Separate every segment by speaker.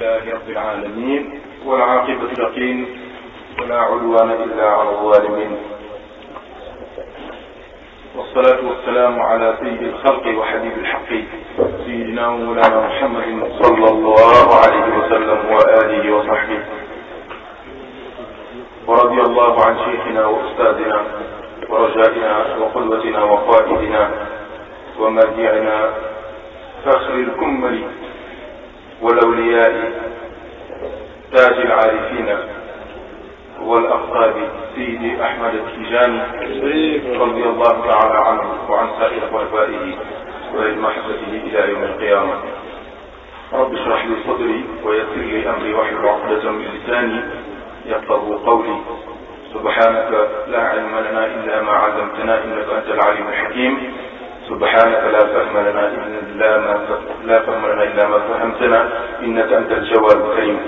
Speaker 1: لله رب العالمين والعاقبة للمتقين ولا عدوان إلا على الظالمين والصلاة والسلام على سيد الخلق وحبيب الحق سيدنا مولانا محمد صلى الله عليه وسلم وآله وصحبه ورضي الله عن شيخنا وأستاذنا ورجائنا وقدوتنا وقائدنا ومرجعنا فاخر الكمل والأولياء تاج العارفين والأخطاب سيدي أحمد التيجاني رضي الله تعالى عنه وعن سائر خلفائه ومحبته إلى يوم القيامة رب اشرح لي صدري ويسر لي أمري واحلل عقدة من لساني يفقه قولي سبحانك لا علم لنا إلا ما علمتنا إنك أنت العليم الحكيم subhaanaka laa fahma lanaa illaa maa laa fahma lanaa illaa maa fahamtanaa innaka anta al-jawwaabul kariim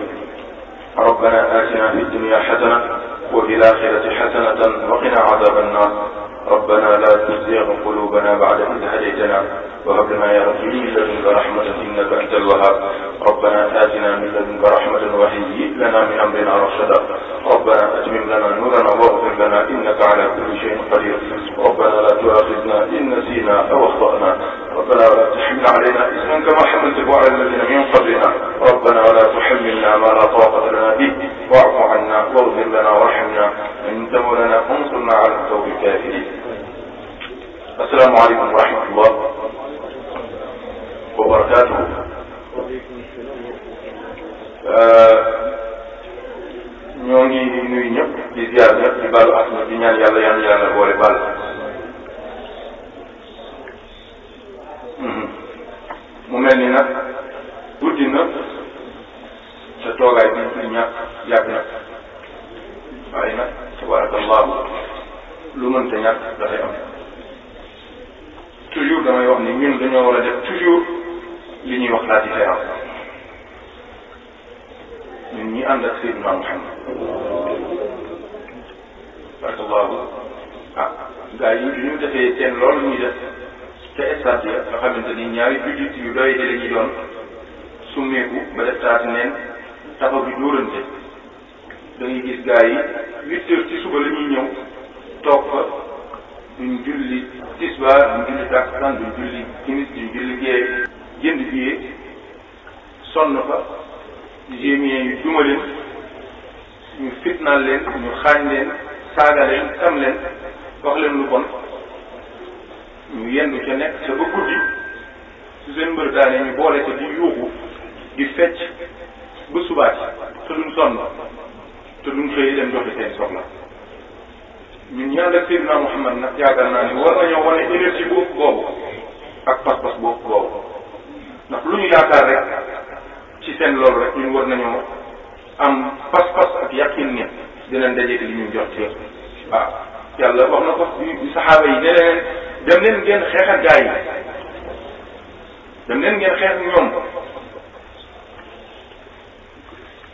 Speaker 1: rabbanaa aatinaa fi dunyaa xasana wa fil aaxirati xasanatan wa qinaa cadaaban naar rabbanaa laa tuzigh quluubanaa bacda id hadaytanaa وهب لنا يا ربي من لدنك رحمة إنك أنت الوهاب ربنا آتنا من لدنك رحمة وهيئ لنا من أمرنا رشدا ربنا أتمم لنا نورنا واغفر لنا إنك على كل شيء قدير ربنا لا تؤاخذنا إن نسينا أو أخطأنا ربنا ولا تحمل علينا إثما كما حملته على الذين من قبلنا ربنا ولا تحملنا ما لا طاقة لنا به واعف عنا واغفر لنا وارحمنا أنت مولانا انصرنا على القوم الكافرين السلام عليكم ورحمة الله wa barakaatuhu ñoo ngi nuyu ñëpp di ziar ñëpp di baalu ak ñi di ñaan yàlla yaan yàlla boole baal mm-hmm. mu mel ni nag guddi na te toogaay bi ci ñàkk yàgg na tabarakallahu lu mënta ñàkk dafay am toujours damay wax ni ñun dañoo war a def toujours li ñuy wax la différence ñun ñi ànd ak Seydina Muhammad parce que boobu ah gars yi bi ñu defee seen loolu ñuy def ca stade ya nga xamante ni ñaari jullit yu doy di la doon summeeku ba def taati neen tafa bi dóorante da ngay gis gars yi huit heures ci suba la ñuy ñëw toog fa duñ julli tisbaar duñ julli takkusaan duñ julli timis duñ julli géey jënd billet sonn fa gémien yu duma leen ñu fitnaal leen ñu xaañ leen saaga leen tam leen wax leen lu bon ñu yendu ca nekk ca ba guddi su seen mbër daanee ñu boole ca di yuuxu di fecc ba subaat te sonn te duñ xëy dem joxe seen soxla ñun ñaan la Muhammad nag yaakaar naa ne war nañoo wane énergie boobu boobu ak pas-pas boobu boobu ndax lu ñu yaakaar rek ci seen loolu rek ñun war nañoo am pas-pas ak yàqin ne dinañ dajeeg li ñu jot yëpp waaw yàlla wax na ko saxaaba yi ne leen dem leen ngeen xeex ak gaa yi dem leen ngeen xeex ak ñoom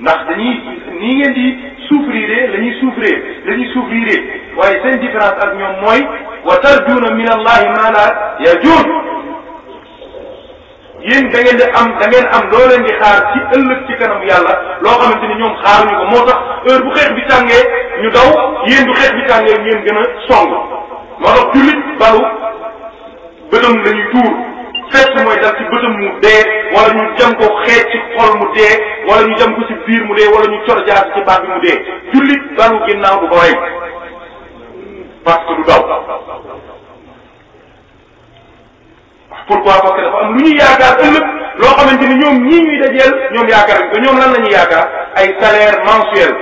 Speaker 2: ndax dañuy nii ngeen di souffrir la ñuy souffrir la ñuy souffrir waaye seen différence ak ñoom mooy wa tarjuuna min allahi ma la yajuun yéen da di am dangeen am loo leen di xaar ci ëllëg ci kanam yàlla loo xamante ni ñoom xaaruñu ko moo tax heure bu xeex bi tàngee ñu daw yéen bu xeex bi tàngee ngeen gën a song moo tax jullit balu bëtam lañuy tuur fett mooy dal ci bëtam mu dee wala ñu jam ko xeet ci xol mu dee wala ñu jam ko ci biir mu dee wala ñu cor jaar ci baat bi mu dee jullit balu ginnaaw du ko rey parce que daw pour parce que dafa am lu ñuy yaakaar ëllëg loo xamante ni ñoom ñii ñuy dajeel ñoom yaakaar nañ ko ñoom lan la ñuy yaakaar ay salaire mensuel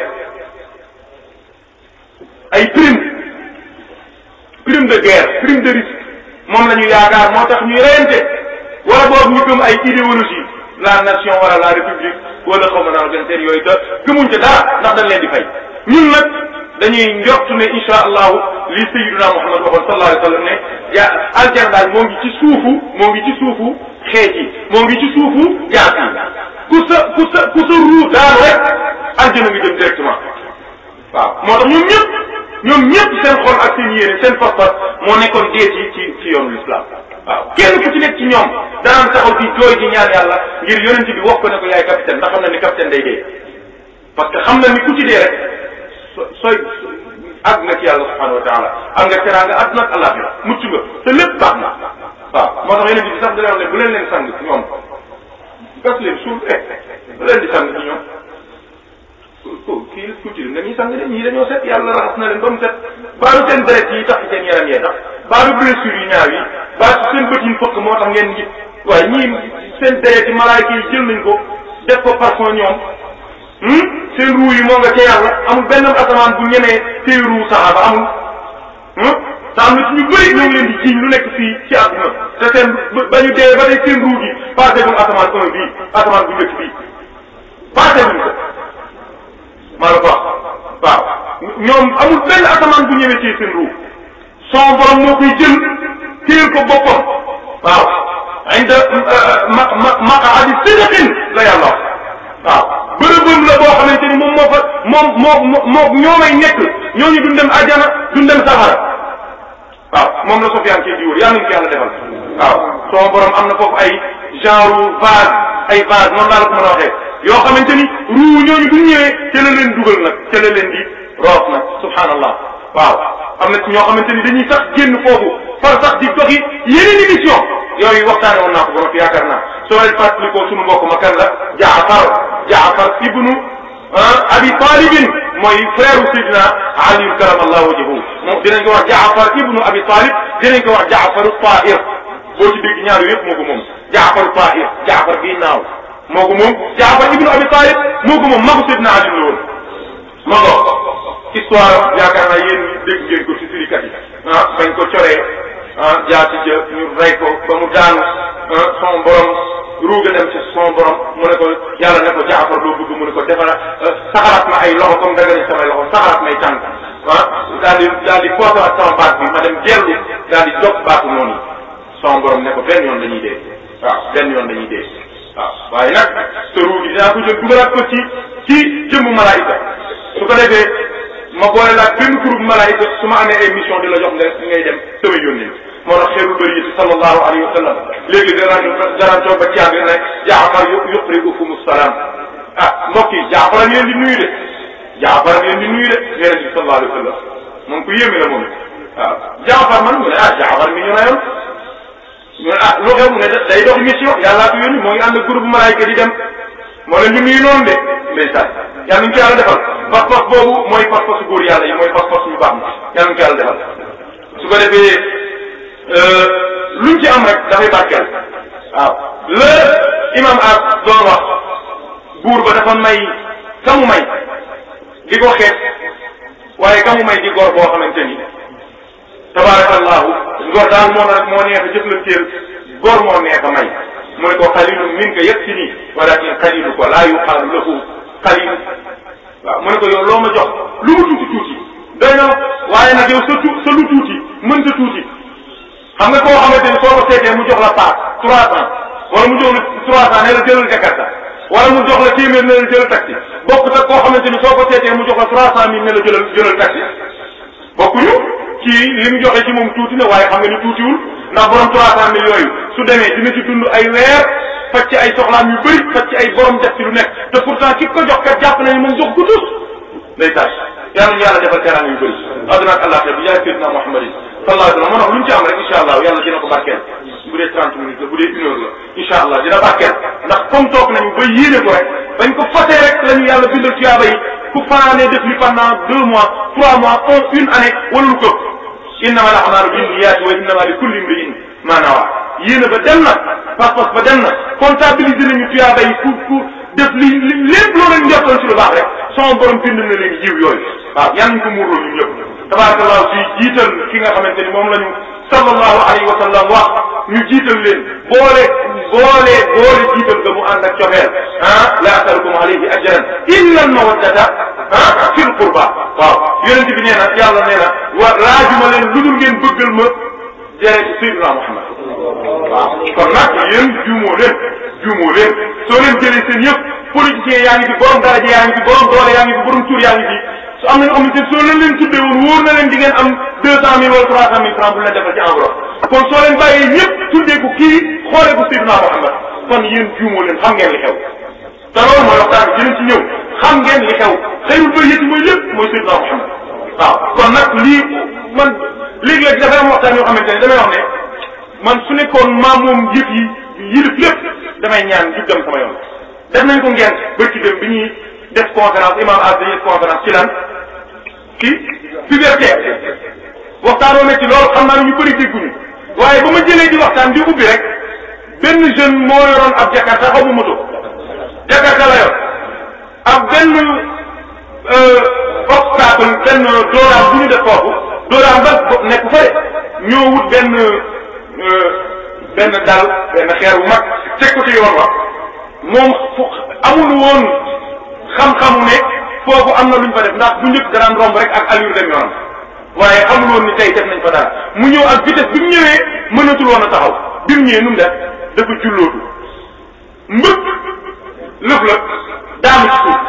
Speaker 2: ay prime prime de guerre prime de risque moom la yaakaar moo tax ñuy reyante wala boobu ñu gëm ay idéologie la nation wala la république wala xaw ma naa gën seen yooyu da gëmuñ ca dara ndax dañ leen di fay ñun nag dañuy njort ne insha allahu li sayyiduna muhammad waxoon sallallahu alayhi wa sallam ne ja aljanna moo ngi ci suufu moo ngi ci suufu xeej yi moo ngi ci suufu jaas yi ku sa ku sa ku sa ruu daal rek aljanna nga jëm directement waaw moo tax ñoom ñëpp ñoom ñëpp seen xol ak seen yéene seen fas-fas moo nekkoon dee ci ci ci yoonu l'islam waaw kenn ku ci nekk ci ñoom danaan taxaw di jooy di ñaan yàlla ngir yonent bi wax ko ne ko yaay capitaine ndax xam na ni capitaine day dee parce que xam na ni ku ci so sooy àgg nga ci yàlla subhanahu wa taala am nga teraanga àdduna ak àllaaxira mucc nga te lépp baax na waaw moo tax yeneen bi sax da leen wax ne bu leen leen sang ñoom gas leen suuf rek bu leen di sang ñoom ko kii tuuti nga ñuy sang de ñii dañoo set yàlla raxas na leen ba mu set baalu seen deret yi tax seen yaram yee tax baalu blessure yu ñaaw yi baalu seen bët yi fëkk moo tax ngeen ngi waaye ñii seen deret yi malaayka yi jël nañ ko def ko parfum ñoom Hmm? seen ruu yi moo nga ca yàlla amul benn asamaan bu ñemee seen ruu saxaaba amul hmm? taam na suñu bëri ñoo ngi lu nekk fii ci àdduna te seen ba ñu dee ba tey seen ruu gi passé bu asamaan un bii bu njëkk bii passé buñ ko maa la ko wax waaw benn asamaan bu ñëwee ci seen ruu son borom moo koy jël téel ko boppam waaw inda uh, ma ma maqaadi sidqin la yàlla wax waaw bërëbam la boo xamante ni moom moo fa moom moo moo ñoomay nekk ñooñu duñ dem ajana duñ dem safara waaw moom la Sofyaan kii di wër yàlla nañ ko defal waaw soo borom am na foofu ay genre vase ay vase noonu laa la ko mën yoo xamante ni ruu ñooñu duñ ñëwee ca la leen dugal nag ca leen di roos nag subhaanallah waaw am na ci ñoo xamante ni dañuy sax génn foofu far sax di doxi yeneen émission yooyu waxtaane woon naa ko borom yaakaar naa soo leen fàttalikoo sunu mbokk ma kan la Jaafar Jaafar ibnu ah, Abi Talibin mooy frère Sidina Ali karamallahu wajhahu moom dinañ ko wax Jaafar ibnu Abi Talib dinañ ko wax Jaafaru Tahir boo ci dégg ñaar yëpp moo ko moom Jaafaru Tahir moom Jaafar ibnu Abi Talib moo moom magu Sidina Ali la woon ma ko histoire yaakaar naa yéen dégg ngeen ko ci sirikat yi ah bañ ko ah jaati jë ñu rey ko ba mu daanu ah son borom ruuga dem ci son borom mu ne ko yàlla ne ko jaafar loo bëgg mu ne ko defara ah, saxarat ma ay loxo comme danga ni samay loxo saxarat may tànk ah daal di daal di footawaat baat bi ma dem dellu daal di dog baatu noonu son borom ne ko benn yoon dañuy dee waaw benn yoon dañuy dee waaw waaye nag sa ruu gi dinaa ko jël dugalaat ko ci ci jëmmu malaayika su ko defee ma boole laaj benn groupe malaayika su ma amee ay di la jox nga ngay dem moo tax xeeru bëri yi sallallahu alayhi wa sallam léegi danaan danaan toog ba ci ànd ne jaafar yuqri'ukum salaam ah mbokk yi jaafara ngeen di nuyu de jaafara ngeen di nuyu de yonent bi sallallahu alayhi wa sallam moom ku yéeme la moom a ah, jaafar man mu ne ah jaafar mi ñu rayoon ñu ne ah lu xew mu ne day dox mission yàllaa ko yónni moo ngi ànd ak groupe malaayka di dem moo leen ñu nuyu noonu de ndeysaan yàlla ñu ko yàlla defal mooy pas-pasu góor yàlla yi mooy pas-pas yu baax na Euh, luñ ci am rek dafay barkeel waaw le imam ak doon wax buur ba dafa may kamu may di ko xeet waaye kamu may di góor boo xamante ni tabarakallahu góor daal moo nag moo neex a jëflanteel góor moo neex a may mu ne ko xalilum min ka yëg si nii walakin xalilu ko laa yuqaalu lahu xalilu waaw mu ne ko yow loo ma jox lu mu tuuti tuuti doy na waaye nag yow sa tu sa lu tuuti mën sa tuuti xam nga koo xamante ni soo ko seetee mu jox la paas trois cent wala mu jox la trois cent ne la jëlal Jakarta wala mu jox la téeméer ne la jëlal taxi bokk sax koo xamante ni soo ko seetee mu jox la trois cent mille ne la jëlal jëlal taxi bokkuñu kii li mu joxe ci moom tuuti na waaye xam nga ni tuutiwul ndax borom trois cent mille yooyu su demee dina ci dund ay weer faj ci ay soxlaam yu bëri faj ci ay borom def ci lu nekk te pourtant ki ko jox kat jàpp nañu moom jox ko tous day tax yàlla yàlla defal teraanga yu bëri adduna ak àllaaxira bi yaay sallallahu alayhi wa sallam lu ñu ci am rek incha dina ko barkeel bu dee 30 minutes la bu dee une heure la incha allah dina barkeel ndax comme toog nañu ba yéene ko rek bañ ko fotee rek la ñu yàlla bindal tuyaaba yi ku faanee def li pendant deux mois trois mois un une année wala lu ko innama al-a'malu bin-niyyati wa innama li kulli imri'in ma nawa yéene ba dem na pas-pas ba dem na comptabiliser nañu tuyaaba yi ku ku def li li lépp loo leen njortoon ci lu baax rek sama borom tabarakallahu suy jiital ki nga xamante ni moom la ñu sallallahu alayhi wa sallam wax ñu jiital leen boole boole boole jiital ga mu ànd ak cofeel ah la ah, bi nee na yàlla wa laajuma leen lu dul ngeen kon nag yéen juumoo leen juumoo yëpp politiciens yaa ngi fi borom daraja yaa ngi fi borom doole yaa ngi fi tur yaa ngi su am na ñoo xamante soo leen leen tuddee woon wóor na leen di ngeen am deux cent mille wala trois cent mille franc bu la defal ci enveloppe kon soo leen bàyyee ñëpp tuddee ko kii xoolee ko Seydina Muhammad kon yéen juumoo leen xam ngeen li xew te loolu mooy waxtaan bi dinañ ci ñëw xam ngeen li xew xëyul ba yëpp mooy lépp mooy Seydina Muhammad waaw kon nag lii man léeg-léeg dafay am waxtaan yoo xamante ne damay wax ne man su nekkoon maa moom yëpp yi yëlif lépp damay ñaan ju nañ ko ngeen bëcc def conférence imam as dañuy conférence ci lan ci puberté waxtaanoo na ci loolu xam naa ne ñu bëri dégguñu waaye ba ma jëlee di waxtaan di ubbi rek benn jeune moo yoroon ab jakarta xaw ma moto jakarta la yor ak benn euh, obstacle benn dooraam bu ñu def foofu dooraam ba nekk fa ñoo wut benn euh, benn dal benn xeer bu mag teg ko yoon wa moom fu amul woon xam-xamu ne foofu am na luñ fa def ndax bu njëkk daan romb rek ak allure dem yoonam waaye xamul woon ni tey def nañ fa daan mu ñëw ak vitesse bi mu ñëwee mënatul woon a taxaw bi mu ñëwee nu mu def dafa jullootu mbëpp lëf la daanu ci suuf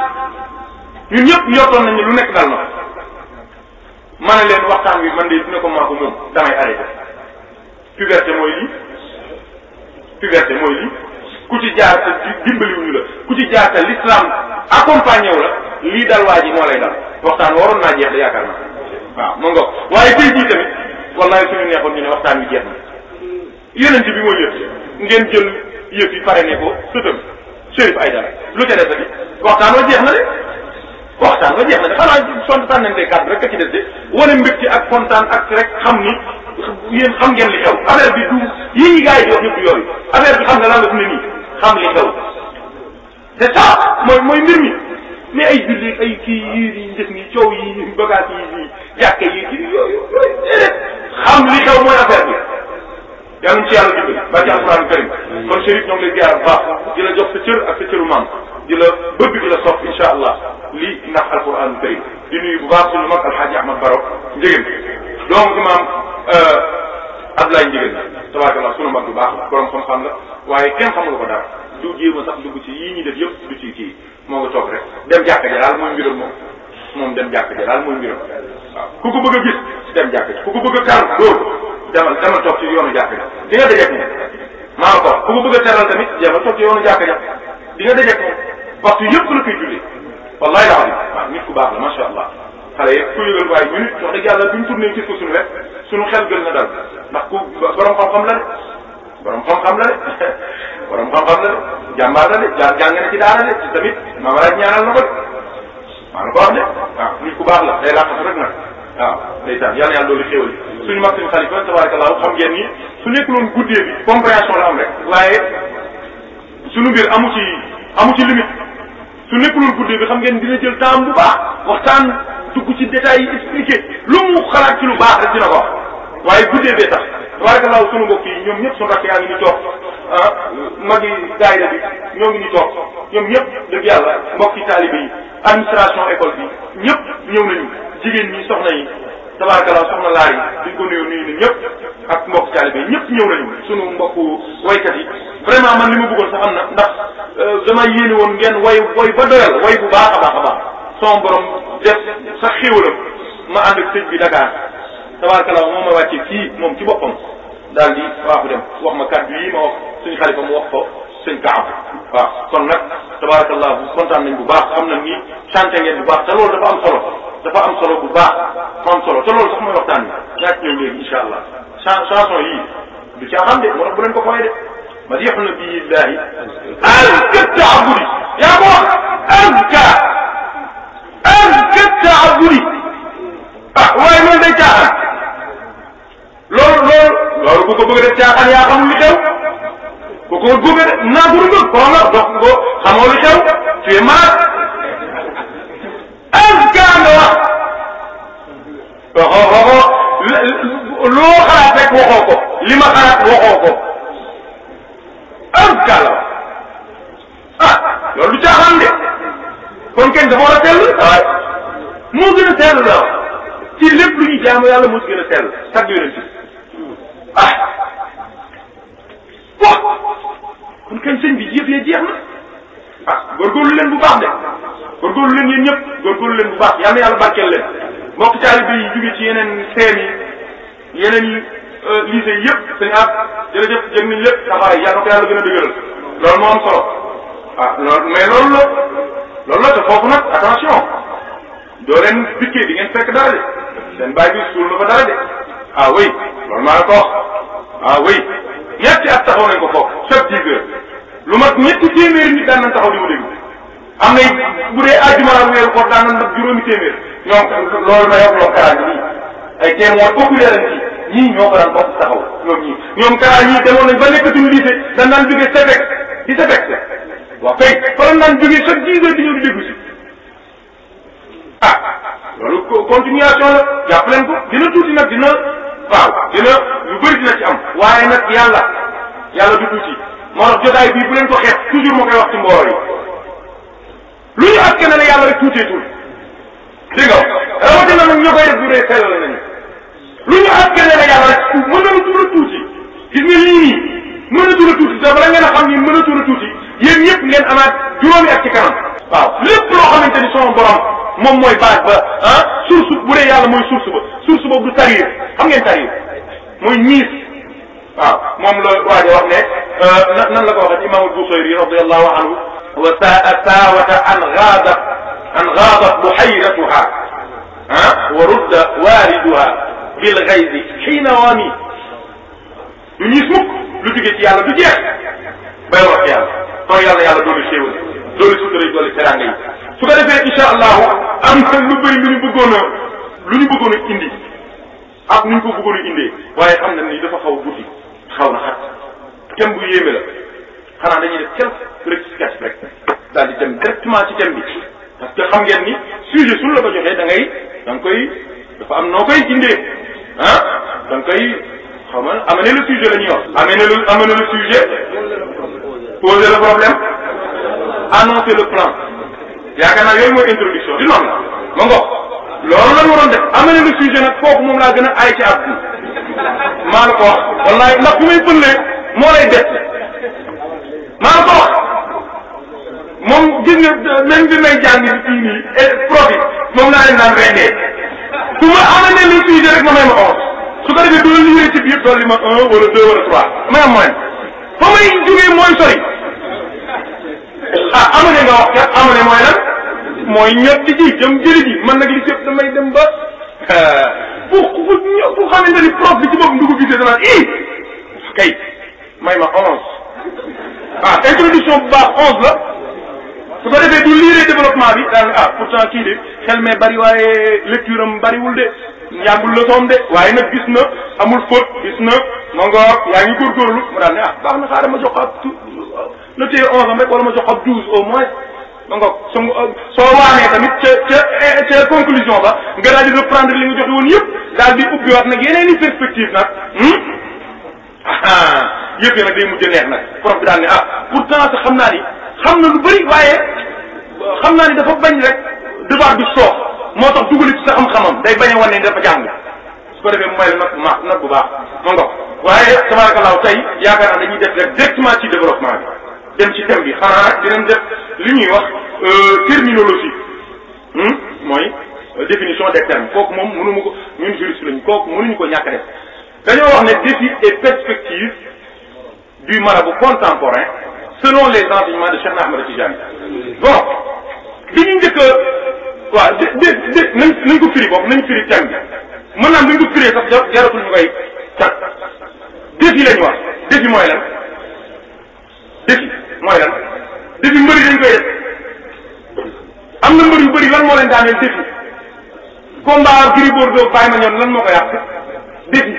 Speaker 2: ñëpp njortoon nañ lu nekk dal na ma ne leen waxtaan wi man de dina ko maa ko moom damay arrêté puberté mooy lii puberté mooy lii ku ci jaar te dimbaliwuñu la ku ci jaar te l'islam accompagné wu la lii dal waa ji moo lay dal waxtaan waroon naa jeex da yaakaar na waaw moo nga waaye tey jii tamit wallahi suñu neexoon ñu ne waxtaan bi jeex na yeneen bi mooy yëf ngeen jël yëf yi pare ne ko sëtam Chérif Aïdara lu ca desati waxtaan wa jeex na de waxtaan wa jeex na de xanaa sont tànnante kàddu rek ka ci des de wane mbégte ak kontaan ak rek xam ni yéen xam ngeen li xew affaire bi du yii gars yi di bi xam nga la xam li xew c'est ça mooy mooy mbir mi mais ay julli ay kii yiir yi njëkk yi coow yi bagage yi jàkka yi kii yooyu yooyu déedéet xam li xew mooy affaire bi yaa ngi ci yàlla dimbali ba ci alquran karim kon Chérif ñoo ngi lay ziar bu baax di la jox sa cër ak sa cëru maam di la bëgg di la sopp incha allah lii ndax alquran karim di nuyu bu baax suñu mag alxaaji Ahmad Baro njëgën donc maam euh, Abdoulaye Ndiéguène tabarakallah sunu mag bu baax la borom xam-xam la waaye kenn xamul ko dara du jéem a sax dugg ci yii ñuy def yëpp du ci kii moo nga toog rek dem jàkka ja daal mooy mbiram moom moom dem jàkka ja daal mooy mbiram ku ko a gis dem jàkka ja ku ko bëgg a kaar dóor demal demal ci yoonu jàkka ja di nga dajeeg moom maa ko ku ko bëgg a teral tamit demal toog ci yoonu jàkka ja di nga dajeeg moom waxtu yëpp la koy julli wallahi la waaw nit ku baax la macha allah xale yëpp ku yëgal waaye ñu nit wax suñu xel gën na dal ndax ku borom xam-xam la de borom xam-xam la de borom xam-xam la de jàmbaar la de jàng jàng na ci daara de ci tamit maam raaj ñaanal na ko de maa na ko wax de waaw nit ku baax la day làqatu rek nag waaw ndeysaan yàlla yàlla doolu xéewal suñu mag suñu xalifa tabarakallahu xam ngeen ni su nekkuloon guddee bi compréhension la am rek waaye suñu mbir amu ci amu ci limite su nekkuloon guddee bi xam ngeen dina jël temps bu baax waxtaan dugg ci détails yi expliqué lu mu xalaat ci lu baax rek dina ko wax waaye guddee bee tax tabarakallahu sunu mbokk yi ñoom ñëpp sunu rakk yaa ngi ñu toog ah magi daayira bi ñoo ngi ñu toog ñoom ñëpp dëgg yàlla mbokk yi taalibe yi administration école bi ñëpp ñëw nañu jigéen ñi soxna yi tabarakallahu soxna laay duñ ko nuyu nuyu ñëpp ak mbokk taalibe yi ñëpp ñëw nañu sunu mbokk waykat yi vraiment man li ma bëggoon sax am na ndax euh, dama yéene woon ngeen way way ba doyal way bu baax a baax a baax son borom def sax xéwalam bi Dakar tabaarkalla moom ma wàcce kii moom ci boppam daal di waaxu dem wax ma kàddu yi ma wax suñ xalifa mu wax ko suñ kaam waaw kon nag tabaarkalla kontaan nañ bu baax xam nañ ni chanté ngeen bu baax te loolu dafa am solo dafa am solo bu baax dafa am solo te loolu sax mooy waxtaan bi ñaak ñëw léegi incha allah chan chanson yii du caaxaan de moo tax bu leen ko fooy de madixu nabiyillahi azka taabudi yaa ko wax azka azka taabudi ah waaye loolu day caaxaan loolu loolu loolu ku ko bëgg def caaxaan yaa xam lu xew ku ko bëgg a def naa ko bëgg koo nga dox ko xamoo lu xew tu es malade azka nga wax waxoo waxoo loo xalaat rek waxoo ko li ma xalaat waxoo ko azka la wax ah loolu du caaxaan de kon kenn dafa war a sell waaye moo gën a sell la wax ci lépp lu ñu jaamu yàlla moo ci gën a sell sag yonent ah wax kon kañ sëñ bi yëf ya jeex na ah góorgóorlu leen bu baax de góorgóorlu leen yéen ñëpp góorgóorlu leen bu baax yal na yàlla barkeel leen mbokk taalibe yi jóge ci yeneen seen yi yeneen yi euh, lycée yi yëpp sëñ at jërëjëf jëg nañ lépp taxawaay yàlla na ko yàlla gën a dëgëral loolu moo am solo ah loolu mais loolu la loolu la te foofu nag attention doo leen dikkee di ngeen dara de seen bàyyi bi suul na fa dara de ah oui loolu maa la ko wax ah oui ñetti at taxaw nañ ko foofu chaque dix heures lu mat ñetti téeméeri nit daan nañ taxaw di ma déglu am nay bu dee àjjuma la weeru koor daan nañ mat juróomi téeméer ñoom loolu ma yokk loo karaan nii ay témoin populaire lañ ci ñii ñoo ko daan bokk taxaw ñoom ñii ñoom karaan ñii demoon nañ ba nekkatuñu lycée dañ daan jógee di sebek la waaw kay fa lañ daan jógee chaque di ñëw di déglu si ah loolu continuation la jàpp leen ko dina tuuti nag dina waaw dina lu bëri dina ci am waaye nag yàlla yàlla du tuuti moo tax jotaay bii bu leen ko xeet toujours ma koy wax ci mbooloo yi lu ñu askan ne yàlla rek tuuteetul dégg nga rawatina nag ñoo koy def durée sellal nañu lu ñu askan ne yàlla rek mën na tuur a tuuti gis nga lii nii mën na tuur a tuuti dafa la ngeen a xam ni mën na tuur a tuuti yéen ñëpp ngeen amaat juróomi ak ci waaw lépp loo xamante ni moom mooy base ba ah source bu dee yàlla mooy source ba source boobu du tarir xam ngeen tarir mooy ñiis waaw moom la waa ji wax ne euh, nan la ko waxee imam al-Busayri radiyallahu anhu wa saa saawata an gaadat an gaadat buhayratuha ah wa rudda waariduha bil gaydi xiina waami du ñiis mukk lu jóge ci yàlla du jeex bay wax yàlla toog yàlla yàlla doolu xéewal doolu sutura doolu teranga yi su ko defee incha allahu am na lu bari lu ñu bëggoon lu ñu bëggoon a indi ak nu ñu ko bëggoon indee waaye xam na ni dafa xaw a guddi xaw na xat thème bu yéeme la xanaa dañuy def quelque rectificatif rek daal di dem directement ci thème bi parce que xam ngeen ni sujet suñu la ko joxee da ngay da koy dafa am noo koy indee ah da nga koy xaw ma amener le sujet la ñuy wax. amener le amener le sujet poser le problème annoncer le plan. yaakaar naa yooyu mooy introduction di noonu ma ngox loolu la ñu waroon def am na kooku moom laa gën a aay ci àdduna maa la ko wax wallaay ndax moo lay def maa la moom gis nga même bi may jàng eh, profit moom laa leen naan rendee su ma amee lu rek ma may ma su ko defee doo liggéey ci biir ma un wala deux wala trois may am moyen may jógee mooy sori ah amane nga wax amane mooy lan mooy ñotti ji jëm jëli ji man nag li jëpp damay dem ba fu fu fu xamante ni prof bi ci boppam du ko gisee i kay may ma onze ah introduction bu baax onze la su ko defee du liiree développement bi daal ah pourtant kii de xel mee bari waaye lecture am bariwul de njàngul leçon de waaye nag gis na amul faute gis na ma ngoog yaa ngi góorgóorlu mu daal ne ah baax na xaaral ma na téye onze am rek wala ma jox ab douze au moins ma ngoog soo soo tamit ca ca ca conclusion ba nga daal di reprendre li nga joxe woon yëpp daal di ubbiwaat nag yeneen i perspective nag hmm? yëpp yi nag day mujj neex nag prof bi daal ne ah pourtant sax xam naa ni xam na lu bëri waaye xam naa ni dafa bañ rek devoir bi soox moo tax dugal ci sa xam-xamam day bañ a wane ni dafa jàng su ko defee mu may la nag ma nag bu baax ma ngoog waaye tabarakallahu tey yaakaar naa dañuy dem ci thème bi xanaa nag dinañ def li ñuy wax euh, terminologie hmm? mooy euh, définition des termes kooku moom mënuma ko ñun juriste lañu kooku mënuñu ko ñàkk def dañoo wax ne défis et perspectives du marabout contemporain selon les enseignements de Cheikh Ahmed Tidiane bon bi ñu njëkk a waaw dé dé dé nañ nañ ko firi boobu nañ firi thème bi mën naa nañ ko firi sax jaratul ñu koy tàgg défi lañu wax défi mooy lan. défi mooy lan défi mbëri dañ am na mbër yu bëri lan moo leen daaneel défi combat Gris Bordeaux bàyyi ma ñoon lan moo ko yàq défi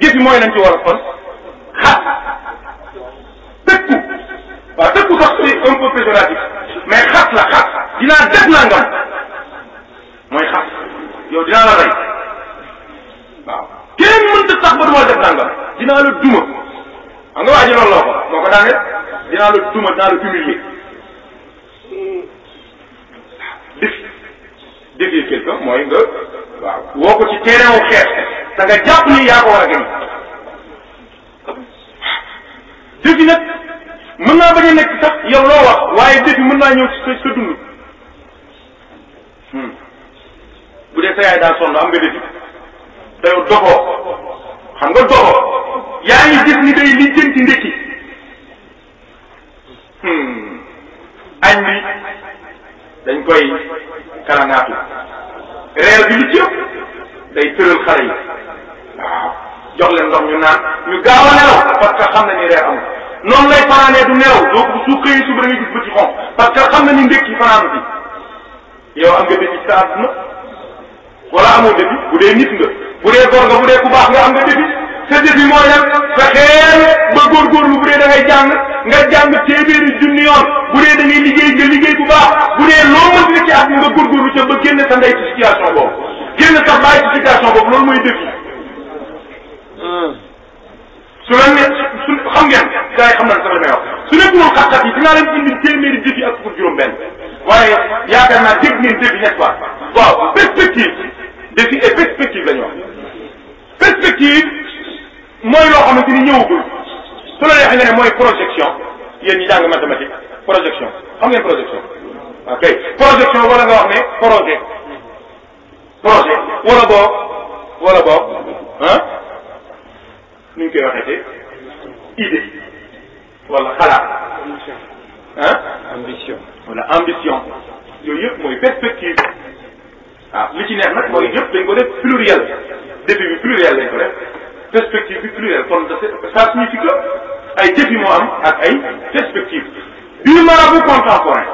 Speaker 2: défi mooy lañ ci war a kon
Speaker 3: xat tëkku
Speaker 2: waaw tëkku sax ci un peu péjoratif mais xat la xat dinaa def naa ngam mooy xat yow dinaa la rey waaw kenn mënta sax ba duma def naa ngam dinaa la duma xam nga ji loolu loo ko boo ko daanee
Speaker 1: dinaa la duma dinaa la humilier
Speaker 2: def defee mooy nga waaw woo ko ci terrain ni yaa ko war a gën defi nag mën naa bañ a nekk sax yow loo wax waaye defi mën naa ñëw sa sa dund hmm. bu dee sa yaay daa sonn am nga defi te yow xam nga doom yaa ngi gis ni day lijjanti ndekki
Speaker 1: hmm. añ bi
Speaker 2: dañ koy karanaatu reer bi li ci day tëral xale yi waaw jox leen ndox ñu naan ñu gaaw a nelaw parce que xam na ni reer amul noonu lay fanaanee du nelaw donc su xëyee suba da nga gis bët yi xonq parce xam na ni ndekki fanaanu bi yow am nga défi sa àdduna wala amoo défi bu dee nit nga bu dee góor nga bu dee bu baax nga am nga défi sa défi mooy nag fexeel góor góorgóorlu bu dee da ngay jàng nga jàng téeméeri junni bu dee da ngay liggéey nga liggéey bu baax bu dee loo mën na ci at nga góorgóorlu ca ba génn sa ndey ci situation boobu génn sax bàyyi ci situation boobu loolu mooy défi hmm. su la ne su xam ngeen gars yi xam nañ sax li may wax su nekkulul xat-xat yi dinaa leen indi téeméeri défi ak fukk juróom benn waaye yaakaar naa dégg ngeen défi n'est-ce pas waaw défi et perspective la ñu wax perspective mooy loo xamante ni ñëwagul su la neexee nga mooy projection yéen ñi jàng mathématique projection xam ngeen projection ok projection wala nga wax ne projet projet wala boog wala boog ah nu ñu koy waxee te idée wala xalaat ah ambition wala ambition yooyu yëpp mooy perspective waaw ah, li ci neex nag mooy yëpp dañ ko def pluriel début bi pluriel lañ ko def perspective bi pluriel kon ça signifie que ay défi moo am ak ay perspective du marabout contemporain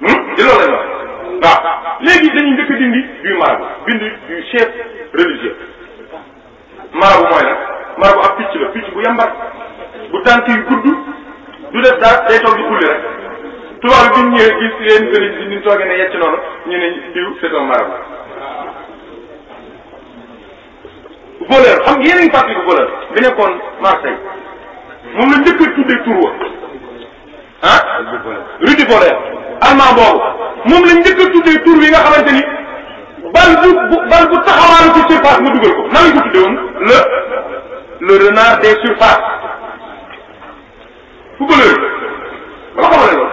Speaker 2: hmm? di loolu lañ wax waaw léegi dañuy njëkk a dindi du marabout bind du chef religieux marabout mooy lan marabout ab picc la picc bu yambar bu tànk yu gudd du def daal day toog di xulli rek tubaab bi ñu ñëwee gis leen sëriñ bi ñu toogee ne yecc noonu ñu ne diw c'est un marabout voleur xam nga yéen a ngi fàttali ko voleur bi nekkoon Marseille moom la njëkk a tuddee tur wa ah rue du voleur allemand boobu moom la njëkk a tuddee tur bi nga xamante ni bal bu bal bu taxawaalu ci surface nga dugal ko nan lañ ko tuddee woon le le renard des surfaces fu voleur ba nga xamal ne loolu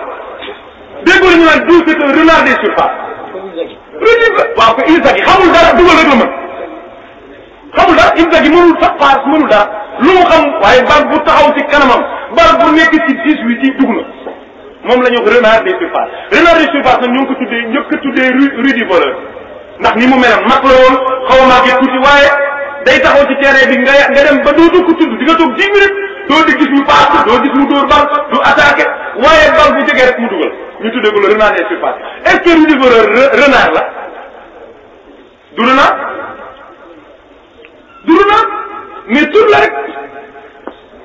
Speaker 2: dañu naan douze renard des surfaces. waaw ko Inzaghi xamul dara dugal rek la mën xamul dara Inzaghi mënul sax paas mënul dara lu mu xam waaye bal bu taxaw ci kanamam bal bu nekk ci dix huit yi dugg na moom la ñuy renard des surfaces renard des surfaces nag ñoo ngi ko tuddee ñoo ko tuddee rue rue du ndax ni mu melam mag la woon xaw a màggee tuuti waaye day taxaw ci terrain bi nga nga dem ba dootu ko tudd di nga toog dix minutes. doo di gis ñu paas doo mu dóor bal du attaqué waaye bal bu jegee rek mu dugal ñu tuddee ko le renard des surfaces est-ce que ñu ko renard la du renard du renard mais tur la rek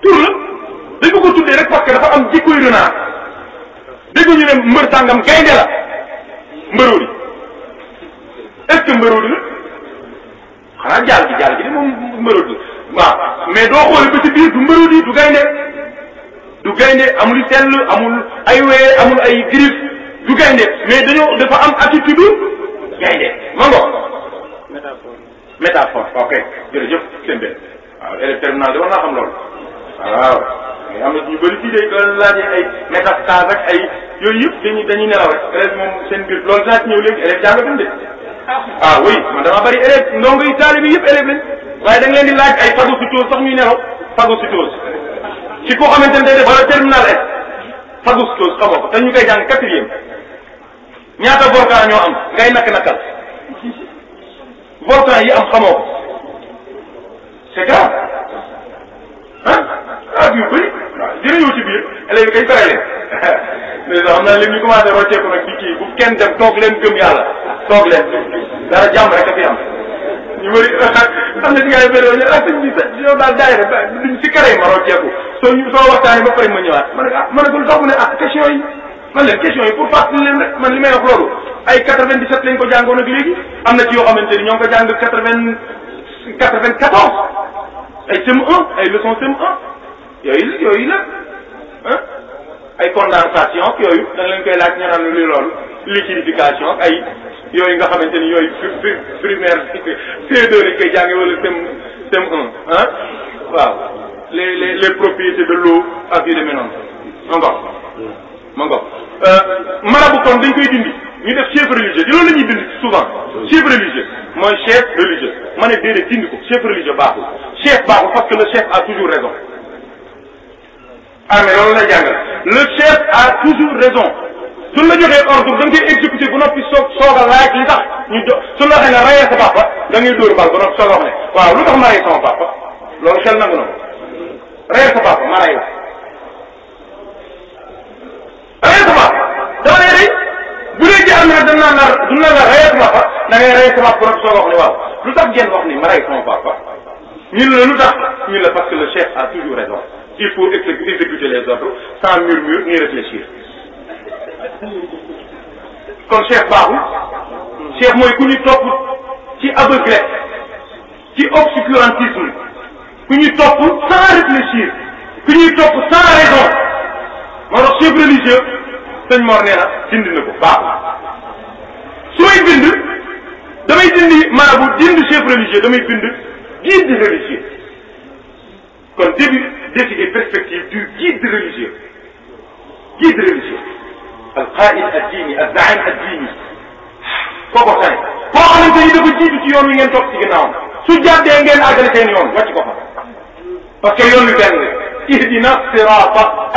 Speaker 2: tur la dañu ko tuddee rek parce que dafa am jikkoy renard dégg ñu ne mbër sàngam gaynde la mbëroodi est-ce que mbëroodi la xanaa jaal jaal gi de moom mbëroodi la waaw mais doo xoole ba ci biir du mbërudi du gaynde du gaynde amul sell amul ay wee amul ay griffe du gaynde mais dañoo dafa am attitude gaynde mango métaphore métaphore ok jërëjëf Sembé waaw élève terminal da war naa xam loolu waaw am na ñu bëri fii day laajee ay métastase ak ay yooyu yëpp dañuy dañuy nelaw rek élève moom seen biir loolu saa ci ñëw léegi élève jàngatul de ah oui man bari bëri élève ndongo yi taalibe yi yëpp élève lañ waaye da nga leen di laaj ay phagocytose sax ñuy nelaw phagocytose ci koo xamante ne day def wala terminal S phagocytose xamoo ko te ñu koy jàng quatrième ñaata volcan ñoo am ngay nakk nakal volcan yi am xamoo ko ah ah bii bëri waaw bi ci biir élèves yi kañ pare leen mais xam naa léegi ñu commencé rocceeku nag di kii kenn dem toog leen gëm yàlla toog leen dara jàmm rek a fi yi ñu bëri ah, ah, am na ci gars yi bëri woon ak ah, sëñ bi sa yow ma rocceeku soo ñu soo waxtaanee ba pare ma ñëwaat man ga ah ma ne ko ne ah question yi man leen question yi pour fàttali leen man li may wax loolu ay 97 lañ ko jàngoon ak léegi am na ci yoo xamante ni ñoo ngi ko jàng 80 o ay CM1 ay leçon CM1 yooyu yooyu la ah ay condensation ak yooyu da nga leen koy laaj ñu naan lu loolu liquidification ak ay yooyu nga xamante ni yooyu primaire C2 lañ a jànge wala CM CM1 ah waaw les les les propriétés de l'eau ak yu demee noonu ma ngox ma ngox euh, marabu kon dañ koy dindi ñu def chef religieux di loolu la ñuy bind souvent chef religieux mooy chef religieux ma ne déedéet dindi ko chef religieux baaxul chef baaxul parce que le chef a toujours raison ah mais loolu lay jàngal le chef a toujours raison suñ la joxee ordre da nga koy exécuter ba noppi soog soog a laaj li tax ñu do suñ la waxee ne rayee sa papa da ngay dóor bal ba noppi soog a wax ne waaw lu tax ma rayee sama papa loolu xel nangu na rayee sa papa ma rayee rayee sa papa dama lay rey bu dee ci am naa dañ naan nar du naan la rey papa da ngay rey sama ni waaw lu tax ngeen wax ni la lu parce que le chef a toujours raison il faut exécuter les ordres sans murmure ni réfléchir kon chef baaxul chef mooy ku ñu topp ci aveuglette ci obscurantisme ku ñu topp sans réfléchir ku ñuy topp sans raison moo tax sëñ Mor nee na dindi na ko baaxul su may bind damay dindi marabout dindi chef religieux damay bind guide religieux kon début décidé perspective du guide religieux guide al qaid ad dini al zaim ad dini kooko tane koo xamante ni dafa jiitu ci yoon wi ngeen topp ci ginnaawam su jàddee ngeen àggale seen yoon wàcc ko fa parce que yoon wi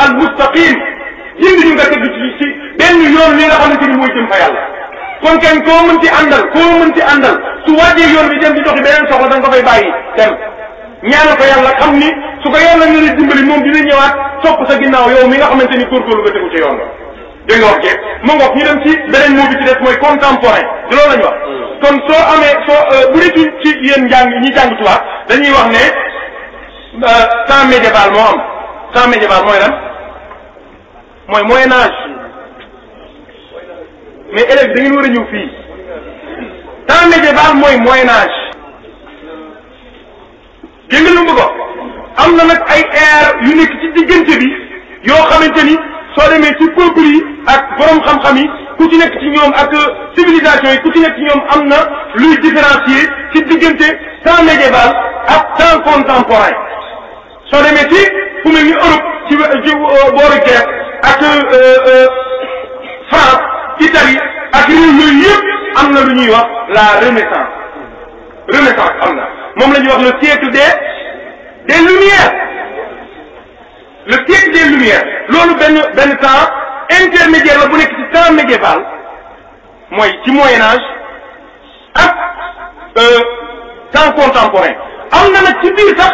Speaker 2: al mustaqim yëngu ñu nga tëgg ci ci benn yoon li nga xamante ni mooy jëm fa yàlla ci àndal koo mën ci àndal su wàccee yoon bi dem di doxi beneen soxla da nga ko fay bàyyi dem ñaanal yàlla xam ni su ko yàlla nga lay dimbali moom sa ginnaaw mi nga xamante ni góorgóorlu nga tegu ci yoon ba dégg nga wax jeeg ma ngoog ñu beneen moo bi ci des mooy contemporain di loolu la ñu wax kon soo amee soo euh, bu dee ci ci yéen njàng ñi jàng tubaab dañuy wax ne euh, temps médiéval moo am temps médiéval mooy lan mooy moyen âge mais élèves da ngeen war a ñëw fii temps médiéval mooy moyen âge dégg lu mu bëgg a am na nag ay air yu nekk ci diggante bi yoo xamante ni soo demee ci peuple yi ak borom xam-xam yi ku ci nekk ci ñoom ak civilisation yi ku ci nekk ci ñoom am na luy différencier ci diggante temps médiéval ak temps contemporain soo demee ci fu mel Europe ci euh, booru ak euh, euh, France Italie ak réew yooyu yëpp am na lu ñuy wax la renaissance renaissance am na moom la ñuy wax le siècle des des lumières le siècle des lumières loolu benn benn temps intermédiaire la bu nekk ci temps médiéval mooy ci moyen âge ak euh, temps contemporain am na nag ci biir sax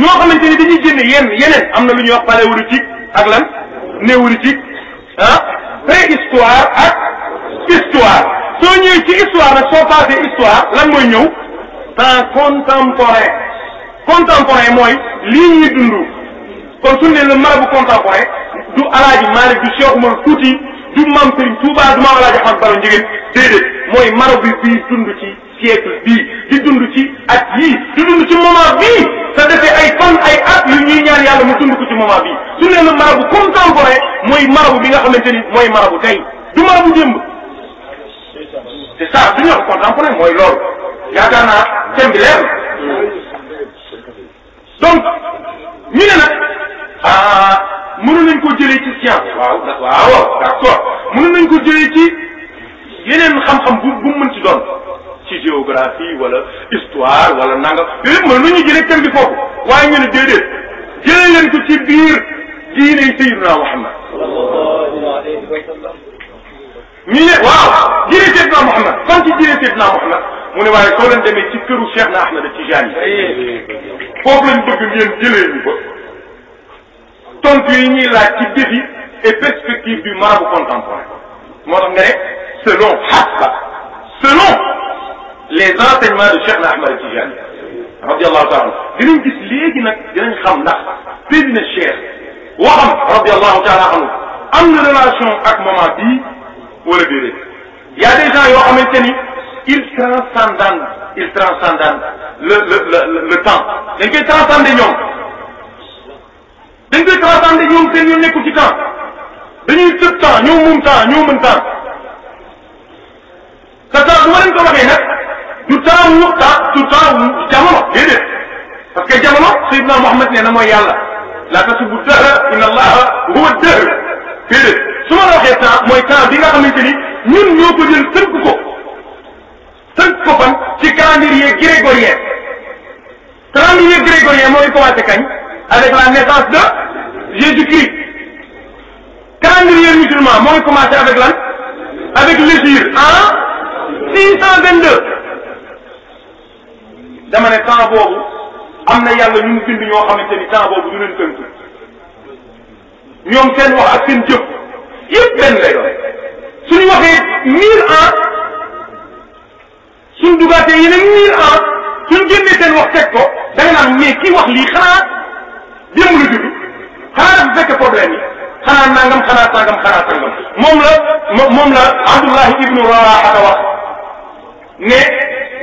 Speaker 2: ñoo xamante ni dañuy génne yenn yeneen am na lu ñuy wax paléolithique ak lan néolithique ah préhistoire ak histoire soo ñëwee ci histoire nag soo passé histoire lan mooy ñëw temps contemporain contemporain mooy lii ñuy dund kon suñu ne le marabu contemporain du alaaji Maalik du Cheikh Umar Fuuti du maam Sëriñ Tuubaa du maam alaaji Ahmad Baro Njigéen déedéet mooy marabu bi dund ci siècle bii di dund ci at yii di dund ci moment bii te defee ay fan ay at yu ñuy ñaan yàlla mu dund ko ci moment bii su nee la marabu contemporain mooy marabu bi nga xamante ni mooy marabu tey du marabu démb te ça du ñu wax contemporain mooy loolu
Speaker 1: yaakaar naa thème bi leer
Speaker 2: donc ñu ne nag ah mënu nañ ko jëlee ci science waaw waaw nañ ko jëlee ci yeneen xam-xam bu mu mën ci doon ci géographie wala histoire wala nangam yooyu yëpp mooy lu ñuy jëlee thème bi foofu waaye ñu ne déedéet jëlee leen ko ci biir diine Seydina Muhammad waaw diine Seydina Muhammad fan ci diine Seydina Muhammad mu ne waaye soo leen ci këru Cheikh na Ahmad Tijani foofu lañ bëgg ngeen jëlee ñu ko tontu yi ñuy laaj ci défi et perspective du marabout contemporain moo tax nga ne Hasba selon les enseignements de Cheikh na Ahmad Tijani radiallahu taala dinañ gis léegi nag dinañ xam ndax péri na Cheikh waxam radiallahu taala anhu am na relation ak moment bii wala déedéet y a des gens yoo xamante ni ils transcendent ils transcendent le le le le temps dañ koy transcender ñoom dañ koy transcender ñoom seen ñu nekku ci temps dañuy tëb temps ñoo moom temps ñoo mën temps te temps bu ma leen ko waxee nag du taamu ta du taamu jamono déedéet parce que jamono Seydina Mohamed nee na mooy yàlla la tasubbu dahra inna allaha huwa dahr déedéet su ma la waxee temps mooy temps bi nga xamante ni ñun ñoo ko jël tënk fan ci calendrier grégorien calendrier grégorien mooy commencé kañ avec la naissance de Jésus-Christ calendrier musulman mooy commencé avec lan avec l'hégire en six cent vingt-deux dama ne temps boobu am na yàlla ñu bind ñoo xamante ni temps boobu du leen tënk ñoom seen wax ak seen jëf yëpp benn lay suñu waxee mille ans suñ dugaatee yeneen mille ans suñ génnee seen wax teg ko da nga naan mais kii wax lii xanaa démb la judd xanaa dafa fekk problème yi xanaa xanaa sangam xanaa moom la moom la Abdullahi ibnu Rawaha wax ne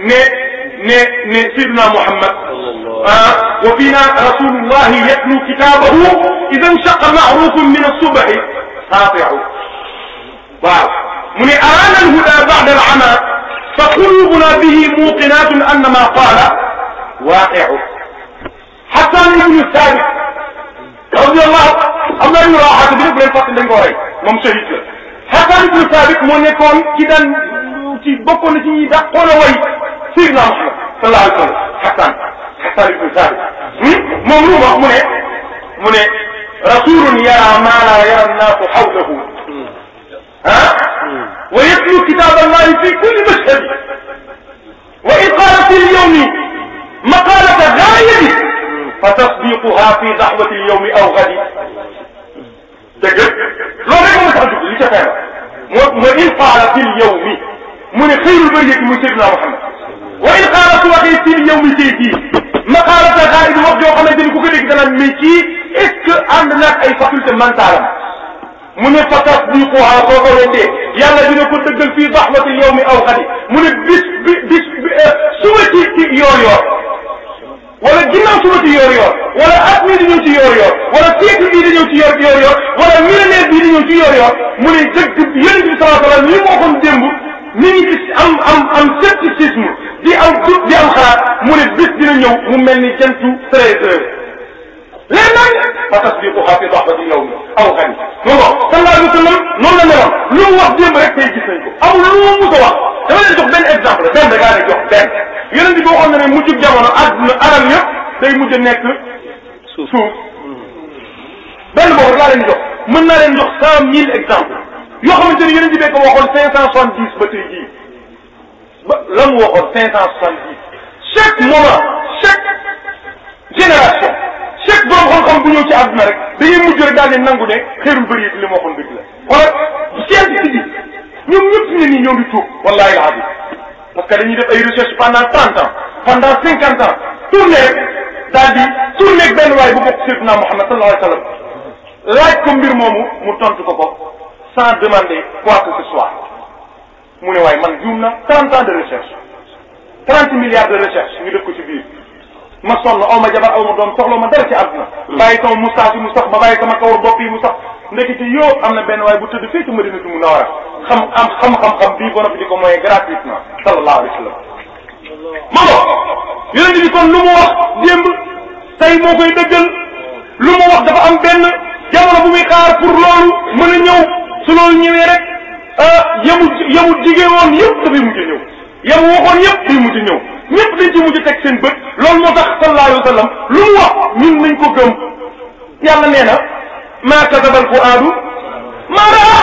Speaker 2: ne. ne ne Seydina Mouhamed ah wa fiina rasulullahi yatlu kitaabahu ida nchaqa maarufun min assubahi saati'u waaw mu ne araana alhuda ba'da al'ama fa qulubuna bihi muuqinatun annama qaala waaqi'u xasan ibnu saabit radiyallahu am na ñu raaxaate bi rek bu leen fàtte dañ ko rey moom shahid la xasan ibnu saabit moo nekkoon ci daan ci bokkoon na ci ñi dàqoon a way Seydina Muhammad sallallahu alayhi wa sallam Hassan Hassan ibn Sabit hmm? moom lu mu wax mu ne mu ne rasulun yara ma la yara nnaasu hawlahu ah wa yatlu kitab allahi fi kulli mashhad wa iqalati lyawmi maqalata gaayati fa tasdiquha fi dahwati lyawmi aw gadi dëgg loolu rek moo tax dugg li ca feebar moo moo in qaala fi lyawmi mu ne xëyrul bariyati muy Seydina Muhammad wa in xaaral su waxee siin yow mi see kii maqaalata xaalis wax joo xamante ni ku ko dégg danaan mais kii est ce que ànd naag ay faculté mentale am mu ne fa tasdiquha boo ko weddee yàlla dina ko dëggal fii baxwati yow mi aw xadi mu ne bis bi bis bi euh, suba wala ginnaaw suba ci wala at mi di ñëw ci yoor yoor wala siècle bii di ñëw ci yoor yoor wala millénaire bii di ñëw ci yoor yoor mu ne dëgg yonente minute am am am scepticisme di am di am xalaat mu ne bés dina ñëw mu mel ni jantu treize heures leer nañ fa tasdiqu xaa fi dahbati yow mi aw xan mu ngo noonu la meloon lu mu wax démb rek tey gis nañ ko amul lu mu mus a wax dama leen jox benn exemple benn da ngaa ne jox benn yeneen bi boo xam ne ne mujjub jamono adduna alal yëpp day mujj a nekk suuf hmm. benn boobu laa leen jox mën naa leen jox cent mille exemples yoo xamante ni yéen a ngi ko waxoon ba tey jii ba la mu waxoon cinq cent soixante dix chaque moment chaque génération chaque borom bu ñëw ci àdduna rek dañuy mujj rek daal di nangu ne xeerul bëri li mu waxoon dëgg la xoolal scientifique yi ñoom ñëpp ñu ne ñëw di tuub wallaahi laa parce que dañuy def ay recherche pendant trente ans pendant cinquante ans tourné rek daal di tourné benn waay bu ko mbir moomu mu tontu ko ko. sans demander quoi que ce soit mu ne waaye man juum na 30 de recherche 30 milliards de recherche ñu def ko ci biir ma sonn aw ma jabar aw ma doom soxla ma dara ci àdduna mm. bàyyi sama moustache yi mu sax ma bàyyi sama kawar bopp yi mu sax ndekete yoo am na benn waaye bu tëdd fii ci Madinatu Munawwara xam am xam-xam-xam bii borom bi di ko mooyee gratuitement sallallahu alayhi wa sallam mama yonente bi kon lu mu wax démb tey moo koy dëggal lu mu wax dafa am benn jamono bu muy xaar a su loolu ñëwee rek ah yamu yamu digee woon yëpp dafay mujj ñëw yamu waxoon yëpp day mujj ñëw ñëpp dañ ci mujj teg seen bët loolu moo tax sallallahu alayhi wa sallam lu mu wax ñun nañ ko gëm yàlla nee na maa kadaba al fuaadu maa raa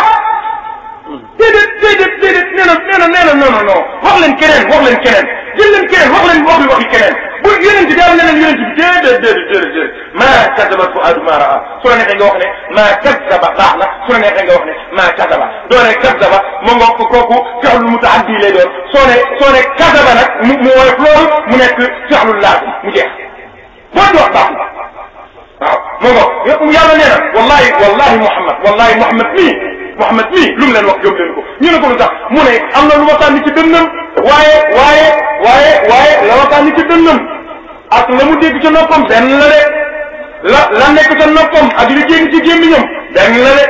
Speaker 2: déedéet déedéet déedéet nee na nee na nee wax leen keneen wax leen keneen jël leen keneen wax leen waxi waxi keneen bu yonent daal ne leen yonent bi déedéet déedéet déedéet maa kasaba fuaadu maa raa su la neexee nga wax ne maa kasaba baax na su la neexee nga wax ne maa kasaba doo ne kasaba mu ngoog kooku fexlu mutaaddi lay doon soo ne soo ne kasaba nag mu mu woyof loolu mu nekk fexlu laazim mu jeex boo ci wax baax na waaw mu ngoog yàlla nee na wallahi wallahi Muhammad wallahi Muhammad mii Muhammad mii lu mu leen wax jóg leen ko ñu ne ko lu tax mu ne am na lu ma sànni ci dënnam waaye waaye waaye waaye la ma sànni ci dënnam ak la mu dégg ca noppam benn la de la la nekk ca noppam ak li génn ci gémmiñam benn la de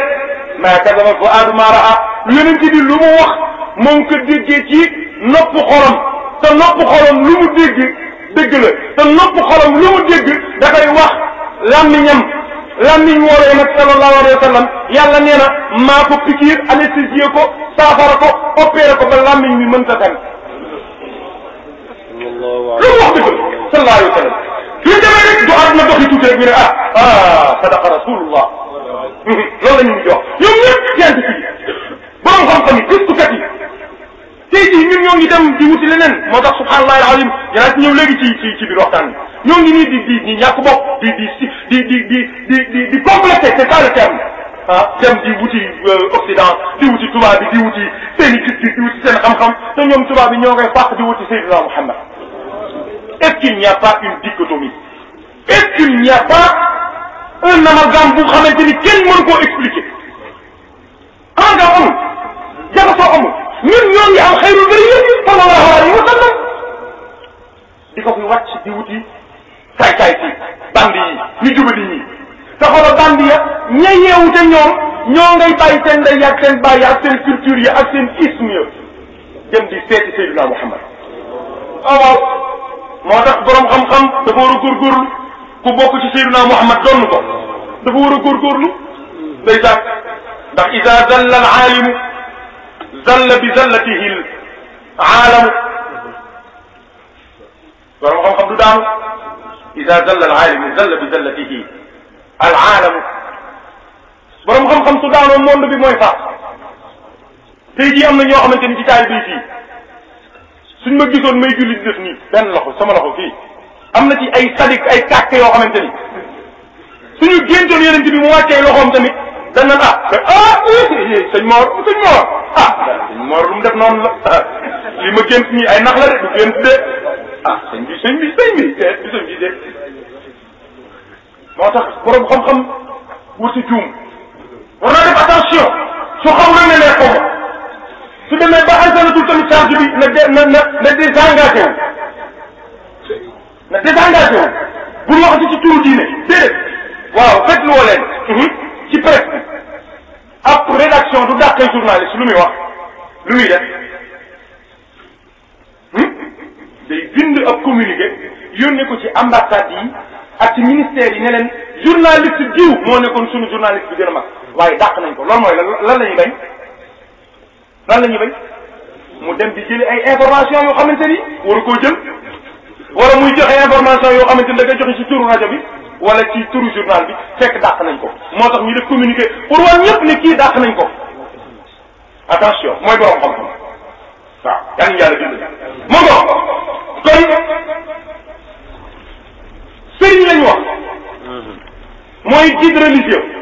Speaker 2: maa kasaba fa aaduma raa yonent bi lu mu wax moom ko déggee ci nopp xolam te nopp xolam lu mu dégg dégg la te nopp xolam lu mu dégg da wax làmmiñam làmmiñ woowee nag sallallahu alayhi wa sallam yàlla nee na maa ko pikiir anesthésié ko saafara ko opéré ko ba làmmiñ mi mën ta lu mu wax dëgg sallallahu alayhi wa sallam suñ demee rek du àdduna doxi tuuti rek ñu ne ah ah sadaqa rasulullah loolu la ñuy jox ñoom ñëpp scientifique yi borom xam-xam yi gëstukat yi tey jii ñun ñoo ngi dem di wuti leneen moo tax subhanallah alazim dinaa ci ñëw ci ci ci biir waxtaan bi ñoo ngi nii di di di ñàkk bopp di di di di di di di di complété c'est ça le terme ah dem di wuti euh, Occident di wuti tubaab bi di wuti seen i culture di wuti seen xam-xam te ñoom tubaab bi ñoo ngay fàq di wuti Seydina Muhammad est-ce qu'il n'y a pas une dichotomie est-ce qu'il n'y a pas un amalgame ni kenn mënu koo expliquer engrais amul jaxasoo amul ñun ñoo ngi am xayrul bëri yëpp sallallahu alayhi wa di ko fi wàcc di wuti saay saay si bandi yi ñu jubali ñi te xoolal bandi ya ña yeewu ñoom ñoo ngay bàyyi seen ndey ak seen bàyyi seen culture yi ak seen di seeti Seydina Muhammad ah waaw waaw moo tax borom xam-xam dafa war a góorgóorlu ku bokk ci Seydina Muhammad donn ko dafa war a góorgóorlu day sax ndax ida zalla al aalimu zalla bi zallatihi l aalamu borom xam-xam du daanu ida zalla al aalimu zalla bi zallatihi al aalamu borom xam-xam su daanoo monde bi mooy faax tey jii am na ñoo xamante ni ci taalibe yi fii suñ ma gisoon may julli di def nii benn loxo sama loxo fii am na ci ay sadik ay kàkk yoo xamante ni suñu géntoon yeneen bi mu wàccee loxoom tamit dañ naan ah ah eh, eh, sëñ Mor sëñ ah, lu mu def noonu ah, li ma gént ñii ay nax la de du gént de ah sëñ bi sëñ bi sëñ bi bi eh, sëñ bi de moo tax borom xam-xam wut juum war naa def attention su xam ne nee ko su demee ba alsanatul tamit chance bi na de na na na désengagé wu na désengagé wu bu ñu waxati ci turu diine déedéet waaw fekk lu woo leen mhm. ci presse bi ab rédaction du dàqee journaliste lu muy wax lu muy def hmm? day bind ab communiqué yónnee ko ci ambassade yi ak ci ministère yi ne leen diw moo nekkoon sunu journaliste bi gën a mag waaye dàq nañ ko loolu mooy lan lan la ñuy bañ lan la ñuy bañ mu dem di jëli ay information yoo xamante ni waru koo jël wala muy joxe information yoo xamante ni da koy joxe ci turu rajo bi wala ci turu journal bi fekk dàq nañ ko moo tax ñu def communiqué pour wan ñëpp ne kii dàq nañ ko attention mooy borom xam-xam waaw yal na yàlla bind mu ngo sëriñ lañ wax mm-hmm. mooy guide religieux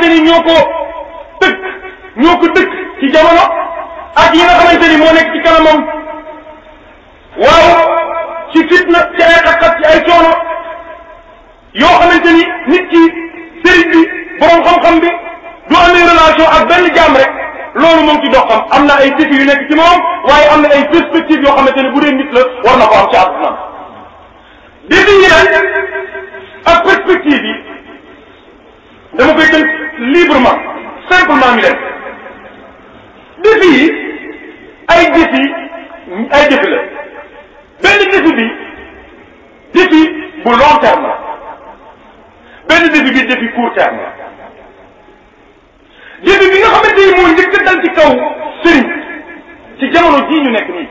Speaker 2: xamante ni ñoo ko dëkk ñoo ko dëkk ci jamono ak yi nga xamante ni moo nekk ci kanamam waaw ci fitna ci ay xat-xat ci ay coono yoo xamante ni nit ki sëriñ bi borom xam-xam bi du amee relation ak benn jaam rek loolu moom ci doxam am na ay défis yu nekk ci moom waaye am na ay perspectives yoo xamante ne bu dee la war na ko am ci àdduna yi nag ak perspectives yi dama librement simplement ñu dem défi yi ay défi ay défi la benn défi bi défi bu long terme la benn défi bi défi court terme la bi nga xamante ni moo njëkk dal ci kaw ci jamono jii ñu nekk nii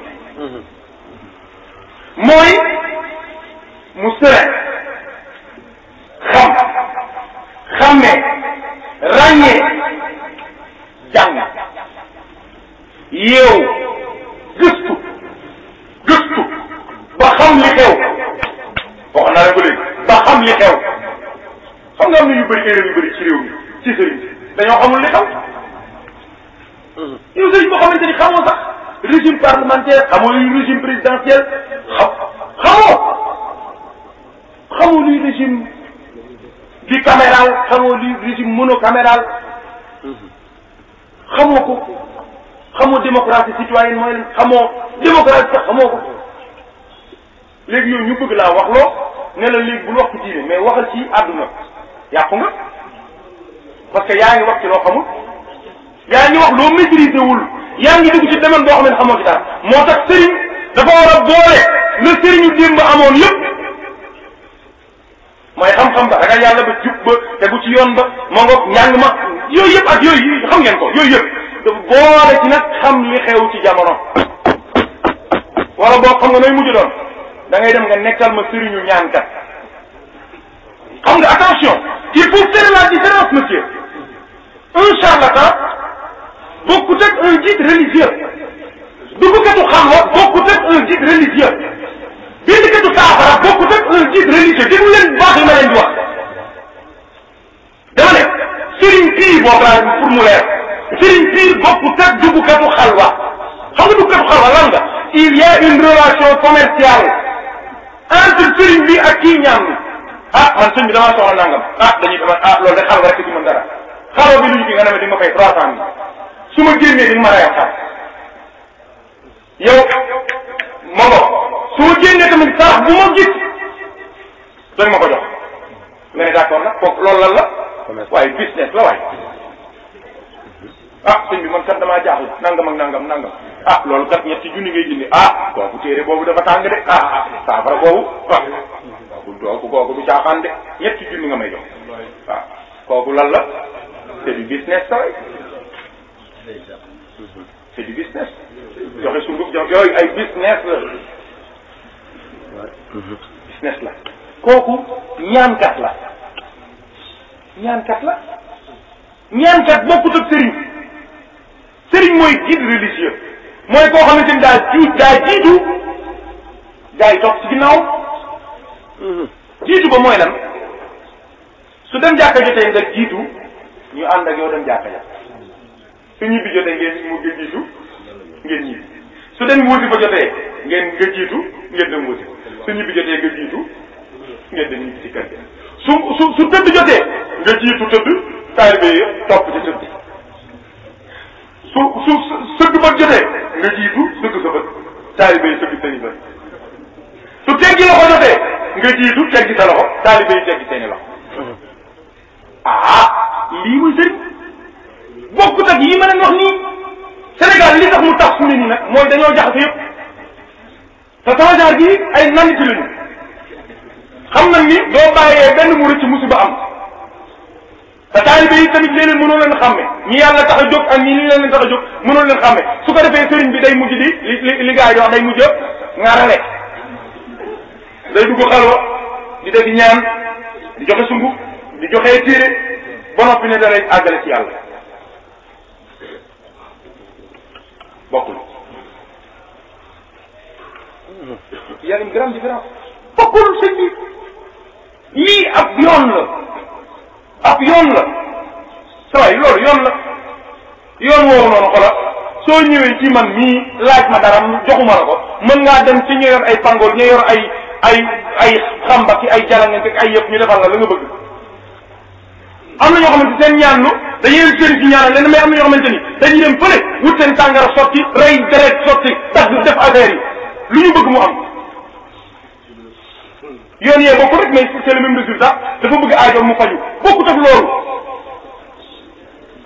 Speaker 2: mooy mu sëriñ xam xàmmee ràññee jàng yeewu gëstu gëstu ba xam li xew wax naa la ba xam li xew xam nga am na yu bëri erreur yu bëri ci réew mi ci sëriñ dañoo xamul li xew hmm. yow sëriñ boo xamante ni xamoo sax régime parlementaire xamoo luy régime présidentiel xam xamoo xamoo luy régime bicaméral xamoo li régime monocaméral xamoo ko xamoo démocratie citoyenne mooy xamoo démocratie sax xamoo ko léegi yooyu ñu bëgg laa wax loo ne la léegi bul wax ci diine mais waxal ci àdduna yàqu nga parce que yaa ngi wax ci loo xamul yaa ngi wax loo maîtriser wul yaa ngi dugg ci domaine boo xam ne xamoo ci dara moo tax sëriñ dafa war a boole le sëriñu démb amoon yëpp mooy xam-xam ba ragal yàlla ba jub ba tegu ci yoon ba moo ngoog njàng ma yooyu ak yooyu xam ngeen ko yooyu yëpp boole ci nag xam li xew ci jamono wala boo xam nga nooy mujj doon da dem nga nekkal ma sëriñu ñaankat xam nga attention il faut faire la différence monsieur un charlatan bokkut ak un guide religieux duggukatu xam la bokkut ak un guide religieux yëkkatu saafara bokkut ak un guide religieux déglu baax li ma leen di wax dama ne sëriñ pire boobu laa pour mu leer sëriñ pire bokkut ak duggukatu xalwa xam nga duggukatu xalwa lan nga il y a commerciale entre sëriñ bi ak kii ñaam bi ah man sëñ bi damaa soxla nangam ah dañuy dama ah, loolu xalwa rek ci mën xalwa bi lu ñu fi nga demee di nga fay trois su ma génnee di nga ma rayam xar yow ma ko soo génnee tamit sarax bu ma gis dañ nga ne d'accord nag foog loolu lan la waaye business la waaye ah sëñ bi man kat damaa jaaxle nangam ak nangam nangam ah loolu kat ñetti junni ngay indi ah kooku téere boobu dafa tàng de ah ah saafara boobu ah kooku kooku kooku
Speaker 1: du caaxaan de ñetti junni nga may jox waaw ah, kooku lan la c'est business sa c'est du business joxe sunguf jox yooyu ay business la mhm. la
Speaker 2: kooku ñaankat la ñaankat la ñaankat bokkut ak sëriñ sëriñ mooy guide religieux mooy koo xamante daa jiit daa jiitu gaa yi toog ci ginnaaw mhm. ba mooy lan su dem jàkka jotee nga jiitu ñu ànd ak yow dem jàkka su ñibbi jotee ngeen mu nga jiitu ngeen ñibbi su dem wuusi ba jotee ngeen nga jiitu ngeen dem wuusi su ñibbi jotee nga jiitu ngeen dem ñibbi si kër su su su tëdd jotee nga jiitu tëdd taalibe yi topp ci tëdd su su sëgg bët jotee nga jiitu sëgg sa bët taalibe yi sëgg seen i bët su teggi loxo jotee nga jiitu teggi sa loxo taalibe yi teggi seen i loxo ah lii muy sëriñ bokkut ak yi ma leen wax nii Sénégal li tax mu tax su ne nii nag mooy dañoo jaxase yëpp te gi ay nanitu lañu xam nañ ni doo bàyyee benn mu rëcc musiba am te taalibe yi tamit léeg-léeg mënoo leen xàmme ñi yàlla tax a jóg ak ñi li leen tax a jóg mënoo leen xàmme su ko defee sëriñ bi day mujj di li li gars yi di wax day mujj ngarale day dugg xalwa di def ñaan di joxe sunguf di joxe téere ba bi ne da lay àggale ci yàlla bokkul hmm. y a une grande différence bokkul sëñ bi ab yoon la ab yoon la saway loolu yoon la yoon woowu noonu xola soo ñëwee ci man mii laaj ma dara joxuma la ko mën ngaa dem ci ñu yor ay pangool ñu yor ay ay ay xamba ci ay jalangeñ fekk ay yëpp ñu defal la la nga bëgg am na ñoo xamante seen ñaan nu dañuy dem ci ñaanal leen mais am na ñoo xamante ni dañuy dem fële wut seen tàngara sotti rey deret sotti tax def affaire yi lu ñu bëgg mu am yoon yee bokk rek mais c'est le même résultat dafa bëgg aajo mu faju bokkut ak loolu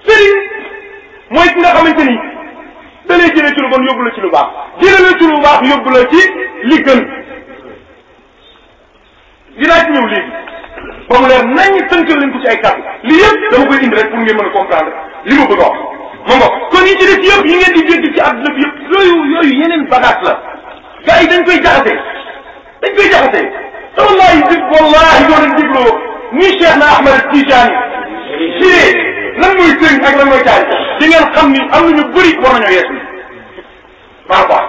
Speaker 2: sëriñ mooy ki nga xamante ni da lay ci lu bon yóbbu la ci lu baax jëlee la ci lu baax yóbbu la ci li gën dinaa ci ñëw léegi ba mu leer naññ tënkal leen ko ci ay kàddu li yëpp dama koy indi rek pour ngeen mën a comprendre li ma bëgg a wax ma ngo kon yi ci def yëpp yi ngeen di dégg ci àdduna bi yëpp yooyu yooyu yeneen bagaat la gars yi dañ koy jaxase dañ koy jaxase te wallahi di wallahi doo leen dégloo nii Cheikh na Ahmad Tijaani siree lan mooy sëñ ak lan mooy caay di ngeen xam ni am na ñu bëri war nañoo yeesu ni par rapport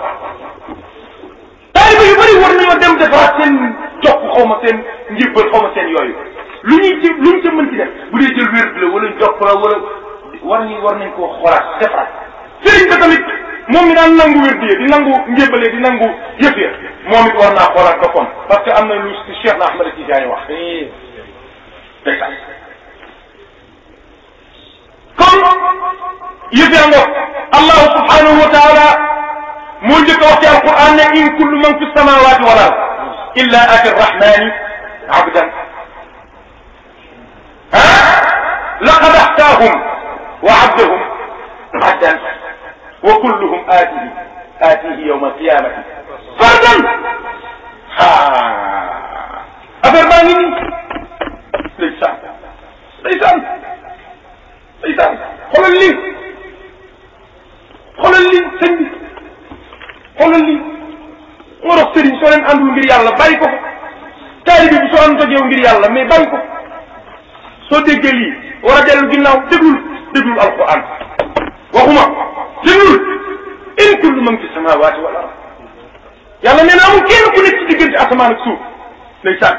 Speaker 2: taaliba yu bëri war nañoo dem defaraat seen jokk xaw ma seen yooyu lu ñuy ci lu ñu ca mën ci def bu dee jël wér la wala jokk la war nañ war nañ koo xoolaat defaraat sëriñ ba tamit mi daan nangu wér di nangu njébbalee di nangu yëf ya moom it war xoolaat boppam parce que am na lu na Ahmad Tijaani wax tey sax kon yëf yaa ngoog allahu subhanahu wa taala moo njëkk a wax ci alquran ne in kullu man fi samawati wal ard illa ati rrahmani abdan ah laqad axtaahum wa abdahum abdan wa kulluhum aatihi aatihi yowma alqiyamati fardan affaire baa ngi nii ndeysaan ndeysaan ndeysaan xoolal lii xoolal lii sëñ bi xoolal lii moo tax sëriñ soo leen àndul ngir yàlla bàyyi ko ko taalibe bi soo ànd ak yow ngir yàlla mais bàyyi ko soo déggee lii war a dellu ginnaaw déglul déglul alquran waxuma déglul in kullu man fi samawati wal ard yàlla nee na ku nekk ci diggante asamaan ak suuf ndeysaan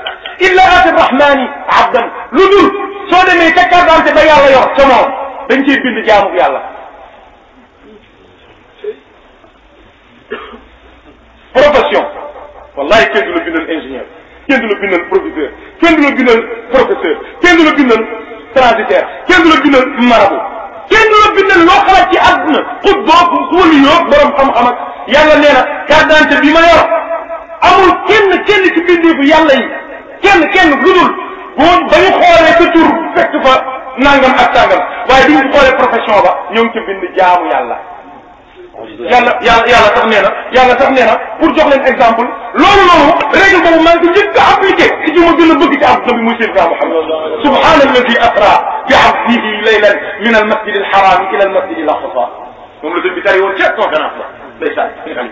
Speaker 2: illa ati rahmani abdan lu dul soo demee ca carte ba yàlla yor ca moom dañ cee bind jaamu yàlla profession wallahi kenn du la bindal ingénieur kenn du la bindal proviseur kenn du la bindal professeur kenn du la bindal transitaire kenn du la bindal marabu kenn du la bindal loo xalaat ci àdduna xut boobu wëli yoo borom xam-xam ak yàlla nee na carte d'identité bi ma amul kenn kenn ci bindeefu yàlla yi kenn kenn lu dul boo ba ñu xoolee sa tur fekk fa nangam ak sàngam waaye bi ñu profession ba ñoo ngi ci bind jaamu yàlla yàlla yàlla yàlla sax nee na yàlla sax nee na pour jox leen exemple loolu noonu règle boobu maa ngi ko njëkk a appliqué ci ji ma gën a bëgg ci àdduna bi muy Seydina Muhammad subhaana alladi asra bi abdihi laylan min al masjid al haram ila al masjid al aqsa moom la sëñ bi tari woon ca conférence la ndeysaan ndeysaan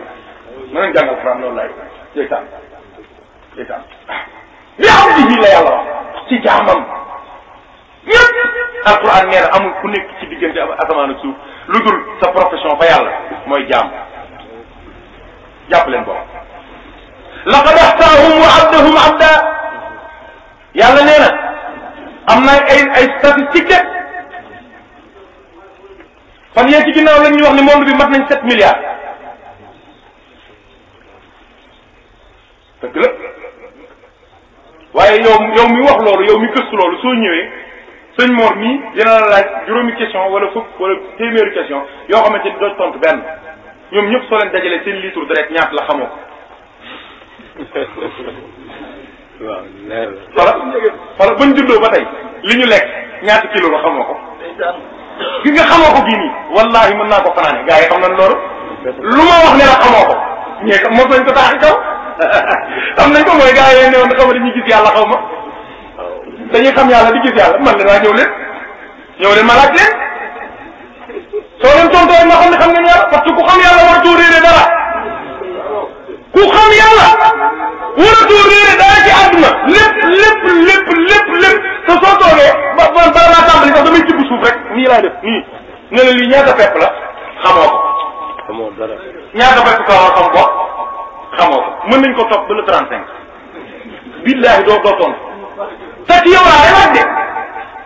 Speaker 2: mën nañ jàngal Alxuraan loolu laay ndeysaan ndeysaan bi abdihi la yàlla wax ci jaamam ñëpp Alxuraan nee na amul ku nekk ci diggante asamaan ak suuf lu dul sa profession fa yàlla mooy jaam jàpp leen boobu laqad axtaahum wa abdahum abda yàlla nee na am na ay ay statistique de fan yee ci ginnaaw lañ ñu wax ni monde bi mat nañ sept milliards dëgg la waaye yow yow mi wax loolu yow mi gëstu loolu soo ñëwee sëñ Mor mii dina la laaj juróomi question wala fukk wala téeméeri question yoo xamante ni doo tontu benn ñoom ñëpp soo leen dajalee seen litre direct ñaata la xamoo ko. waaw leer la. xoolal bañ juddoo ba tey li ñu lekk ñaata kilo la xamoo ko. gis nga xamoo ko bii nii wallahi mën naa ko fanaane gars yi xam nañ loolu. lu ma wax ne la xamoo ko. ñee mos nañ ko taaxi kaw xam nañ ko mooy gars yi ne woon xaw gis yàlla xaw ma. dañuy xam yàlla di gis yàlla man danaa ñëw leen ñëw leen ma laaj leen soo leen tontoo rek ma xam ne ngeen yàlla parce ku xam yàlla war a tuur réere ku xam yàlla war a tuur réere dara ci àdduna lépp lépp lépp lépp lépp te soo ba ba bala maa tàmbali sax damay tibb suuf nii laay def nii ne la lii ñaata pepp la xamoo ko. xamoo dara ñaata pepp ka war ko xamoo ko mën nañ ko topp ba le 35. te ci yow laa lay laaj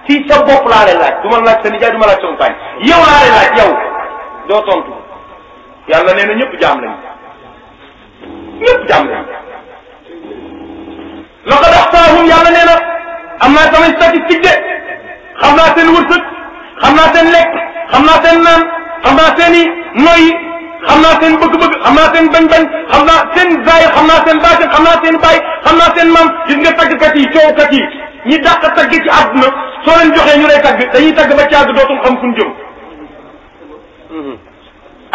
Speaker 2: de du ma laaj sa nijaay du ma laaj sa umpaañ yow laaj yow doo tontu yàlla nee na ñëpp jaam lañu ñëpp jaam lañu. laqad axsaahum yàlla nee na am naa samay statistique de xam naa seen wërsëg xam naa seen lekk xam naa seen naan xam naa seen i noyyi xam na seen bëgg-bëgg xam naa seen bañ xam naa seen zaay xam naa seen baatin xam naa seen baay xam naa seen maam gis nga ñi dàq tagg ci àdduna soo leen joxee ñu lay tagg dañuy tagg ba caag dootul xam fu ñu jëm.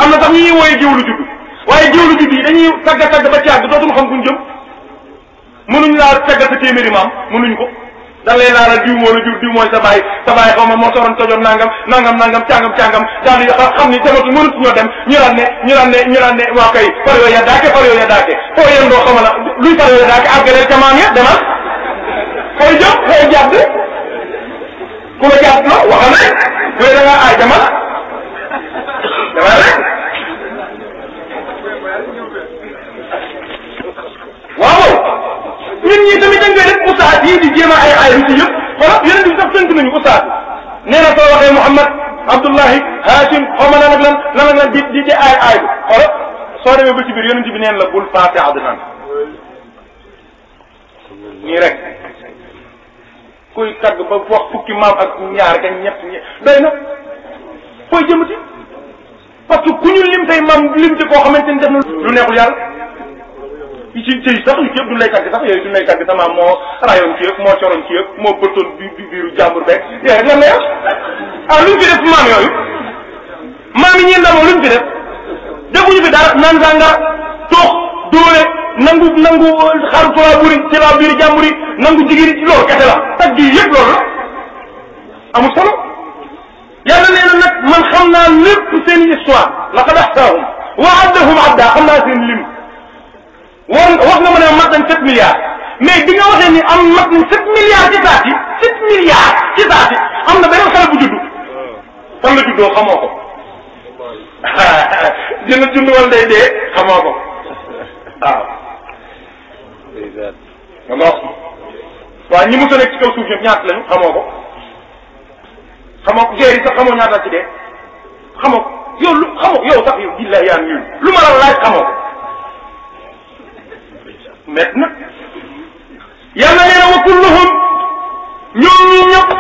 Speaker 2: am na sax ñu ñuy wooyee jiw lu judd waaye jiw lu judd dañuy tagg tagg ba caag dootul xam fu ñu jëm mënuñ laa tagg sa téeméeri maam mënuñ ko. da lay laal diw moo la jur sa baay sa baay xaw ma moo soroon tojoon nangam nangam nangam càngam càngam daal di xam ni tamatu mënut ñoo dem ñu daan ne ñu daan ne ñu daan ne waa kay far yooyu ya daake yooyu ya fooy jëm fooy jàdd ku la jàdd na waxal rek bu dee da ngaa aay dama dama rek waaw ñun ñii tamit dañ koy di jéem a ay ay ci yëpp xoolal yeneen bi sax tënk nañu ustaas nee na soo waxee Mouhamed Abdullahi Hachim xaw ma lan soo demee ba ci biir yeneen bi neen la bul fàtte Adnaan nii kuy tagg ba wax fukki maam ak ñaar ak ñett doy na fooy jëmati parce que ku ñu lim tey maam lim te koo xamante ni def na lu neexul yàlla ci ci sax li yëpp du lay tagg sax yooyu du lay tagg sama moo rayoon ci yëpp moo coroon ci yëpp moo bëtoon bi biiru jàmbur beeg yooyu rek lan la yor ah luñ fi def maam yooyu maam yi ñuy ndamoo luñ fi def defuñu fi dara naan sàngara toox dóore nangu nangu euh, xaru tubaab buri ci laa biir nangu jigéen ci loolu la. tag gi yëpp loolu la amul solo yàlla nee na nag man xam naa lépp seen histoire laqad ahsaahum wa addahum adda xam naa seen lim wax nga ma ne mat nañ sept milliards mais ni am mat nañ sept milliards ci saa si am na beneen xale bu juddu fan la juddoo xamoo ko jënd jund wala day dee xamoo ko nga nga wax waaw ñi mos a nekk ci kaw suuf ñaata lañu xamoo ko xamoo ko jeeri xamoo ñaata ci dee xamoo yow lu xamoo yow sax yow billahi yaa ngi lu ma la laaj xamoo ko mett na yàlla nee na wa kulluhum ñoom ñi ñëpp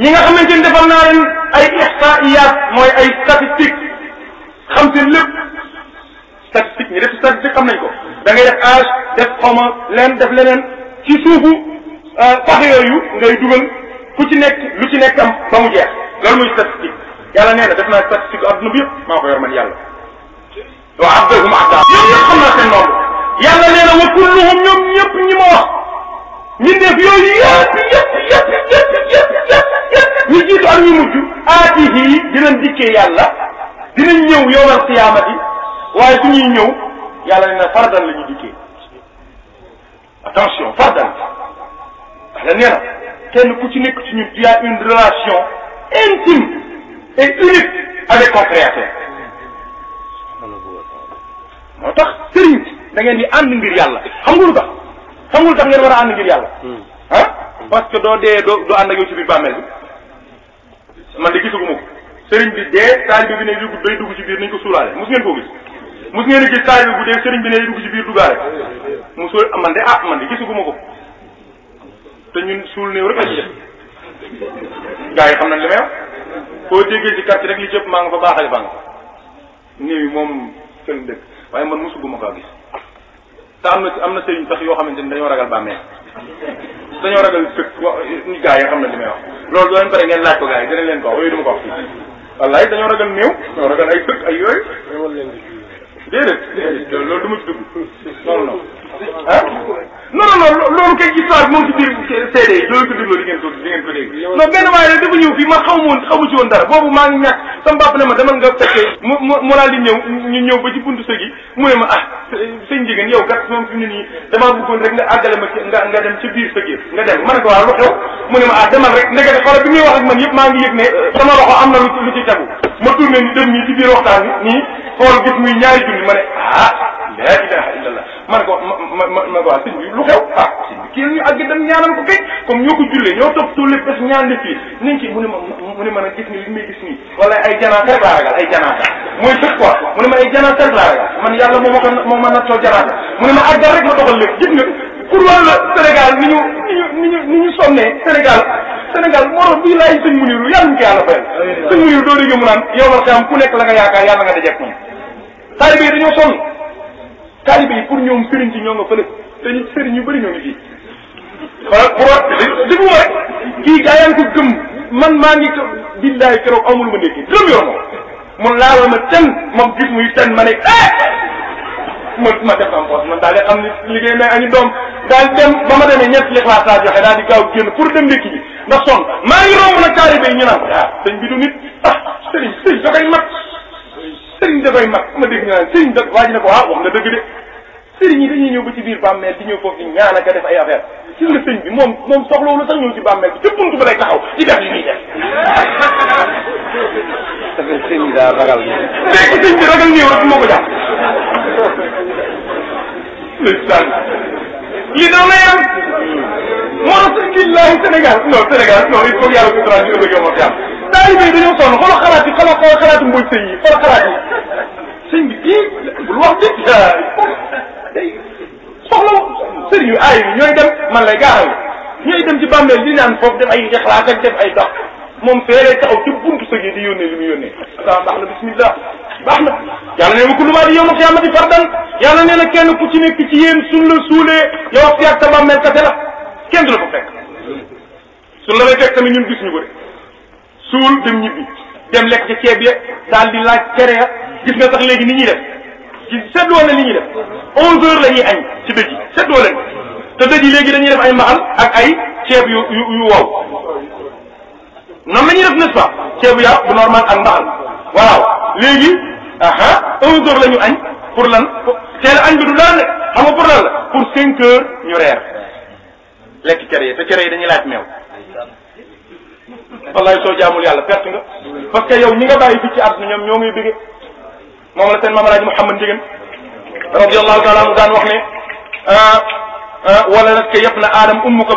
Speaker 2: ñi nga xamante ni defal naa leen ay ihsaiyaat mooy ay statistiques xam te lépp statistique ñu def statistique xam nañ ko da ngay def âge def xawma leen def leneen ci suufu euh, pax yooyu ngay dugal ku ci nekk lu ci nekk am ba mu jeex loolu mooy statistique yàlla nee na def naa statistique adduna bi yëpp maa ko yor man yàlla waa abdahum abda ñoom ñëpp xam naa seen nombre yàlla nee na wa kulluhum ñoom ñëpp ñi ma wax ñi def yooyu yëpp yëpp yëpp yëpp yëpp yëpp ñu jiitu ak ñu mujj aatihi dinañ dikkee yàlla dinañ ñëw yowmal qiyaamati waaye su ñuy ñëw yàlla ne na fardan la ñu dikkee attention fardan yàlla nee na kenn ku ci nekk ci ñun tu as une relation intime et unique avec moo tax sëriñ da ngeen di ànd ngir yàlla xam nga lu tax xam nga lu tax ngeen war a ànd ngir yàlla ah parce que doo dee doo doo ànd ak yow ci biir bàmmeel bi man de gisagu ma ko bi dee taalibe bi ne day dugg ci biir nañ ko suulaale mos ngeen koo mu ngeen a gis taalibe bu dee sëriñ bi ne dugg ci biir dugaale mu suul man de ah man de gisuguma ko te ñun suul néew rek la ci def yi xam na li may wax koo déggee ci quartier rek li jëpp maa nga fa baaxale baa nga fa néew yi moom seen dëkk waaye man mosuguma kaa gis te am na am na sëriñ sax yoo xamante ni dañoo ragal bàmmeel dañoo ragal dëkk wa gars yi xam nañ li may wax loolu doo leen pare ngeen laaj ko gars yi dinañ leen ko wax yooyu duma ko wax fii dañoo ragal néew dañoo ragal ay dëkk déedéet déedéet loolu du ma ci dugg non non ah non non non loolu kay histoire bi moom ci biir CD yi loolu ko dégloo di ngeen ko di ngeen ko dégg non benn ma xaw moon xamu ci woon dara boobu maa ngi ne ma demal nga fekkee mu mu mu daal di ñëw ñu ñëw ba ci buntu sëg yi mu ne ma ah sëñ Ndiéguène yow kat moom fi mu ne nii damaa bëggoon rek nga àggale ma nga nga dem ci biir sëg yi nga dem ma ne ko waaw lu xew mu ne ma ah demal rek ndekete xoolal bi muy wax ak man yëpp maa ngi yëg ne sama loxo am na lu ci lu ci tegu ma tourné ni dem nii ci biir waxtaan ni xool ma ah, laa ilaha illallah ma ne ko ma ma ma ko a ah, bi lu xew ah sëñ bi kii ñu àgg dem ñaanal ko kay comme ñoo ko jullee ñoo topp tout lépp des ñaan def fii nañ ci ma mu ne ma nag gis nga li may gis nii wala ay janaata rek laa ragal ay janaata mooy sëg quoi mu ne ma ay janaata rek laa man yàlla moo ma ko moo ma nattoo janaata mu ne ma àggal rek ma doxal lépp gis nga pour wàllu Sénégal ni ñu ni ñu ni ñu sonnee Sénégal Sénégal moroom bii laay sëñ Muniru yàlla ñu ko yàlla fayal sëñ Muniru doo déggee mu naan yow la xam ku nekk la nga yaakaar yàlla taalibe yi pour ñoom sëriñ si ñoo nga fële te ñu sëriñ ñu bëri ñoo ngi fii voilà pour dëgg ma rek kii gaa gëm man maa ngi ko billaay keroog amul ma ndékki dërëm yor moom mun laalal ma ten moom gis muy ten ma ne eh ma ma def am poos man daal di xam ni liggéey may añu doom daal dem ba ma demee ñett lixlaas laa joxe daal di gaaw génn pour dem ndékki ji ndax son maa ngi romb nag taalibe yi ñu naan ah sëñ bi du nit ah sëriñ sëriñ da koy mat sëriñ dafay mag sama dégg ñu naan sëriñ da waa ji ne ko ah wax nga dëgg de sëriñ yi dañuy ñëw ba ci biir bàmmeel di ñëw foofu di ñaan ak a def ay affaire gis nga sëriñ bi moom moom soxlawul sax ñëw ci bàmmeel bi ca buntu ba lay taxaw ci def yi muy def dafay sëriñ bi daa ragal ñëw fekk sëriñ bi ragal ñëw rek moo ko li
Speaker 3: doon lay am. moo
Speaker 2: tax billahi Sénégal non Sénégal eh, non il faut yàlla ko traité ñu bëgg a am. taalibe yi dañoo sonn xoolal xalaat yi xoolal xoolal xalaatu yi xoolal xalaat yi. bi kii bul wax nit day soxla sëriñ yu aay yi ñooy dem man lay gaaxal ñooy dem ci bàmmeel di naan foofu def ay ixlaas ak def ay dox. moom fee lay taxaw ci buntu sëg yi di yónnee li mu yónnee daa baax na bismillah baax na yàlla nee na kullu maa di yowma xiyaamati fardan yàlla nee na kenn ku ci nekk ci yéen suñ la suulee yow ak yaag sa bàmmeel kase la kenn du la ko fekk suñ la lay fekk tamit ñun gis ñu ko de suul dem ñibbi dem lekk ca ceeb ya daal di laaj cere ya gis nga sax léegi ni ñuy def ci seetloo na li ñuy def onze heures la ñuy añ ci dëj yi seetloo leen te dëj yi léegi dañuy def ay maxal ak ay ceeb yu yu yu wow noonu la ñuy def n'est-ce pas ceebu yàpp bu normal waaw léegi a un heure la añ pour lan teel añ bi du dara de xam lan la pour ñu reer lekk cere yi te cere yi dañuy laaj meew wallaay soo jaamul yàlla perte nga parce que yow ñi nga bàyyi fii ci àdduna ñoom ñoo ngi bëgg moom la seen mamalaaji Mouhamad Ndiéguène radiyallahu taala anhu daan wax ne ah, ah, wala nag ke yëpp na aadam ummu ko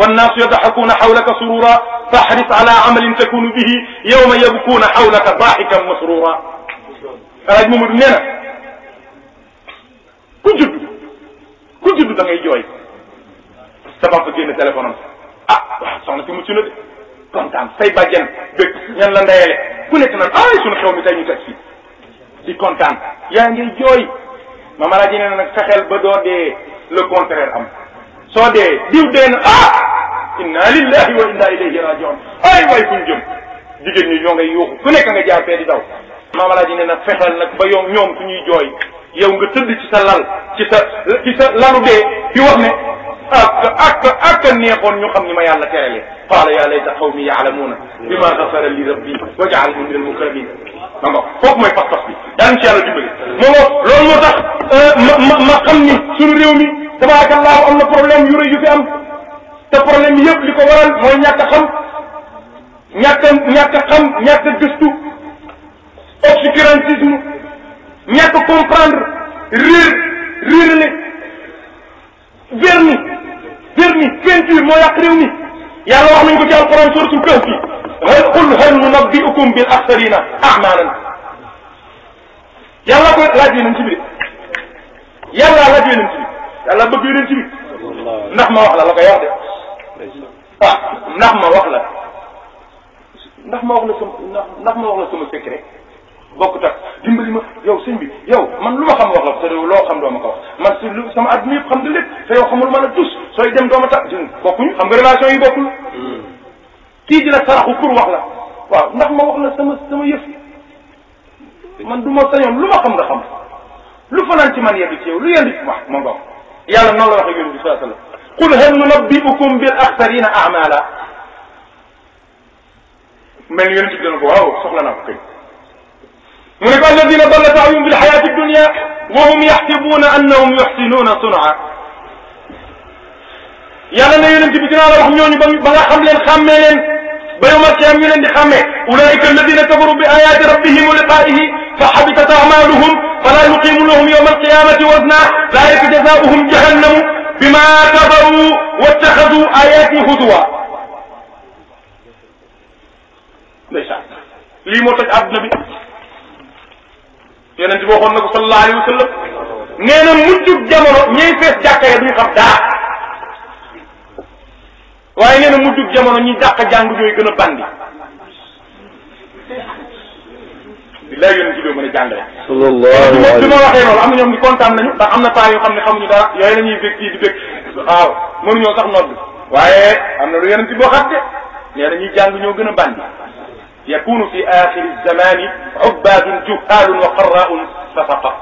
Speaker 2: والناس يضحكون حولك سرورا فاحرص على عمل تكون به يوم يبكون حولك ضاحكا مسرورا alaaj Mamadou nee na ku judd ku judd da ngay jooy sa papa génn téléphone am ah waaw soxna si mucc na de kontaan say bàjjen bépp ñan la ndeyale ku nekk naan ay sunu xew mi tey ñu teg si di kontaan yaa ngi jooy maam alaaji nee na nag fexeel ba doo dee le contraire am soo dee diw dee na ah inna lillahi wa inna ilayhi rajiun ay waay fuñ jëm jigéen ñi ñoo ngay yuuxu nekk nga jaar fee di daw maamalaa ji ne nag fexeel nag ba yow ñoom su ñuy jooy yow nga tëdd ci sa lal ci sa ci sa lalu dee di wax ak ak ak neexoon ñu xam ni ma yàlla terale qaala yaa layta qawmi yaalamuuna bima gafara li rabbi wajaalni min almukramin ma ngoog kooku mooy pas-pas bi daañu ci yàlla dimbali ma ngoog moo tax euh, ma ma ni suñu réew mi tabaarakallaahu am na problème yu rëy yu fi am te problème yëpp li ko waral mooy ñàkk a xam ñàkk a ñàkk a xam ñàkk a gëstu obscurantisme ñàkk a comprendre réer réerale vernis vernis peinture moo yàq réew mi yàlla wax nañu ko ci alxuraan suratul kahf qul hal nunabbi'ukum bil axsarina a'maalan yàlla ko laaj yonent bi yàlla laaj yonent bi yàlla bëgg yonent bi ndax ma wax la la ko yor de waaw ah, ma wax la ndax ma wax la sama ndax ma wax la sama secret bokkut ak dimbali ma yow sëñ bi yow man lu ma xam wax la ko te loo xam doo ma ko wax man si lu sama adduna yëpp xam nga lépp te yow xamul ma la dus sooy dem doo ma tax bokkuñu xam nga relation yi bokkul. kii di la saraxu pour wax la waaw ndax ma wax la sama sama yëf man du ma sañoon lu ma xam nga xam lu fanaan ci man yendu ci yow lu yendu ci wax ma nga yàlla noonu la wax ak yonent bi sallallahu alayhi wa sallam qul hal nunabbi'ukum bil axsarina a'mala mel ni yonent bi dana ko waaw soxla naa ko kay mu ne ko alladina dalla sa'yuhum bil hayati dunya wa hum yaxsibuuna annahum yuxsinuuna sun'a yàlla na yonent bi dinaa la wax ñooñu ba ba nga xam leen xàmmee leen ba yawmal qiyaam ñu leen di xàmmee ulaika alladina kafaru bi ayati rabbihim wa liqaihi fa habitat amaluhum fala yuqimu lahum yawma alqiyamati wazna dhalika jazaohum jahannamu bima kafaru wattaxadu ayati huduwa ndeysaan lii moo toj àdduna bi yonent bi waxoon na ko sallallahu alayhi wa sallam nee na mujjub jamono ñiy fees jàkka ya duñ xam daa waaye nee na mujjug jamono ñi dàq jàng yooyu gën a bandi di lay yoon ci doo mën a jàngale sallallahu bi ma waxee loolu am na ñoom di kontaan nañu ndax am na paa yoo xam ne xamuñu dara yooyu la ñuy bëgg kii di bëgg waaw mënuñoo sax nodd waaye am na lu yeneen ci boo xatte nee na ñuy jàng ñoo gën a bandi yakunu fi axiri zamani ubbaadun juhaalun wa qarraun fafaqa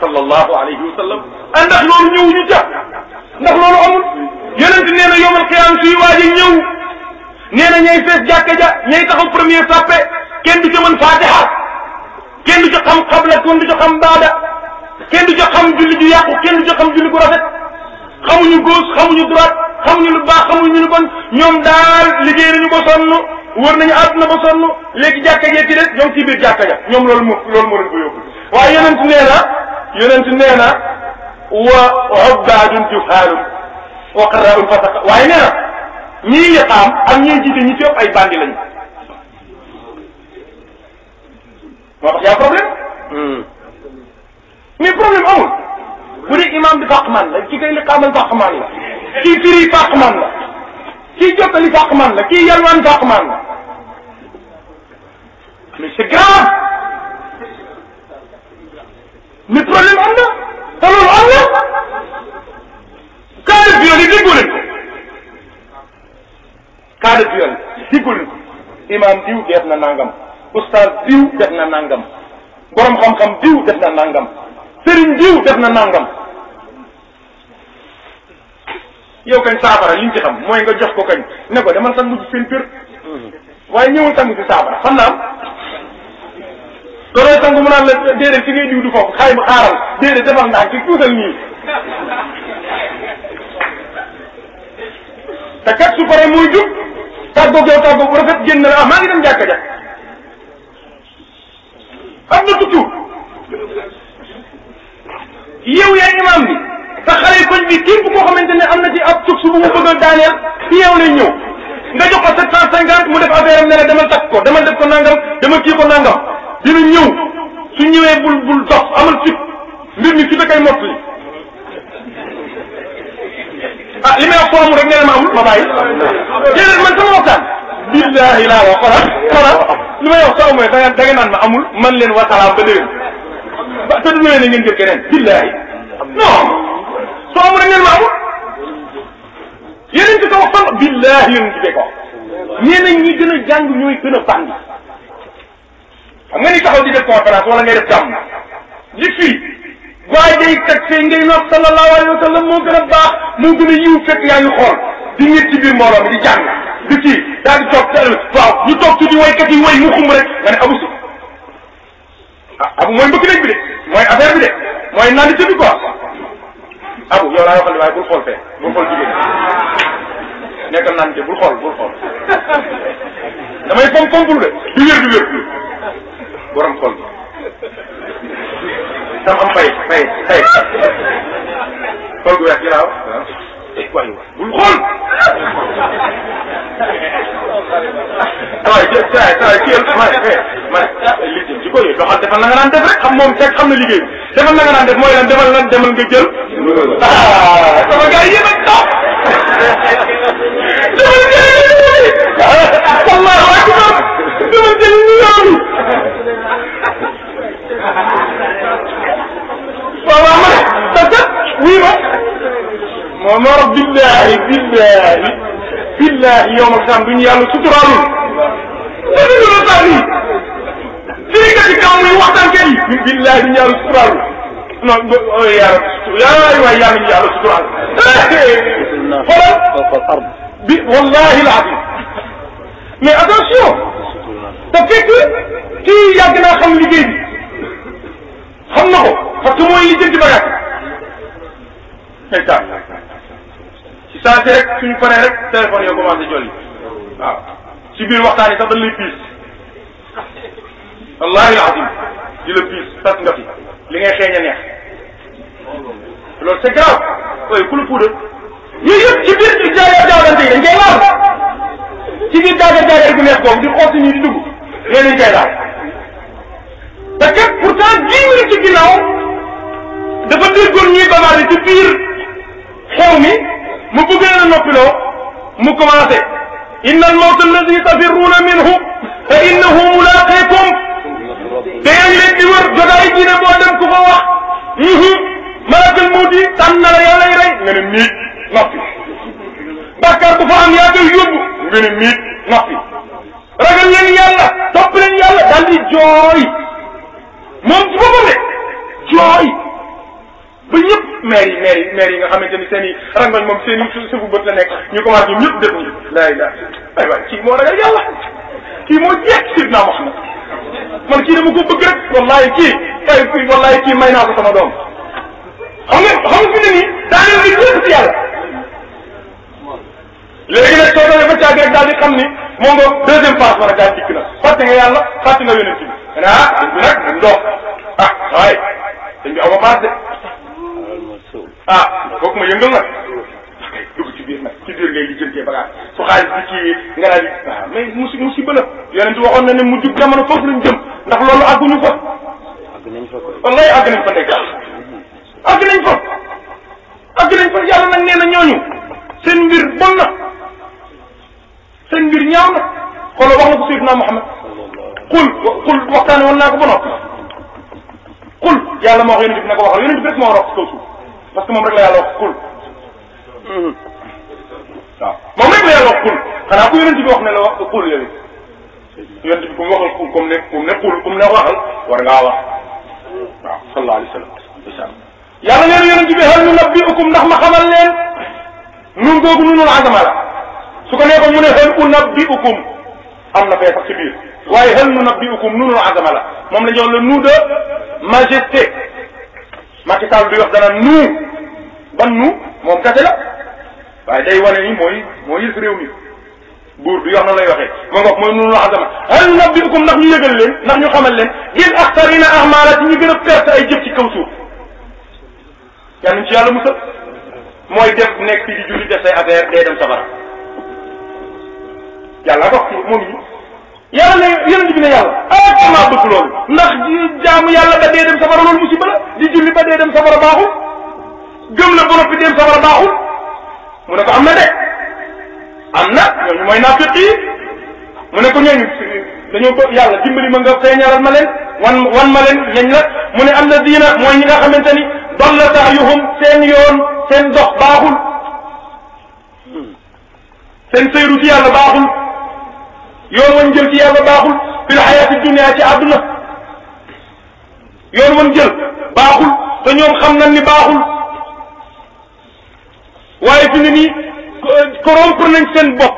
Speaker 2: sallallahu alayhi wa sallam ah ndax loolu ñëwuñu ca ndax loolu xiyaam suy waaji ñëw nee na ñay fees jàkka ja ñay taxaw premier sàppe kenn du ca mën faatiha kenn du ca xam xabla kenn du ca xam baada kenn du ca xam julli ju yàqu kenn du ca xam ñu gu rafet xamuñu gauche xamuñu droite xamuñu lu baax xamuñu lu bon ñoom daal liggéey nañu ba sonn wër nañu àdduna ba sonn léegi jàkka jee ci des ñoom ci biir jàkka ja ñoom loolu moo loolu moo leen ko yóbbu waaye yonent nee na yonent nee na wa wa qadaaru fasaka waaye nee na ñii liqaam ak ñii jiite ñi ci ëpp ay bandi lañu moo tax yaa problème hmm. mais problème amul bu dee imam bi fàqman la ki koy liqaamal fàqman la kii firi fàqman la kii jottali fàqman la kii yalwaan fàqman la mais c'est grave mais problème am na te loolu am na cas de viol yi déggu leen ko cas de viol yi déggu leen diw def na nangam oustaz diw def na nangam borom xam-xam diw def na nangam sëriñ diw def na nangam yow kañ saafara ñu ci xam mooy nga jox ko kañ ne ko demal sangu ci seen kër waaye ñëwul sangu ci saafara xam naa doo doon sangu mu naan la déedéet fi du foofu nii te kat su paree muy jub tàggoog yow tàggoog bu rafet génn la ah maa ngi dem jàkka ja am na tuttu yow yaay imaam bi te xale yi koñ bi képp koo xamante ne am na ci ab suuf bu mu bëgg a daaneel ci yow lay ñëw nga jox ko 750 mu def affaire am demal takk ko demal def ko nangam dina ñëw su ñëwee bul bul dox amal fit mbir mi fi da koy mottali ah li may wax foo amul rek nee na ma amul ma bàyyi déedéet man sama waxtaan billahi laa wax xora xora li may wax soo amul da nga da nga naan ma amul man leen wasalaam ba déwén ba te du déwén ngeen jël keneen billahi non
Speaker 3: soo amul rek nee na ma amul
Speaker 2: yeneen ci ko wax fan billahi yéen ci ko nee nañ ñi gën a jàng ñooy gën a bandi xam nga ni taxaw di def conférence wala ngay def jàmm li fii waaye day kat fee ngay nopp sallallahu alayhi wa sallam moo gën a baax moo gën a yiw fekk yaa ngi xool di nit ci biir mbooloo mi di jàng di kii daal di waaw ñu toog tuuti waykat yi way mu xumb rek nga ne abu si ah abu mooy mbëkk néeg bi de mooy affaire bi de mooy naan ci bi quoi abu yow laa waxal waaye bul xool fee bul xool jigéen nekkal naan ci bul xool dama
Speaker 1: am mbay mbay mbay. xool gu weex ginnaaw. waaw
Speaker 2: waaye bul xool. waaye jë saa saa kii ma ne ma ne liggéey ci kaw yooyu doxal defal na nga naan def rek xam moom fekk xam na liggéey defal na nga naan def mooy lan defal lan demal nga jël. ah sama gars yi yéen a toog.
Speaker 3: demal jël wallaahi waa ci demal
Speaker 2: jël ñu waaw waaw ma ne parce que wii ma moo mor billahi billahi billahi yow ma sam duñu yàlla suturaalul sadiñula sanni fii nga ci kaw muy waxtaan kay yi billahi duñu yàlla suturaalul non yàlla yaay waay yàlla ñu yàlla suturaal xoolal bi wallahi laazim mais attention te fekk kii yàgg naa xam liggéey bi xam na ko parce que mooy li jënti bagage ndeysaan ci saa si rek suñu paree rek téléphone yoo commencé ci biir waxtaan yi sax dañ lay piis wallahi alazim di la piis tas nga fi li ngay xeeñ a neex loolu c'est grave ooy ku la puudar yooyu ci biir di jaaga jaagante yi dañ koy laal ci biir jaaga jaaga rek bu neex boobu di xool si nii di dugg yooyu dañ koy laal ginnaaw dafa déggoon ñuy bamaari ci biir xew mi mu bëgg leen a noppiloo mu commencé inna al mawta alladi tafirruuna minhu fa innahu mulaqikum dee leen di wër jotaay diine boo dem ku fa wax malakal mawti tànn na la yow lay rey nga ne miit noppi bàkkaar bu fa am yaa koy yóbbu nga ne miit noppi ragal leen yàlla topp leen yàlla daal di jooy moom su boppam jooy ba ñëpp maire yi maire yi maire yi nga xamante ni seen i rangoñ moom seen i suufu bët la nekk ñu commencé ñoom ñëpp def ñu laa ilaha ay waay kii moo ragal yàlla kii moo jeex sidna Muhammad man kii dama ko bëgg rek wallahi kii ay wallahi kii may naa ko sama doom xam nga xam nga fi ne nii daaneel bi lépp si yàlla léegi nag soo demee ba caag rek daal di xam ni moom nga deuxième phase war a daal dikk na fàtte nga yàlla fàtte nga yonent bi ah nag ndox ah waaye sëñ bi aw ma paas de. ah kooku ma yëngal nag. dugg ci biir nag ci biir ngay lijjantee bagage ci nga daal di. waaw ah, mais musi musiba la. waxoon na ne mu jub jamono foofu lañ jëm ndax loolu àgguñu fa. àgg nañ fa koy wallay àgg nañ fa nekk àgg nañ fa. àgg nañ fa yàlla nag nee na ñooñu seen mbir bon na seen mbir ñaaw na xoolal wax na ko Seydina Muhammad xul xul waxtaane woon naa ko ba noppi xul yàlla moo wax yonent bi na ko waxal yonent bi a wax ci kaw suuf moom rek la yàlla wax xul mhm. waaw moom rek la yàlla wax xul xanaa ku yonent wax ne wax xul yooyu yonent bi ku mu waxal xul comme ne ne xul comme ne war ngaa wax waaw sallallahu alayhi wa
Speaker 1: sallam isaan
Speaker 2: yàlla nee na yonent bi hal nunabbi'ukum ndax ma xamal mu ne hal unabbi'ukum am na fee sax ci waaye hal nunabbi'ukum nuunul azama la moom la ñu wax
Speaker 3: de
Speaker 2: majesté Macky Sall bi wax dana nous ban nous moom kese la waaye day wane ni mooy mooy yëf réew mi buur bi wax na lay waxee moom wax mooy nuunul azama hal nunabbi'ukum ndax ñu yëgal leen ndax ñu xamal leen bil axsarina a'maala ci ñu gën a perte ay jëf ci kaw suuf yal nañ ci mooy def nekk fii di julli def say affaire day dem safara yàlla moom yi yàlla ne yonent bi ne yàlla ah damaa bëgg loolu ndax jaamu yàlla ba dee dem safara loolu musiba la di julli ba dee dem safara baaxul gëm la ba noppi dem safara baaxul mu ne ko am na de am na ñooñu mooy naafiq yi mu ne ko ñooñu dañoo bëgg yàlla dimbali ma nga feeñalal ma leen wan wan ma leen ñañ mu ne am na diina mooy ñi nga xamante ni doon la sa'yuhum seen yoon seen dox baaxul seen sëyru ci yàlla baaxul. yoon mën jël ci yàlla baaxul fil xayaati dunia ci àdduna yoon mën jël baaxul te ñoom xam nañ ni baaxul waaye fi ne nii corrompre nañ seen bopp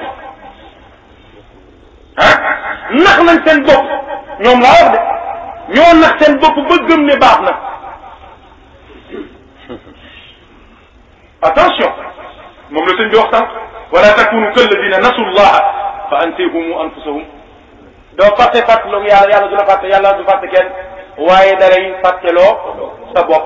Speaker 2: ah nax nañ seen bopp ñoom laa wax de nax seen bopp ba gëm ne baax na attention moom la sëñ bi wax sànq wala takunu kalladina nasullaha fa ansihumu anfusahum doo fàtte fàttaloo yàlla yàlla du la fàtte yàlla du fàtte kenn waaye dalay fàtteloo sa bopp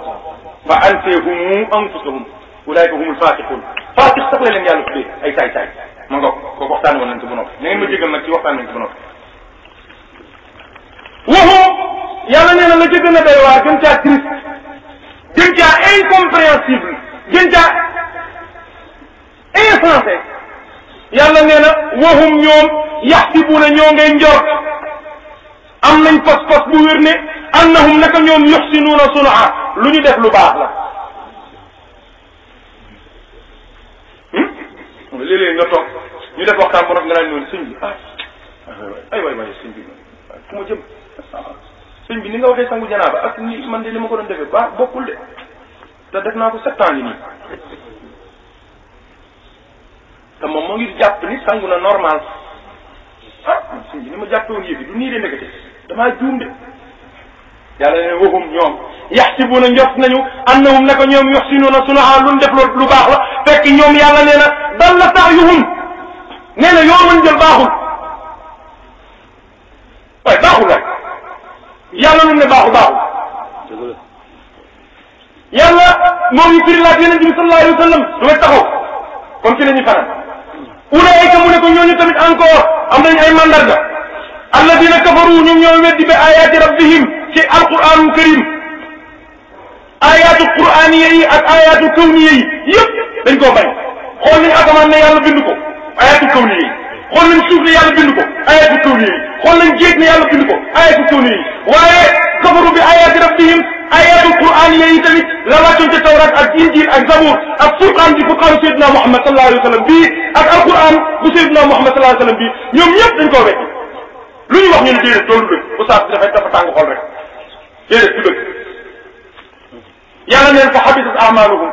Speaker 2: fa ansihumu anfusahum ulaika humul fasiqun fasiq sax la leen yàlla
Speaker 1: tuddee ay saay saay ma nga kooku waxtaan woon nañ ko bu noppi na ngeen ma jégal nag ci waxtaan nañ ko bu noppi
Speaker 2: waxu yàlla nee na la ca gën a doy waar gën caa triste gën caa incompréhensible gën caa insensé yàlla nee na wahum ñoom yaxsibuuna ñoo ngay njor am nañ pas-pas bu wér ne annahum naka ñoom yuxsinuuna sunaa lu ñu def lu baax la hmm? léeg-léeg nga to ñu def waxtaan bu nag nga naan noonu sëñ bi ah ay waay waay sëñ bi ah, ah, ni nga waxee sangu ni man de li ma ko doon defee bokkul de te def naa ko sept ans yi nii te moom moo ngi jàpp ni sangu na normal ah suñ bi ni ma jàppewoon yëf yi du nii de ndekete damaa juum na yàlla ne waxum ñoom yaxsibuuna njort nañu annahum sunaha lu def lu baax la fekk ñoom yàlla nee na dal la saayuhum nee na yoo mën jël baaxul waaye baaxul waay yàlla lu ne baaxul baaxul yàlla moom yu firi laaj yeneen bi sallallahu alayhi wa sallam du taxaw comme ci la ñuy fanaan ulaayika mu ne ko ñooñu tamit encore am nañ ay mandarga alladina kafaru ñoom ñoo weddi bi ayaati rabbihim ci alquranu karim ayaatu quraniya yi ak ayaatu kawniya yi yëpp dañ koo bañ xool nañ asamaan ne yàlla bind ko ayaatu kawniya yi xool nañ suuf ne yàlla bind ko ayatu kawn yi xool nañ jéeg ne yàlla bind ko ayatu kawn yi waaye kafaru bi ayati rabbihim ayatul quran yooyu tamit la wàccoon ca tawrat ak injil ak zabur ak furqaan bi furqaanu sayyidina Muhammad sallallahu alayhi wa sallam bii ak alquran bu sayyidina Muhammad sallallahu alayhi wa sallam bii ñoom ñëpp dañ koo wekk lu ñu wax ñu ne déedéet loolu dëgg oustaz bi dafay dafa tàng xol rek déedéet du dëgg yàlla neen fa xabitat amaluhum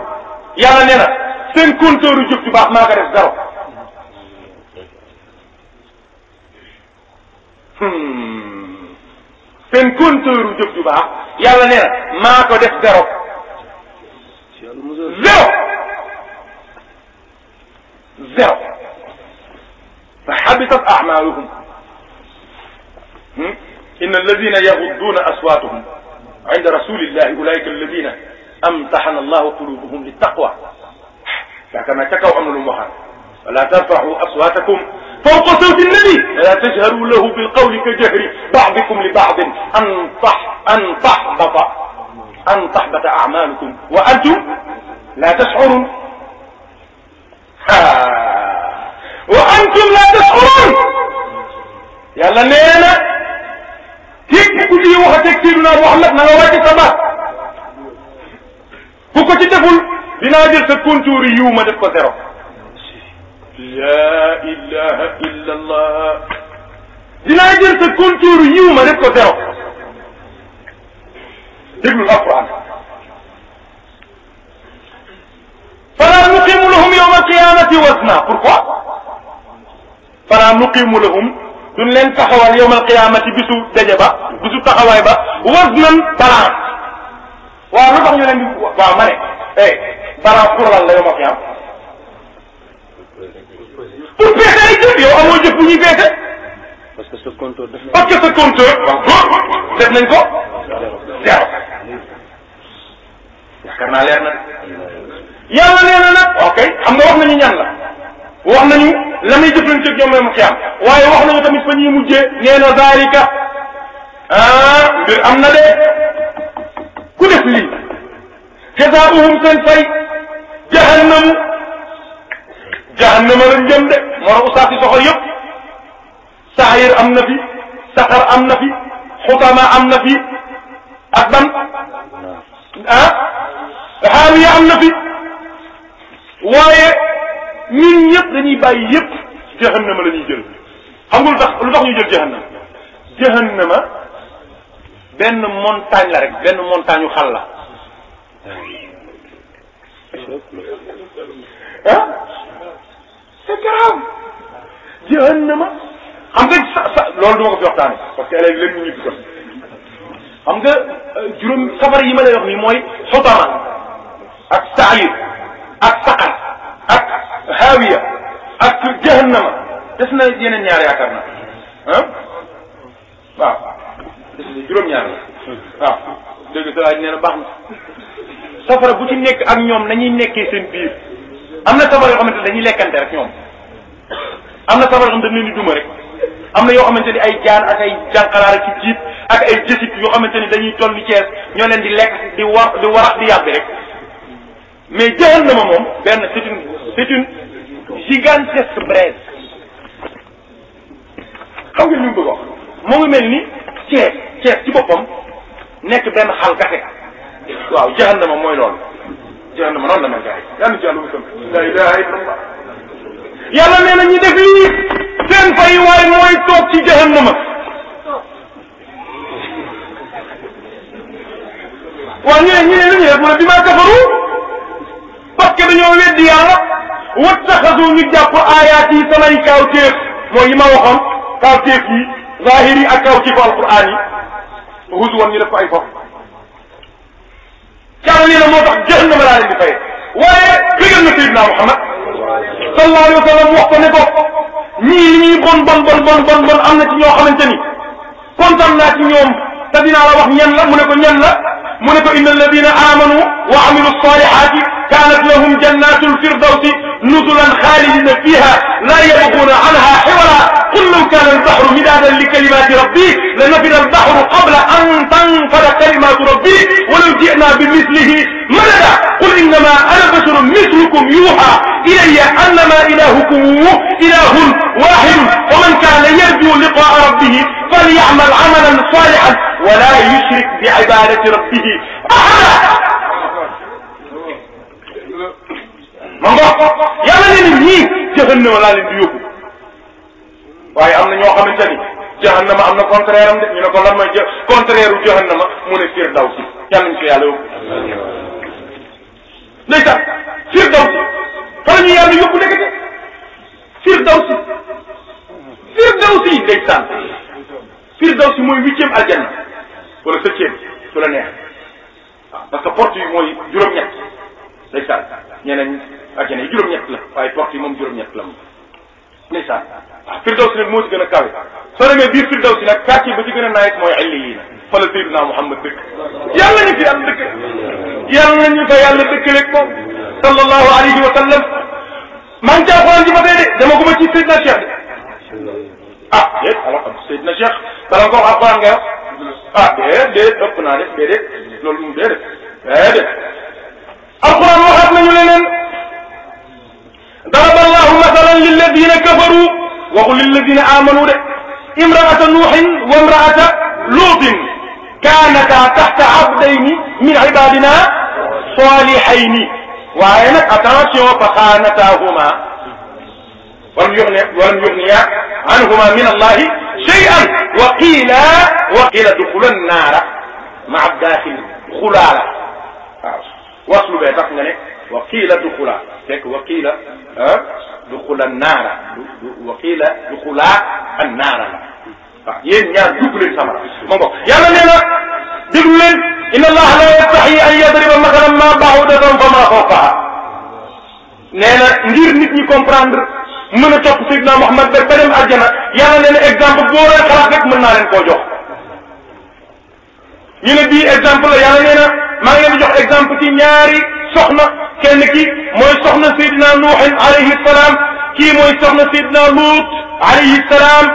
Speaker 2: yàlla nee na seen compteur yu jub ju baax maa ko def zéro Hmm. seen compteur u jëf ju baax yàlla nee na maa ko def zéro zéro zéro fa habitat amaluhum hmm. inna alladina yagudduuna aswaatuhum inda rasulillahi ulaika alladina amtaxana allahu qulubuhum li taqwa yaakaar naa ca kaw am na lu mu waxaan wala tarfaxu aswaatakum فوق صوت النبي لا تجهروا له بالقول كجهر بعضكم لبعض أن صح أن تحبط أن تحبط أعمالكم وأنتم لا تشعرون وأنتم لا
Speaker 3: تشعرون
Speaker 2: yàlla nee na képp ku ci wax ak Seydina Muhammad na nga wàcc sa baat ku ko ci deful dinaa jël sa contour yi ma def ko zéro laa ilaha illa allah dinaa jël sa contour yiw ma def ko zéro déglul alquran fala nuqimu lahum yawma alqiyamati wasna pourquoi fala nuqimu lahum duñ leen taxawal yawma alqiyamati bisu daje ba bisu taxawaay ba wasnan balance waaw lu tax ñu leen di waaw ma ne eh balance pour lan
Speaker 3: pour peese ay jëf yow amoo jëf bu ñuy
Speaker 2: peese. parce que sa compteur def nañ ko parce que sa compteur
Speaker 3: waaw def
Speaker 2: nañ ko. zéro naa leer na yàlla nee na nag ok xam nga wax nañu ñan la wax nañu la muy jëflante ak ñoom la mu xiyaam waaye wax nañu tamit fa na zaalika ah mbir am na de ku def lii jazaa'uhum seen jahannama lañ jëm de moo tax yëpp am na fi saxar am na fi xutama am na fi ak ban ah xaamiya am na fi waaye ñun ñëpp dañuy bàyyi yëpp jahannama la jël xam nga lu tax lu tax ñu jël jahannama jahannama benn montagne la rek benn montagne yu xal la ah? garaaw jahannama xam nga sa sa loolu duma ko fi waxtaane parce que élèves lépp ñu ñibbi ko xam nga euh, juróom safar yi ma lay wax nii mooy xotama ak saayir ak saqar ak haawiya ak jahannama des na yeneen ñaar yaakaar na ah waaw juróom-ñaar la waaw dégg sa nee na baax na safara bu ci nekk ak ñoom nañuy nekkee seen biir am na safara yoo xamante ne dañuy lekkante rek ñoom am na sabar xam dañ leen di duma rek am na yoo xamante ni ay jaan ak ay jànqalaar ci jiib ak ay jësit yoo xamante ni dañuy toll ni Cees ñoo leen di lekk di war di warax di yàbbi rek mais jahannama moom benn c'est une c'est une gigantesque xam nga li mu bëgg wax moo ngi mel ni Cees Cees ci boppam nekk benn xal gase waaw jahannama mooy loolu jahannama noonu la mel gars yi yàlla na la yàlla nee na ñi def lii seen fay waay mooy toog ci jahannama waaw ñu ne ñu ne lu ñu def mu ne bi maa kafaru parce que wattaxasu ñu jàpp aayaat yi samay kaaw téef mooy ma waxoon kaaw téef yi zahir yi ak kaaw téefu alquran yi ruusu woon ko ay foofu caaw lii na moo tax jahannama laa leen di fay waaye bëggal na Seydina Muhammad sallallahu alayhi wa sallam wax ko ne ko ñii li ñuy bon bon bon bon bon bon am na ci ñoo xamante ni kontaan naa ci ñoom te dinaa la wax ñan la mu ne ko ñan la mu ne ko inna alladina amanu wa amilu salihati kanat lahum jannatu lfirdawsi nuzulan xaalidina fiha la yabxuna anha xiwala qul law kana albaxru midaadan li kalimati rabbi la nafida albaxru qabla an tanfada kalimatu rabbi walaw jina bi mislihi ماذا قل إنما أنا بشر مثلكم يوحى إلي أنما إلهكم إله واحد ومن كان يرجو لقاء ربه فليعمل عملا صالحا ولا يشرك بعبادة ربه أحدا ma ngoog yàlla ne nit ñii jahannama laa leen di yóbbu waaye am na ñoo xamante ni jahannama am na contraire am de ñu ne ko lan mooy contraire u jahannama mu ne firdawsi yàlla ñu fi yàlla yóbbu day tax firdaws fa la ñu yàlla yóbbu nekkati firdaws firdaws yi day tànn firdaws yi mooy huitième aljanna wala septième su la neex waaw ah, parce que porte yi mooy juróom-ñett day tànn ñeneen aljanna yi juróom-ñett la waaye porte yi moom juróom-ñett la moom day tànn waaw ah, firdaws nag moo gën a kawe soo demee biir firdaws yi nag quartier ba ci gën a naayet mooy illiyin fa la Seydina Muhammad dëkk yàlla ñu fi am dëkk yàlla ñu fa yàlla dëkkaleeg moom sallallahu alayhi wa sallam maa ngi ci alxuraan ji ba tey de dama ko ma ci Seydina Cheikh ah déet alors Seydina Cheikh bala nga ko wax alxuraan nga ah déet déet ëpp naa de déedéet loolu moom déedéet déedéet alxuraan waxaat nañu leneen daraba allahu masalan lilladina kafaru waxu lilladina amanu de imraata nuuxin wa imraata luutin kaanataa taxta abdayni min ibadina salihayni waaye nag attention fa xaanataahuma walam yuxni walam yuxniya anhuma min allahi cheyan wa qiila wa qiila duxula naara maa daaxil xulaala waaw waslu bee tax nga ne wa qiila duxula fekk wa qiila ah, duxula naara du du wa qiila duxula annaara la waaw yéen ñaar dugg leen samara allah
Speaker 1: la yastaxi an yadriba masalan
Speaker 2: ma baxudatan fa ma fawqaha nee ngir nit ñi comprendre mën a topp Seydina Muhammad ba ba dem àjjana yàlla nee na exemple boo leen xalaat rek mën naa leen koo jox ñu ne ki mooy soxna Seydina Nuuhin alayhi salaam mooy soxna Seydina Luut alayhi salaam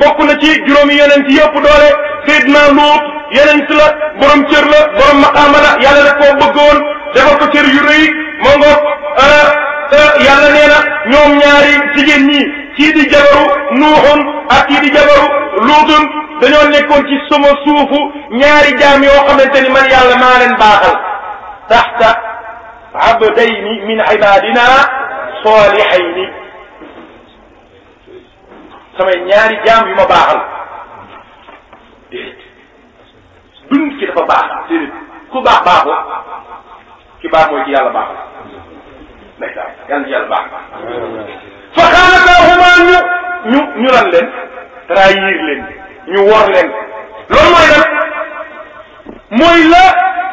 Speaker 2: bokk na ci juróomi yonent yëpp doole Seydina Nuux yonent la borom cër la borom maqaama la yàlla da ma ngoog euh, euh, yàlla nee ñoom ñaari jigéen ñi kii di jabaru nuuxun ak kii di jabaru luutun dañoo nekkoon ci sama suufu ñaari jaam yoo xamante ni man yàlla maa leen baaxal taxta abdayni min ibadina solihayni samay ñaari jaam yu ma baaxal déedéet du nit ki dafa baax déedéet ku baax baaxoo ki baax mooy ki yàlla baaxal ndeysaan yàlla na yàlla baax fa xaanakaahuma ñu ñu ñu lan leen trahir leen ñu wor leen loolu mooy lan mooy la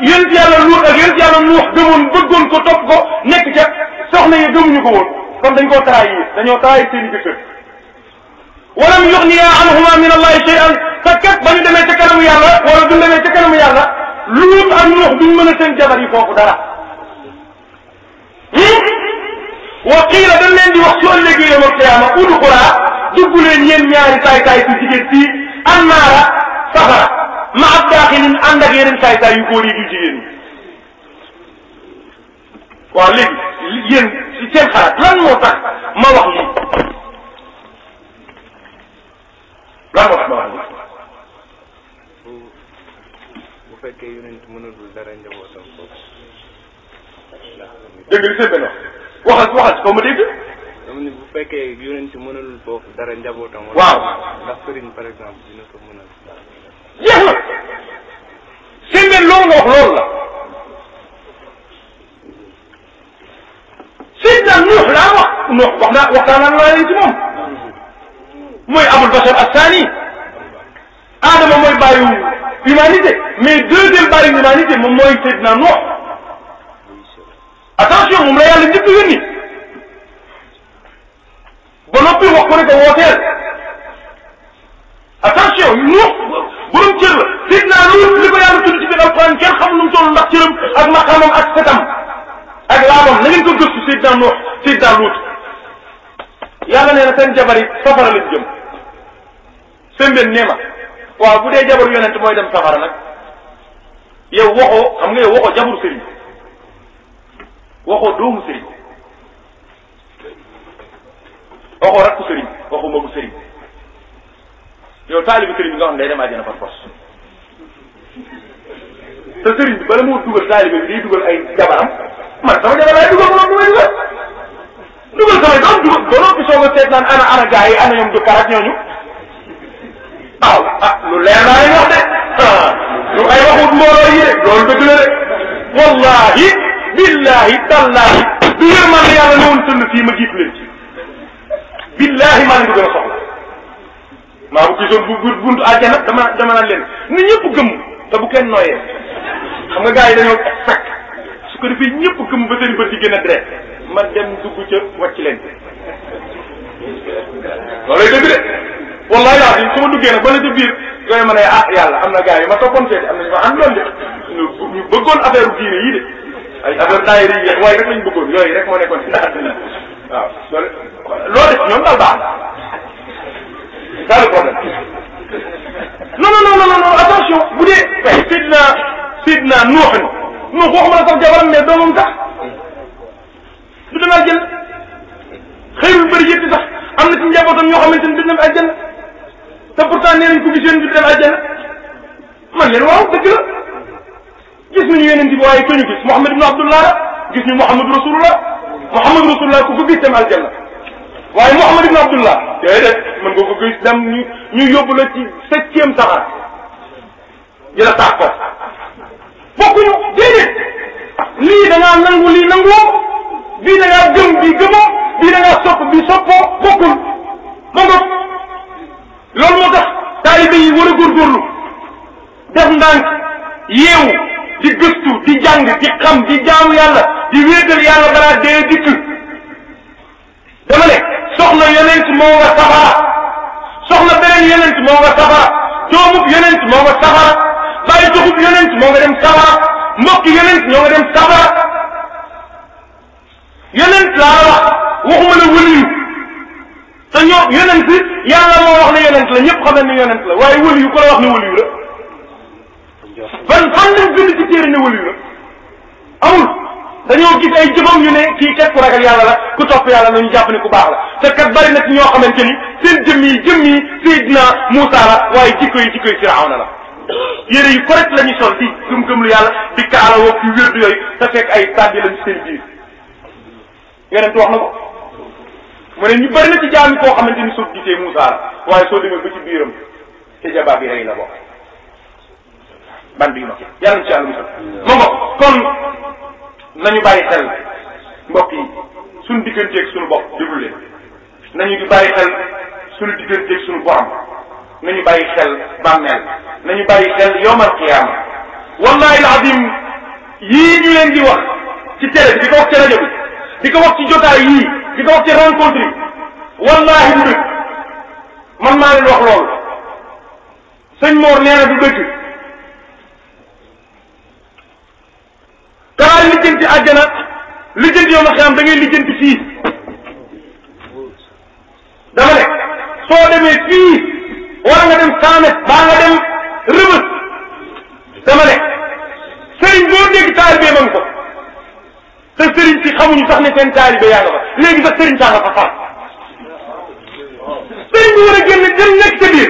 Speaker 2: yent yàlla luux ak yent yàlla nuux gëmoon bëggoon ko topp ko nekk ca soxna yi gëmuñu ko woon kon dañ koo trahir dañoo trahir seen i jëkkër walam yuxniya anhuma min allahi shay'an te kat ba ñu demee ca kanamu yàlla wala duñ demee ca kanamu yàlla luut ak nuux duñ mën a seen jabar yi foofu dara hmm? wa qiila dañ leen di wax su ëllëgee yawmal qiyaama udxulaa dugg leen yéen ñaari saay-saay su jigéen fii annaara safara ma ab daaxilin ànd ak yeneen saay-saay yu góor yi du jigéen ñi waaw léegi yéen ci seen xalaat lan moo tax ma wax lii bravo bravo.
Speaker 1: bu fekkee yonent mënul dara njabootam foofu. dégg nga sëñ bi waxal waxal soo ma ni bu fekkee yonent mënul foofu dara njabootam. waaw ndax sëriñ par exemple dina ko mënal.
Speaker 2: jeex na. sëñ bi loolu nga wax loolu la. sëñ bi daal Nuux wax Nuux wax naa waxtaan naa la ci moom. mooy abul bashar assaani aadama mooy bàyyu humanité mais deuxième bàyyu humanité moom mooy Seydina Nuux attention moom la yàlla njëkk yónni ba noppi wax ko ne ko a attention Nuux borom cër la Seydina Nuux li ko yàlla tudd ci biir alquran kenn xamul nu mu toll ndax cëram ak maqaamam ak setam ak laabam na ngeen ko gëstu Seydina Nuux Seydina Luut yàlla nee na seen jabar yi safara la pembeen nee ma waaw bu dee jabar yonent mooy dem safara nag yow waxoo xam nga yow waxoo jabaru sëriñ waxoo doomu sëriñ waxoo rakku sëriñ waxoo magu sëriñ yow taalibu sëriñ nga xam ne day dem àjjana par force te sëriñ bala moo dugal taalibe bi day dugal ay jabaram man sama jabar dugal borom bu may dugal dugal samay doom dugal ba noppi soog a seet naan ana ana gaa ana ñoom du karat ñooñu waaw leen wax ay waxut mbooloo yi de loolu dëgg la de wallahi billahi tallahi du yërmande yàlla ne woon sënd fii ma jiitu leen ci billahi maa ngi ko gën maa bu gisoon bu buntu àjjana dama dama naan leen ni ñëpp kenn nooyee nga gars yi dañoo fekk su ko defee ñëpp gëm ba seen bët di a dret ma dem dugg ca wàcc leen loolay dëgg wallahi laa fi su ma duggee nag ba ne ca biir yooyu ma ne ah yàlla am na gars yi ma toppoon seeti am na ñu ma am loolu de ñu bëggoon affaire diine yii de ay affaire daayira yi waaye rek lañ bëggoon yooyu rek moo nekkoon si waaw loolu loo def ñoom daal baax c'est ça le problème non non non non non attention bu dee fay sidna sidna nuuxin nuux waxuma la sax jabaram mais doomam sax du danaa jël xëyrul bëri yëpp sax am na ci njabootam ñoo xamante ni dinañ aljanna te pourtant nee nañ ku gis yonent bi dem àjjana man leen waaw dëgg la gis nañu yeneen di waaye ko ñu gis Muhammad ibn Abdullah gis ñu Muhammad rasulullah Muhammad rasulullah ku ko gis dem àjjana waaye Muhammad ibn Abdullah déedéet mën nga ko gis dem ñu ñu yóbbu la ci septième saxaar yi la tax ko bokkuñu déedéet lii da ngaa nangu lii nanguwoo bii da ngaa gëm bii gëmoo bii da ngaa sopp bii soppoo bokkul ma nga loolu moo tax taalibe yi war a góorgóorlu def ndànk yeewu di gëstu di jàng di xam di jaamu yàlla di wéetal yàlla balaa dee dikk dama ne soxna yonent moo nga safara soxna beneen yonent moo nga safara doomub yonent moo nga safara bàyyi doxub yonent moo nga dem safara mbokki yonent ñoo nga dem safara yonent laa wax waxuma la wëliyu te ñoo yonent yàlla moo wax ne yonent la ñëpp xam nañ ne yonent la waaye wëliyu ku la wax ne wëliyu la ban fan lañ bind ci téere ne wëliyu la amul dañoo gis ay jëfam yu ne kii kat ragal yàlla la ku topp yàlla na ñu jàpp ne ku baax la te kat bari na ci ñoo xamante ni seen jëmm yi jëmm yi Seydina Muusa la waaye jikko yi jikko yi Firawna la yére yu correct la ñu sol di gëm-gëm lu yàlla di kaala woo ci wérdu yooyu te fekk ay tàbbi lañ seen biir mu ñu bëri na ci jaami koo xamante ni soo gisee Moussa la waaye soo demee ba ci biiram te jabaab bi rey la bokk ban bi ma yàlla na ci yàlla musal ma nga kon nañu bàyyi xel mbokk yi suñu digganteeg suñu bopp déglu leen nañu di bàyyi xel suñu digganteeg suñu borom nañu bàyyi xel bàmmeel nañu bàyyi xel yowmal qiyaama wallahi al azim yii ñu leen di wax ci télé bi ko wax ci rajo di ko wax ci jotaay yii di ko wax ci rencontre yi wallaahi du man maa leen wax loolu sëñ Mor nee na du dëgg kaay lijjanti àjjana lijjanti yoonu xam da ngay lijjanti fii dama ne soo demee fii war nga dem Saamet baa nga dem Rëbës dama ne sëriñ boo dégg taalibe ma nga ko te sëriñ si xamuñu sax ne seen taalibe yaa nga fa léegi sax saa nga fa faat sëriñ bi war a génn gën nekk sa biir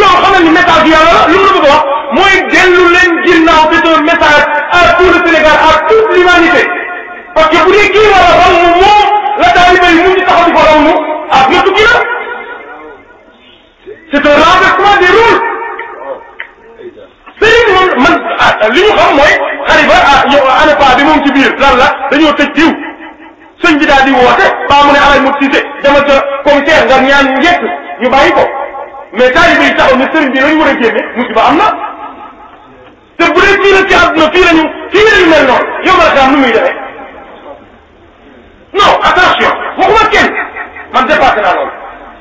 Speaker 2: loo xamal ni message yàlla la lu mu la bëgg a wax mooy dellu leen ginnaaw c'est un message à tout le Sénégal à toute l'humanité parce que bu dee kii war a raw mu moom la taalibe yi mu ngi taxaw di ko raw mu ak nattu gi la c'est un renversement des rôles sëriñ moom man ah, li ñu xam mooy xariba ah yow ah, ANACIM bi moom ci biir lan la dañoo tëj diw sëñ bi daal di woote ba mu ne alay mu tiise demal ca commissaire nga ñaan njëkk ñu bàyyi ko mais taalibe yi taxaw ne sëriñ bi lañ war a génne musiba am na. te bu dee fii la ci àdduna fii la ñu fii la ñu mel noonu yow ma la nu muy defee non attention waxuma kenn man dépassé naa loolu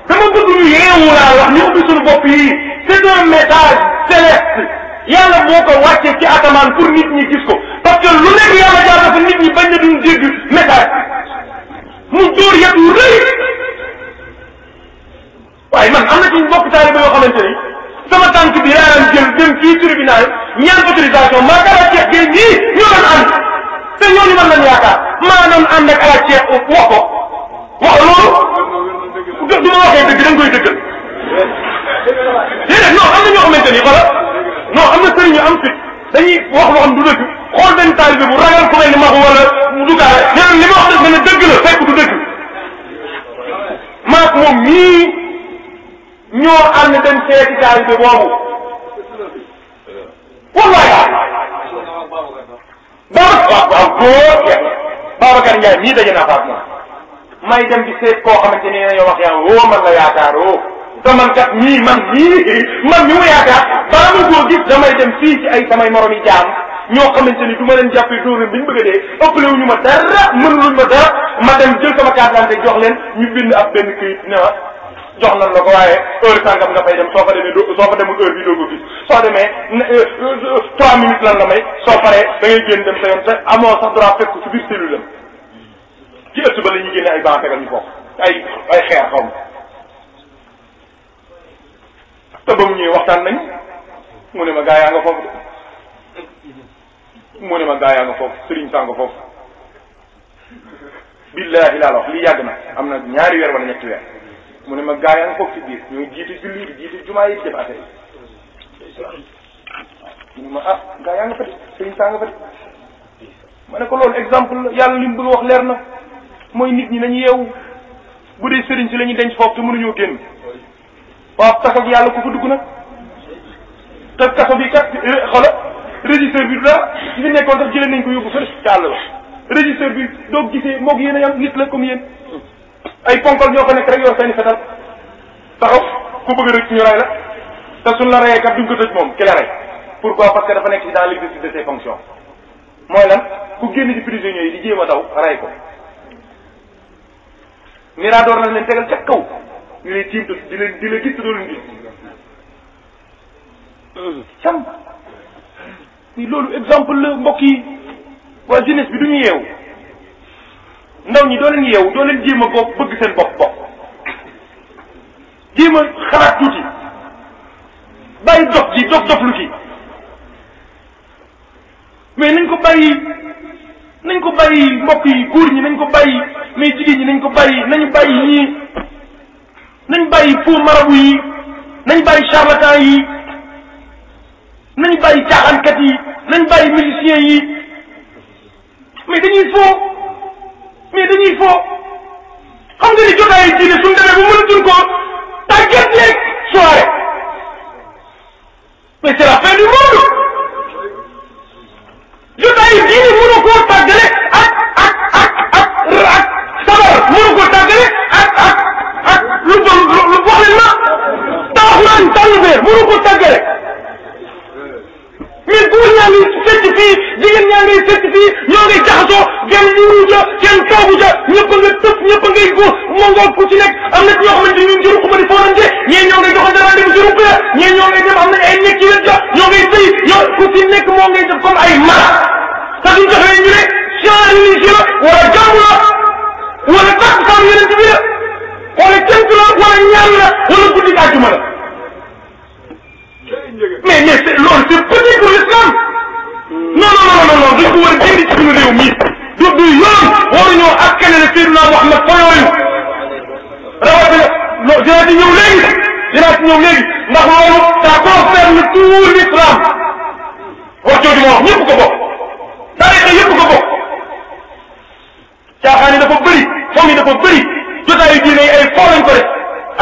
Speaker 2: dama bëgg ñu yeewu laa wax ñu ubbi suñu bopp yi c'est un message yàlla moo ko wàccee ci asamaan pour nit ñi gis ko lu nekk yàlla jaar na fa nit ñi bañ na duñ dégg message mu dóor yat rëy waaye man am na ci mbokk taaliba yoo xamante sama tànk bi yaayam jël dem fii tribunal ñaan autorisation maa dara ceex gay ñii ñoo doon ànd te ñooñu man lañ yaakaar maa doon ànd ceex wax ko
Speaker 3: loolu
Speaker 2: du ma waxee dëgg da nga koy dëggal déedéet am na ñoo xamante ni non am na sëriñ yu am fit dañuy wax loo xam du dëgg xool benn taalibe bu ragal ku ni maxu wala mu dugaale nee li ma wax def ne dëgg la fekk du dëgg maak moom mii ñoo ànd dem seeti taalibe boobu wallaay Babacar waaw waaw mii daje naa faak may dem di seet koo xamante ne yow wax yaa woo man la yaakaaroo te man kat mii man mii man mi mu yaakaar baa ma koo gis damay dem fii ci ay samay morom yi jaam ñoo xamante ni du ma leen jàppee dóor leen bi ñu bëgg a dee ëppale wu ñu ma dara ma dara ma dem jël sama carte d'identité jox leen ñu bind ab benn këyit ne ma jox nañ la ko waaye heure sàngam nga fay dem soo fa dem doo soo fa demul heure bi doo ko gis soo demee euh, euh, trois minutes lan la may soo paree da génn dem sa yoon te amoo sax droit fekk ci biir cellule am ci ëtt ñu la ñuy génne ay banc fegal ñu foofu ay ay xeer xaw te ba mu ñëwee waxtaan nañ mu ne ma gaa yaa nga foofu de mu ne ma gaa yaa nga foofu sëriñ saa nga foofu billahi laa la wax lii yàgg na am na ñaari weer wala ñetti weer mu ne ma gaa yaa nga foofu ci biir ñooy jiite julli di ne ah, saa nga fa de ko loolu exemple yàlla li mu bëgg wax leer na mooy nit ñi nañu yeewu bu dee sëriñ si la ñuy denc foofu te mënuñoo génn waaw kaso bi yàlla ku fa dugg nag te kaso bi kat eh, xoolal régisseur bi du dara ci nekkoon sax jëlee nañ ko yóbbu fële ca àll ba bi doo gisee moog yéen a yam nit la comme yéen ay ponkal ñoo ko nekk rek yor seeni fetal taxaw ku bëgg rek ñu rey la te suñ la reyee kat duñ tëj moom ki la rey pourquoi parce que dafa nekk ci dans l'exercice de ses fonctions mooy lan ku génn ci prisonniers yi di jéem a daw rey ko mirador lañ leen tegal ca kaw ñu lay tiim di leen di la gis te doo leen gis. xam loolu exemple la mbokk yi waa jeunesse bi du ñu yeewu ndaw ñi doo leen yeewu doo leen jéem a bopp bëgg seen bopp bopp jéem a xalaat tuuti bàyyi dof ji dof dof lu ci mais nañ ko bàyyi nañ ko bàyyi mbokk yi góor ñi nañ ko bàyyi mais jigéen ñi nañ ko bàyyi nañu bàyyi ñii. nañ bàyyi faux marabu yi nañ bàyyi charlatan yi nañ bàyyi caaxaankat yi nañ bàyyi musiciens yi mais dañuy faux mais dañuy faux xam nga ni jotaayu diine bu mënatuñ ko tàggat yeeg soirée mais c'est la fin du monde jotaayu diine mënu man talibé mënu ko tàgge rek mais góor ñaa ngi sëcc fii jigéen ñaa ngi sëcc fii ñoo ngi jaxasoo kenn wuru ja kenn toogu ja ñëpp nga tëb ñëpp ngay góor moo ngoog ku ci nekk am na ci ñoo xamante ni ci ruq ba di foorante ñee ñoo ngay doxal dara dem ci ruq ya ñee ñoo ngay dem am nañ ay nekk ci wet ja ñoo ngay sëy ñoo ku ci nekk moo ngay def comme ay mara te duñ joxee ñu ne science religieux la wala jàmm la wala takk saam yeneen bi la wala cant la wala ñaan la wala guddi àjjuma la loolu c'est petit pour l'islam non non non non non dañ ko war a ci suñu réew mii du du yoon waruñoo askanale Seydina Mouhamed fa yooyu rawatina loo dinaa ci ñëw léegi dinaa ci ñëw léegi ndax loolu ça concerne tout l'islam wax jooju ma wax ñëpp ko bokk tarixa yëpp ko bokk caaxaan yi dafa bëri foog yi dafa bëri jotaayu diine ay foo lañ ko def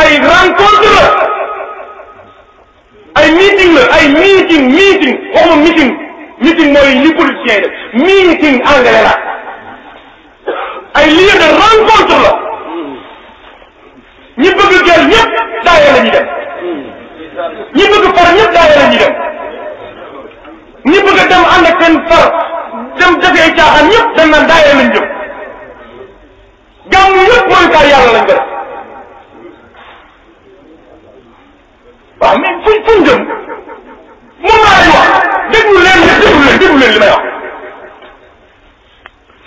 Speaker 2: ay rencontre la ay meeting la ay meeting meeting waxuma meeting meeting mooy li politiciens yi def meeting anglais la ay lieu de rencontre la ñi bëgg guerre ñëpp daayee la dem ñi bëgg far ñëpp daayee la dem ñi bëgg dem ànd ak far dem defee dem naan daayee lañ jëm gàmm mooy kaay yàlla lañ waaw mais fuñ fuñ jëm moom laa lay wax déglu leen li déglu leen déglu leen li may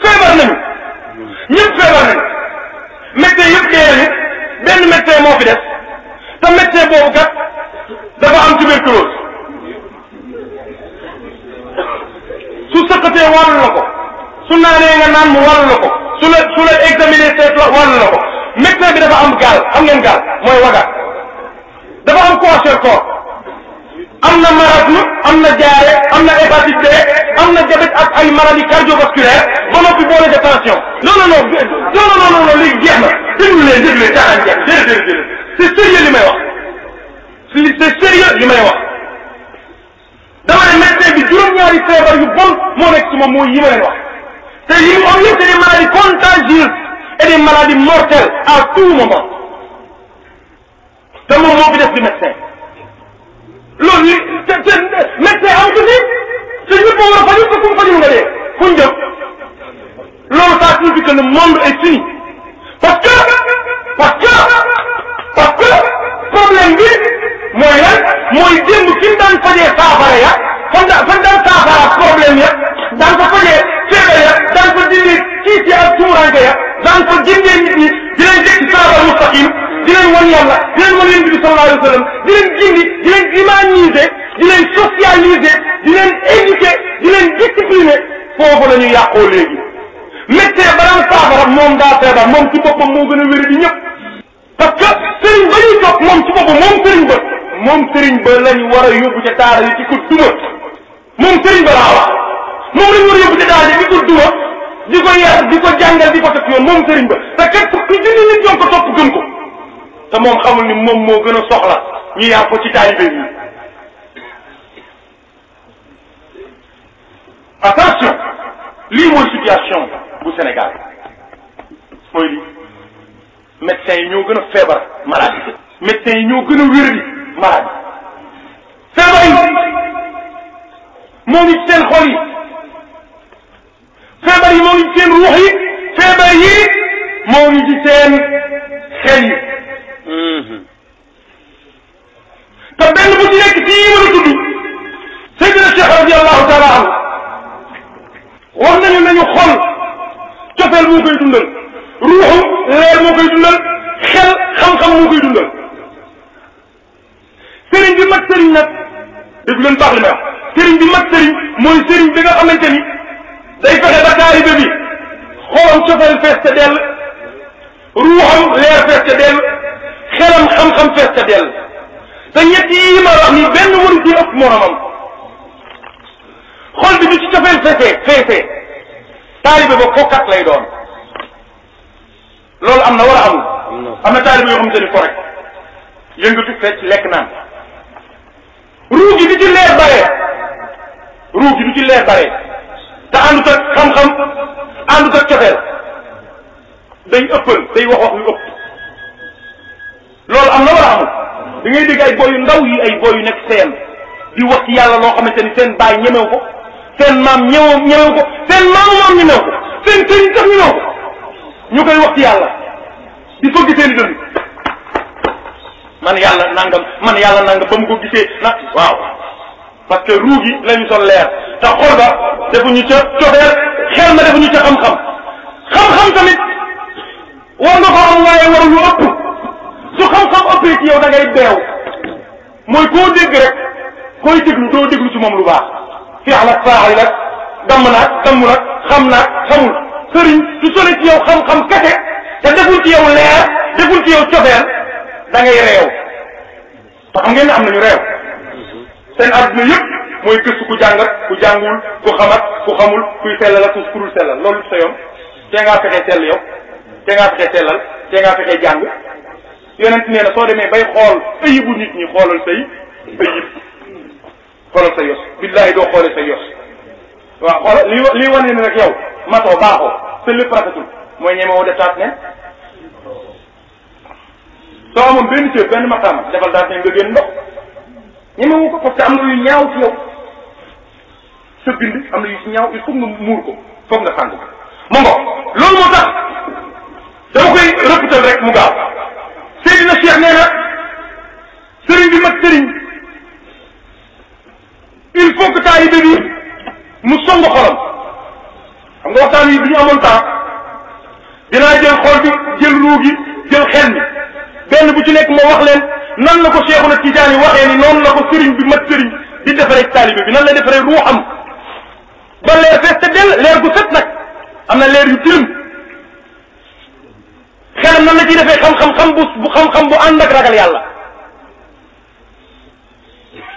Speaker 2: feebar nañu ñëpp feebar nañu médecin yëpp dee nañu benn médecin moo fi des te boobu kat dafa am tuberculose su sëqatee wàllu la ko su naanee nga naan mu wàllu la ko su la su la examiner seet la wàllu la ko médecin bi dafa am gaal xam gaal mooy wagat dafa am cancer corps am na marasme am na diarrhée am na hépatite am na diabète ak ay maladies cardiovasculaires ba noppi boole de non non non non non non non leen déglu leen c'est sérieux li may c'est sérieux li may wax dama ne médecin bi juróom-ñaari feebar yu bon moo nekk ci moom mooy yi ma leen wax c'est des maladies contagieuses et des maladies mortelles à tout moment te moom moo fi li te te médecin am ko fi suñ ñëpp moo war a faju te kum fajul nga dee fuñ jëm loolu ça signifie que le monde est fini parce que parce que parce que problème bi mooy lan mooy démb fi mu daan fajee saafara ya fan daan fan daan saafara problème ya daan ko fajee feebar ya daan ko dindee kii ci ak tuuraange ya daan ko gindee nit ñi di leen jëkk ci saaral mustaqim di leen wan yàlla di leen wan yonent bi sallallahu alayhi wa sallam di leen gindi di leen humaniser di leen socialiser di leen éduquer di leen discipliner foofu la ñu yàqoo léegi moom daa feebar moom ci moo gën a wér di ñëpp parce que sëriñ ba ñuy topp moom ci moom sëriñ ba moom sëriñ ba lañ a taara yi ci ko moom sëriñ ba laa moom lañ war a yóbbu ci daal di ko duma di ko yar di ko jàngal di ko teg yoon moom sëriñ ba te képp ku ko topp gën ko te moom xamul ni moom moo gën a soxla ñu yar ko ci taalibe yi attention lii mooy situation bu Sénégal mooy lii médecins yi ñoo gën a feebar maladie médecins yi ñoo gën a wér di maladie feebar yi moo ngi seen xol yi feebar yi moo ngi ci seen ruux yi feebar yi moo ngi ci seen xel yi mm-hmm. te benn bu ci nekk ci yi mën a tudd Seydina Cheikh radiallahu taala anhu wax nañu nañu xol cofeel moo koy dundal ruuxu leer moo koy dundal xel xam-xam moo koy dundal sëriñ bi mag sëriñ nag dégg leen baax li may wax sëriñ bi mag sëriñ mooy sëriñ bi nga xamante ni day fexe ba taalibe bi xolam cofeel fees ca ruuxam leer fees ca xelam xam-xam fees ca dell te ñett benn waru ci ëpp moromam xol bi du ci cofeel feesee feesee taalibe ba fokkat lay doon loolu am na war a amul am na taalibe yoo xamante ni correct yëngatu fecc lekk naan ruu gi ci leer bare ruu gi ci leer bare te àndut ak xam-xam àndut ak cofeel day ëppal day wax wax yu ëpp loolu am na wala amul da ngay dégg ay booy yu ndaw yi ay booy yu nekk seen di wax ci yàlla loo xam ne seen baay ñemew ko seen maam ñemew ko seen maamu maam ñemew ko seen sëñ sax ñemew ko ñu koy wax ci yàlla di fëgg seen i dënn man yàlla nangam man yàlla nangam ba mu ko gisee na waaw parce que ruu gi la ñu sol leer te xol ba defuñu ca cofeer xel ma defuñu ca xam-xam xam-xam tamit nga ko am waaye waruñu ëpp su xam-xam ëppee ci yow beew mooy koo dégg rek koy déglu doo déglu ci moom lu baax fiix nag saaxal nag damm naag damm nag xam naag xamul sëriñ su sole ci xam-xam kese te deful ci leer deful ci yow cofeel da ngay xam ngeen ne am nañu réew seen adduna yëpp mooy gëstu ku jàng ak ku jàngul ku xam ak ku xamul kuy sellal ak ku dul sellal loolu sa yoon tee ngaa fexe sell yow tee ngaa fexe sellal tee ngaa fexe jàng yonent nee soo demee bay xool bu nit ñi xoolal say ayib xoolal sa yos billaahi doo xoole sa yos waaw xoolal li lii wane ne nag yow matoo baaxoo sa lépp rafetul mooy ñeme def taat ne soo amoon benn cër benn mataama defal daat ne nga génn ndox ñemewu ko parce que am na yu ñaaw ci yow sa bind am na yu ñaaw il faut nga muur ko foog nga sàng ko ma moo tax dama koy rëppatal rek mu gaaw Seydina Cheikh nee na sëriñ bi mag sëriñ il faut que taalibe bi mu song xolam xam nga waxtaan yi bi ñu amoon temps dinaa jël xol jël ruu jël xel benn bu ci nekk moo wax leen nan la ko Cheikhuna Tidiane waxee ni noonu la ko sëriñ bi mat sëriñ di defaree taalibe bi nan la defaree ruuxam ba leer fees te dell leer gu set am na leer yu tilim xelam nan la ciy defee xam-xam xam bu bu xam-xam bu ànd ak ragal yàlla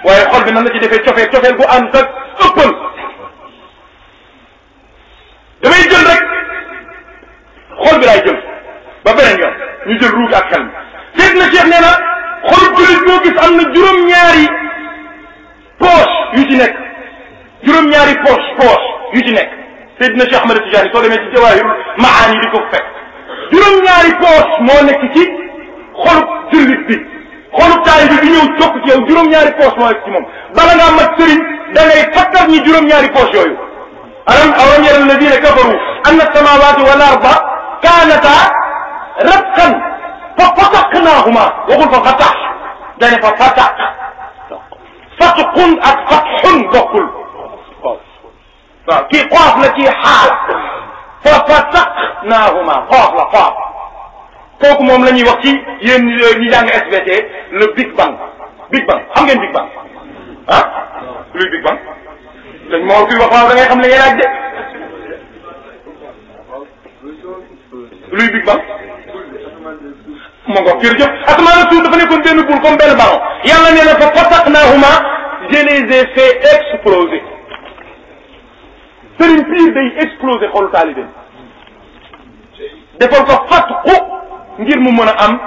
Speaker 2: waaye xol bi nan la ci defee cofeel cofeel bu ànd ak ëppal damay jël rek ak xel mi. na Cheikh nee xol jullit boo gis am na juróom-ñaari poche yu ci nekk juróom-ñaari poche poche yu ci nekk Seydina Cheikh Ahmad Tidiane soo demee ci jawaahirul maani di ko fekk juróom-ñaari poche moo nekk ci xolub jullit bi xolub taay bi bi ñëw jokk ci yow juróom-ñaari poche moo nekk ci moom bala ngaa mat sëriñ da ngay fattar ñi juróom-ñaari poche yooyu alam alam yara alladina kafaru anna samawati wal arda kaanata ratqan fa fataqnaahuma waxul fa fatax dane fa fataq fatqun ak fatxun bokkul waaw kii xoof la kii xaal fa fataqnaahuma xoof la xoof kooku moom la ñuy wax ci yéen ñi jàng SVT le big bang big bang big bang ah luy big bang da ngay xam ne ngay luy big bang ma ngoog jërëjëf asamaan ak suuf dafa nekkoon benn buur comme benn ballon yàlla nee na fa fataqnahuma je les ai fait exploser sëriñ pire day exploser xolu taalibe defal ko fatxu ngir mu mën a am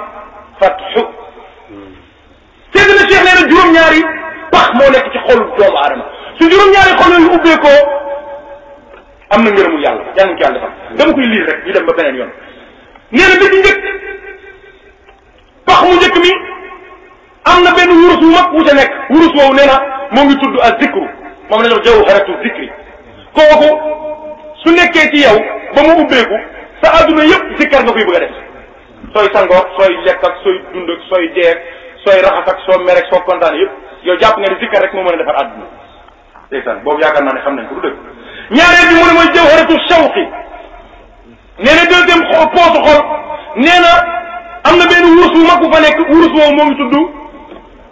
Speaker 2: fatxu Seydina Cheikh nee na juróom-ñaari pax moo nekk ci xolu doomu aadama su juróom-ñaari xol ubbeekoo am na ngërëmul yàlla yàlla na ko yàlla defal dama koy lire rek ñu dem ba beneen yoon nee na bi njëkk pax mu njëkk mi am na benn wurus wu mag wu ca nekk wurus woowu nee na moo ngi tudd ak zikru moom la ñu wax jawharatu zikri kooku su nekkee ci yow ba mu ubbeeku sa adduna yëpp zikkar nga koy bëgg a def sooy sangoog sooy lekk ak sooy dund sooy deeg sooy raxas soo merek soo kontaan yëpp yow jàpp nga ne zikkar rek moo mën a defar adduna ndeysaan boobu yaakaar naa ne xam nañ ko du dëgg ñaareel bi mu ne mooy jawharatu shawqi nee na deuxième xol poosu xol nee na am na benn wurus wu mag bu fa nekk wurus woowu moo ngi tudd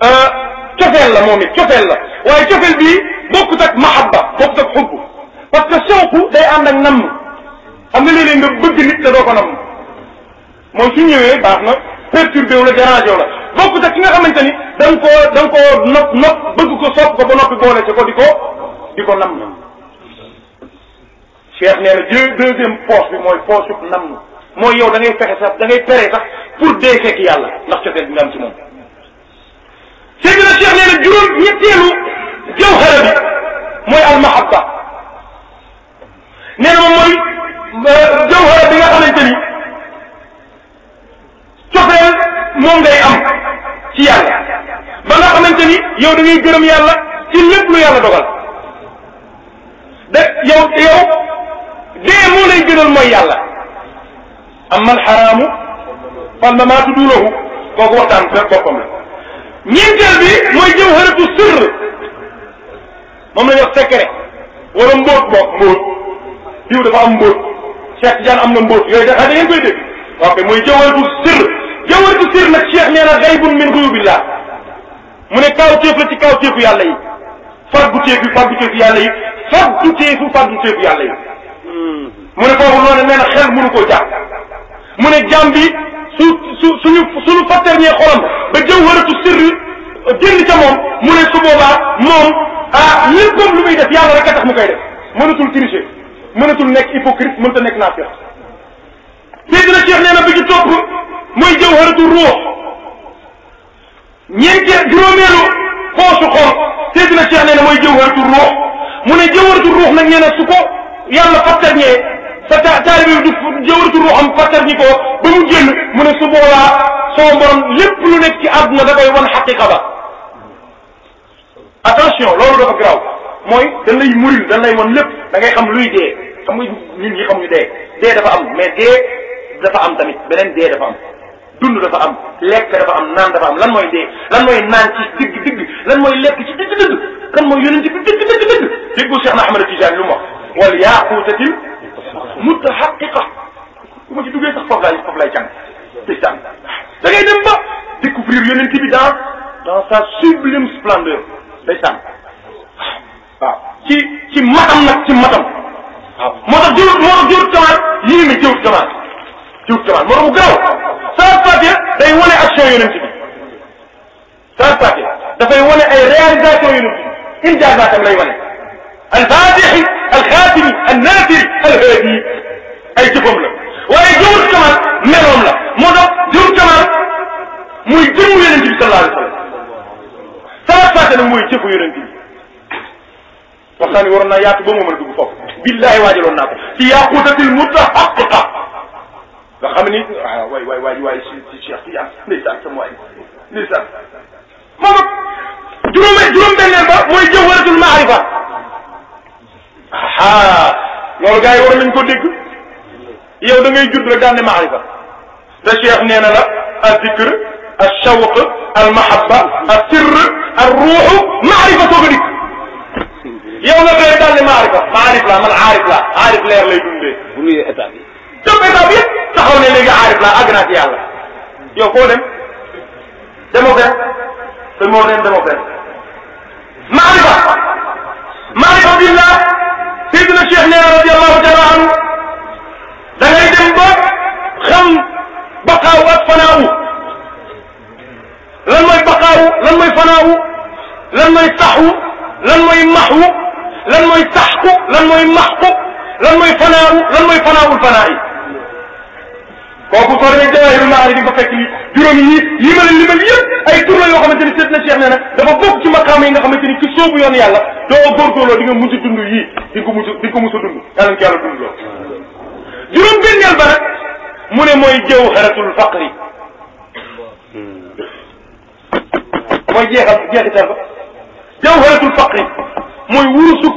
Speaker 2: euh, cofeel la moom it cofeel la waaye cofeel bii bokkut ak mahabba bokkut ak xubb parce que sooku day ànd ak namm xam nga léeg-léeg bëgg nit te doo ko namm mooy su ñëwee baax na perturbé wu la dérangé la bokkut ak ki nga xamante ni da nga koo bëgg ko sopp ko ba noppi boole ci ko di ko di ko namm Cheikh nee na deuxième poche bi mooy poche nam mooy yow da ngay fexe sax da ngay pere sax pour dee fekk yàlla ndax cofeel bi nga am ci moom sëñ bi nag Cheikh nee na juróom ñetteelu jawhara bi mooy almahabba nee moom mooy euh, jawhara bi nga xamante ni cofeel moom ngay am ci yàlla ba nga xamante ni yow da ngay gërëm yàlla ci lépp lu yàlla dogal da yow yow dee moo lay gënal mooy yàlla amma alxaraamu fal mamaatu duunahu kooku waxtaan fekk boppam la ñeenteel bi mooy jawharatu sirr moom la ñu wax wala mbóot bokk mbóot diw dafa am mbóot Cheikh Tidiane am na mbóot yooyu dafa da ngeen koy dégg ok mooy jawharatu sirr jawharatu sirr nag Cheikh nee na gaybun min guyubillah mu ne kaw téef la ci kaw téefu yàlla yi faggu téefu faggu téefu yàlla yi faggu téefu yàlla yi hmm. mu ne foofu loolu nee na xel mënu koo jàpp mu ne jàmm bi su su suñu suñu fatternee xolam ba jëw waratu sirri génn ca moom mu ne su boobaa moom ah léppam lu muy def yàlla rek a tax mu koy def mënatul tricher mënatul nekk hypocrite mënta nekk naafiq Seydina Cheikh nee na bi ci topp mooy jëw waratu ruux ñeenteel juróomeelu poosu xol Seydina Cheikh nee na mooy jëw waratu ruux mu ne jëw waratu ruux nag nee na su ko yàlla fatternee sa ta taalibe bi du jëwartu ruuxam fàttar ñi ko ba mu génn mu ne su boobaa sama borom lépp lu nekk ci àdduna da koy wan xaqiqa ba attention loolu dafa garaaw mooy dañ lay muril lay wan lépp da ngay xam luy dee xam nga ñun ñi xamuñu dee dee dafa am me dee dafa am tamit beneen dee dafa am dund dafa am lekk dafa am naan da am lan mooy dee lan mooy naan ci digg digg lan mooy lekk ci digg digg lan mooy yonent bi digg digg digg déggu Cheikh na Ahmad Tijaan lu mu wax wal yaaquutatil mutahaqiqa su ma ci duggee sax foofu laay foofu laay jàng ndeysaan da ngay dem ba découvrir yonent bi dans dans sa sublime splendeur ndeysaan waaw ci ci matam nag ci matam waaw moo tax jëwut moo tax jëwut jamaat yii mi jëwut jamaat jëwut jamaat moo tax mu gaaw saa day wane action yonent bi saa Fatiha dafay wane ay réalisation yonent bi injaazatam lay wane alfaatixi alxaatimi annaasiri alhaadi ay jëfam la waaye jëmul kamaal meloom la moo tax jëmul kamaal muy jëmu yonente bi sallallahu alayhi wa sallam salaat faate nag mooy jëfu yonente bi waxtaan wi waroon naa yaatu ba moo mën a dugg foofu billahi waajaloon naa ko ci yaquutatil mutahaqiqa nga xam ni ah waay waay waay waay si si Cheikh Tidiane ndeysaan sama waay ndeysaan moom juróome juróom benneen ba mooy jawharatul maarifa aha loolu gars yi war nañ ko dégg yow da ngay judd rek daan ne maarifa te cheikh nee la al zikr al shawq al mahabba al sirr al ruuxu maarifa soo ko yow nga koy ne maarifa maarif laa man aarif laa aarif leer lay dundee bu nuyu état bi tëb état bi yëpp taxaw ne léegi aarif laa yow koo dem demoo benn te Seydina Cheikh nee na radiyallahu taala anhu da ngay dem ba xam baqaawu ak fanaawu lan mooy baqaawu lan mooy fanaawu lan mooy saxwu lan mooy maxwu lan mooy saxqu lan mooy maxqu lan mooy fanaawu lan mooy fanaawul fanaa yi kooku soo demee jawaahiru maani di nga fekk juróom yi yi ma limal yëpp ay tur yoo xamante ni seet na Cheikh nee na dafa bokk ci maqaam yi nga xamante ni ci soobu yoon yàlla doo góorgóorloo di nga mucc dund yii di nga ko mucc di nga ko mucc dund yàlla dund lool juróom benneel ba nag mu ne mooy jawharatul faqri mooy jeexal jeexital ba jawharatul faqri mooy wurusug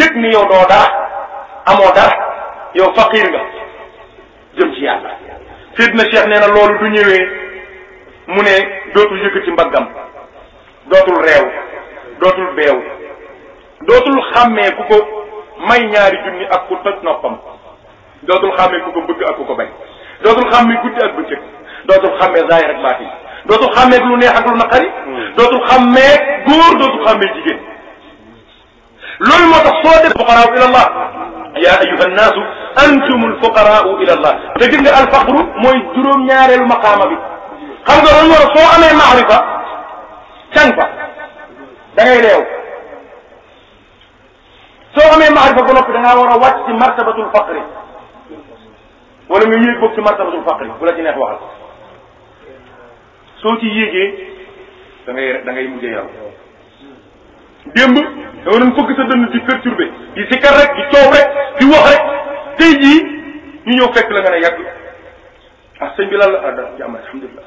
Speaker 2: yëg ni yow doo dara amoo dara yow faqir nga jëm ci yàlla Sidna Cheikh nee na loolu du ñëwee mu ne dootul yëkkati mbaggam dootul réew dootul beew dootul xàmmee ku ko may ñaari junni ak ku noppam dootul xàmmee ku ko bëgg ak ku ko bañ dootul xàmmee guddi ak bëccëg dootul xàmmee zaahir ak dootul xàmmee lu neex ak lu naqari hmm. dootul xàmmee góor dootul xàmmee jigéen loolu moo tax soo def fuqaraa ilallah yaa ayyuha antumul fuqaraau ila allah te gis nga alfaqru mooy juróom-ñaareelu maqaama bi xam nga loolu war soo amee maarifa can fa da soo amee maarifa ba noppi da ngaa war a wàcc ci martabatul faqri wala nga yéeg boog ci martabatul faqri bu la neex waxal soo ci yéegee da ngay da ngay mujjee yow démb da nga doon fëgg sa dënn di perturbé di sikkar rek di coow di wax tey jii ñu ñëw fekk la nga ne yàgg ah sëñ bi lan la ah dara jàmm alhamdulilah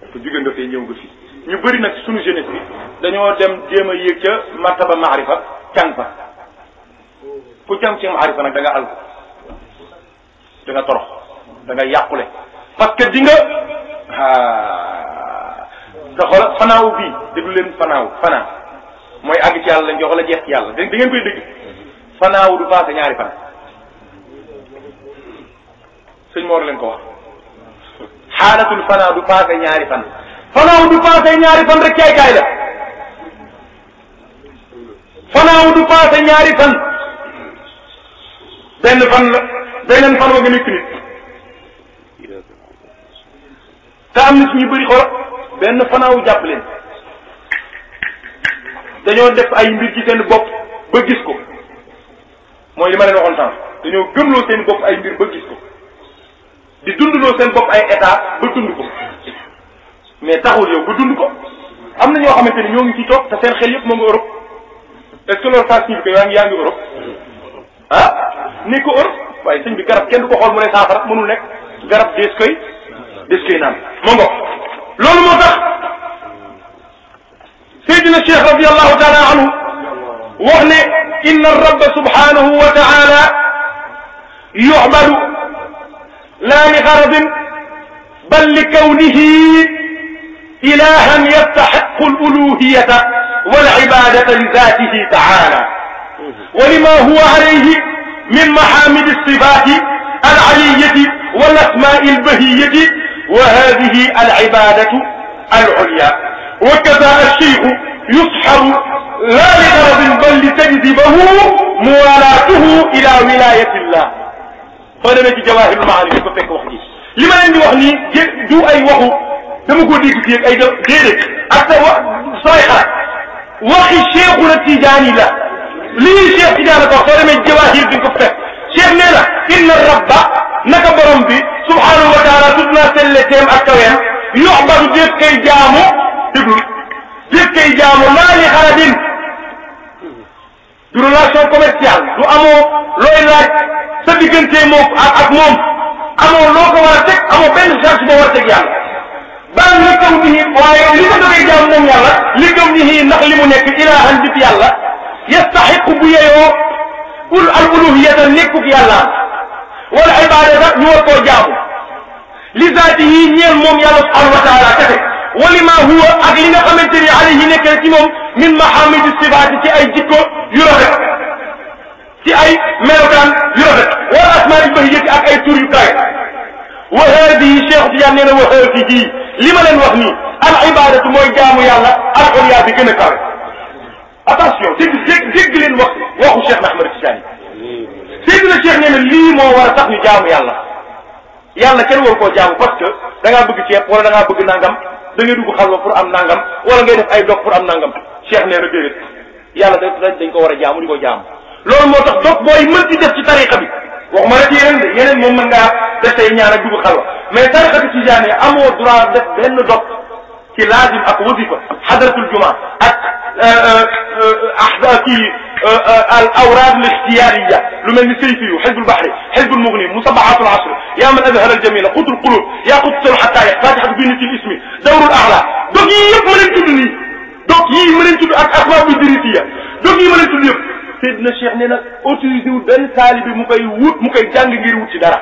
Speaker 2: dafa nga fee ñëw nga fii ñu bari nag suñu jeunesse bi dañoo dem jéem a yéeg ca martaba maarifa càng fa ku jàng ci maarifa nag da nga àll torox da yàqule parce que di nga a ah, te xoola fanaaw bii leen fanaaw fanaa mooy àgg ci yàlla jox la jeex yàlla da ngeen koy dégg fanaaw du passé ñaari fan sëñ Mor leen ko wax xaalatul fanaaw du passé ñaari fan fanaaw du passé ñaari fan rek caay kaay la fanaaw du passé ñaari fan benn fan la beneen fan wa nga nekk nit te am na suñu bëri xol benn fanaaw jàpp leen dañoo def ay mbir ci seen bopp ba gis ko mooy li ma leen waxoon sànq dañoo gëmloo seen bopp ay mbir ba gis ko di dundloo seen bopp ay état ba dund ko mais taxul yow ba dund ko am na ñoo xamante ni ñoo ngi ci toog te seen xel yëpp moo nga Europe est-ce que loolu ko yaa ngi yaa ngi Europe ah ni ko Europe waaye sëñ bi garab kenn du ko xool mu ne saafara mënul nekk garab des koy des koy naan moo loolu moo tax Seydina Cheikh radiyallahu taala anhu wax ne inna rabba subhanahu wa taala yuxbadu laa li xaradin bal li kawnihi ilahan yastaxiqu aluluhiyata walibadata li zatihi taala wa lima huwa alayhi min mahamidi alsifati alaliyati walasmai albahiyati wa hadihi alibadatu alulya wa kaza alcheikhu yusxabu laa li garabin bal li tajdibahu muwalaatuhu ila wilayatillah boo demee ci jawahirul maani ko fekk wax ji li ma leen di wax nii jé du ay waxu dama ko dégg fii ak ay déedéet ak sa wax sooy xalaat waxi Cheikhuna Tijaani la lii Cheikh Tijaani ko wax soo demee jawahir bi nga ko fekk Cheikh nee na inna rabba naka borom bi subhanahu wa taala tut naa selleteem ak kaweem yoxbatu déet kay jaamu déglu déet kay jaamu laa li xarabin du relation commerciale du amoo looy laaj sa diggante moom ak ak moom amoo loo ko war a teg amoo benn a teg yàlla bal li kaw nii waaye ko dogee jaam moom yàlla li kaw nii ndax li mu nekk ilaahan dip yàlla yastaxiqu bu yeyoo ul al uluhiyata nekkuk yàlla wala ibadata ñu war koo jaamu li moom yàlla subhanahu wa taala kese walima huwa ak li nga xamante ni alayhi nekk ci moom min mahamidi sifaati ci ay jikko yu rafet ci ay melokaan yu rafet wala asmaa yu bahiyati ak ay tur yu kaay wa haadihi Cheikh Tidiane nee na wa haadihi li ma leen wax nii al ibadatu mooy jaamu yàlla al ulya bi gën a kawe attention dégg dégg dégg leen wax waxu Cheikh Ahmed Tidiane dégg na Cheikh nee na lii moo war a tax ñu jaamu yàlla yàlla kenn waru koo jaamu parce que da ngaa bëgg ceeb wala da ngaa bëgg nangam da ngay dugg xalwa pour am nangam wala ngay def ay dog pour am nangam cheikh nee na déedéet yàlla da dañ ko war a jaamu di ko jaamu loolu moo tax dog booy mën ci def ci tariqa bi waxuma rek yeneen de yeneen moom mën ngaa def say ñaan ak dugg xalwa mais tariqa bi ci jaane amoo droit def benn dog ci laazim ak wasifa xadratul juma ak euh, euh, euh, ahda kii al awraad al ixtiyaariya lu mel ni sayfi yu xizbul baxri xizbul mugni musabaatul asr yaa man azhara al jamila xutul qulub yaa xutul xataaya fatixatu binnatil ismi dawrul axla dog yii yëpp ma leen tudd nii dog yii ma leen tudd ak asbaab idrisiya dog yii ma leen tudd yëpp Seydina Cheikh nee na autorisé wu benn taalibe mu koy wut mu koy jàng ngir wut ci dara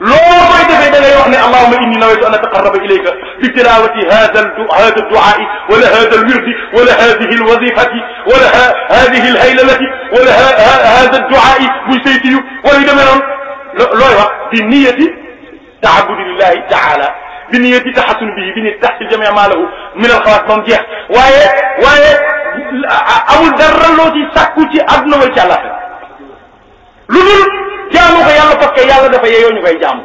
Speaker 2: loo koy defee da ngay wax ne allahuma inni nawaytu an ataqarraba ilayka bi tilawati hada hada duaai wala hada alwirdi wala hadihi alwazifati wala hadihi alhaylalati wala hada duaai buy sayti yu wala yu demee noonu looy wax bi niyati taabudi lillahi taala bi niyati taxasun bii bi niyati taxsil jamia ma lahu min alxalaas moom jeex waaye waaye amul dara loo ci sàkku ci adduna way ci àllaaxira lu dul jaamu ko yàlla parce que yàlla dafa yeyoo ñu koy jaamu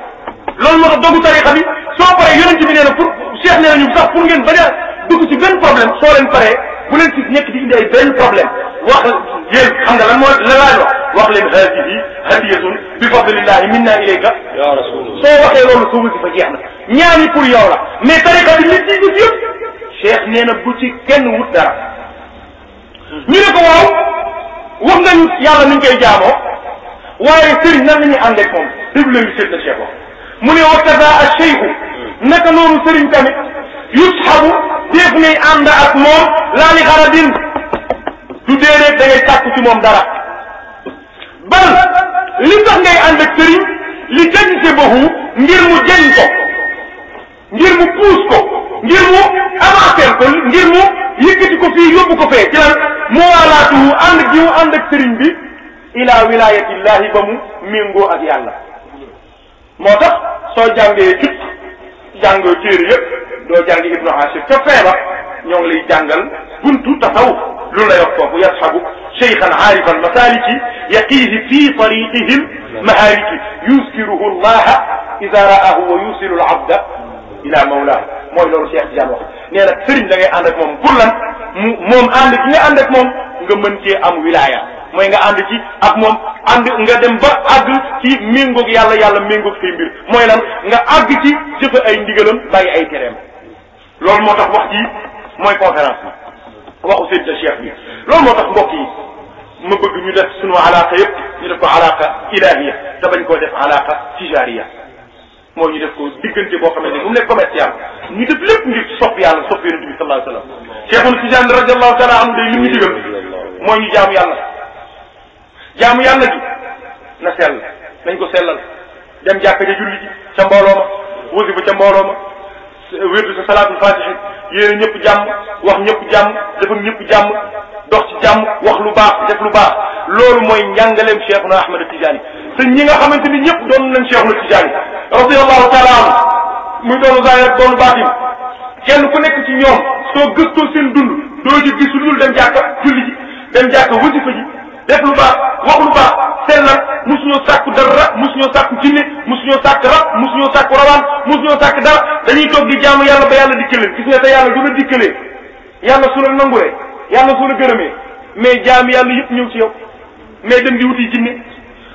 Speaker 2: loolu moo tax dogu tarixa bi soo paree yonent bi nee na pour cheikh nee na ñu sax pour ngeen bañ a dugg ci benn problème soo leen paree bu leen ci nekk di indi ay benn problème wax yéen xam nga lan moo la laaj wax wax leen hadihi hadiyatun bi fadlillahi minna ilayka ya rasul soo waxee loolu soo wasi fa jeex na ñaani pour yow la mais tarixa bi nit ñi def yëpp cheikh nee na bu ci kenn wut dara ñu ne ko waaw wax nañu yàlla ni ñu koy jaamoo waaye sëriñ nan la ñuy ànd ak moom déglu leen monsieur le chef mu ne wa kaza ak cheikhu naka noonu sëriñ tamit yushabu def nay ànd ak moom laa li xaradin du déedéet da ngay tàkku ci moom dara bal li tax ngay ànd ak sëriñ li jënd bahu ngir mu jëñ ko ngir mu puus ko ngir mu avancer ko ngir mu yëkkati ko fii yóbbu ko fee ci lan mu waalaatu ànd gi mu ànd ak sëriñ bi. ila wilayatillahi ba mu méngoo ak yàlla moo tax soo jàngee jut jàngoo téere yëpp doo jàng ibnu Ashir ca feeba ñoo ngi lay jàngal buntu tasawuf lu la yox foofu yashabu shaykhan aarifan masaliki yaqihi fi tariqihim mahaliki yuskiruhu llaha ida ra'ahu wa yusilu labda ila mawlahu mooy loolu Cheikh Tidiane wax nee na sëriñ da ngay ànd ak moom pour lan mu moom ànd ki nga ànd ak moom nga mën cee am wilaya mooy nga ànd ci ak moom ànd nga dem ba àgg ci méngoog yàlla yàlla méngoog say mbir mooy lan nga àgg ci jëfe ay ndigalam bàyyi ay tereem loolu moo tax wax ji mooy conférence bi waxu Seydina Cheikh bi tax mbokk yi ma bëgg ñu def sunu alaaka yëpp ñu def ko alaaka ilahiya te bañ koo def alaaka tijariya moo ñu def ko diggante boo xamante ni mu nekk commercial ñu def lépp ngir sopp yàlla sopp yonente bi sallallahu alayhi wa sallam Cheikhul Tijaan radiyallahu taala anhu day mu digal mooy ñu jaamu yàlla jaamu yàlla gi na sell nañ ko sellal dem jàkka ja julli ji ca mbooloo ma wusi ca mbooloo ma wérdu sa salaatul fatihi yéene ñëpp jàmm wax ñëpp jàmm defal ñëpp jàmm dox ci jàmm wax lu baax def lu baax loolu mooy njàngaleem Cheikhuna Ahmad Tijaani te ñi nga xamante ni ñëpp doon nañ Cheikhuna Tijaani radiyallahu taala anhu muy doonu zahir ak doonu baatin kenn ku nekk ci ñoom soo gëstoo seen dund doo ji gisul dul dem jàkka julli ji dem jàkka wasifa ji def lu baax wax lu baax seen nag mosuñoo sàkku dara mosuñoo sàkku jinne mosuñoo sàkk rab mosuñoo sàkku rawaan mosuñoo sàkk dara dañuy toog di jaamu yàlla ba yàlla dikkaleen gis nga te yàlla du la dikkalee yàlla su la nangulee yàlla su la gërëmee mais jaam yàlla yëpp ñëw si yow mais dem di wuti jinne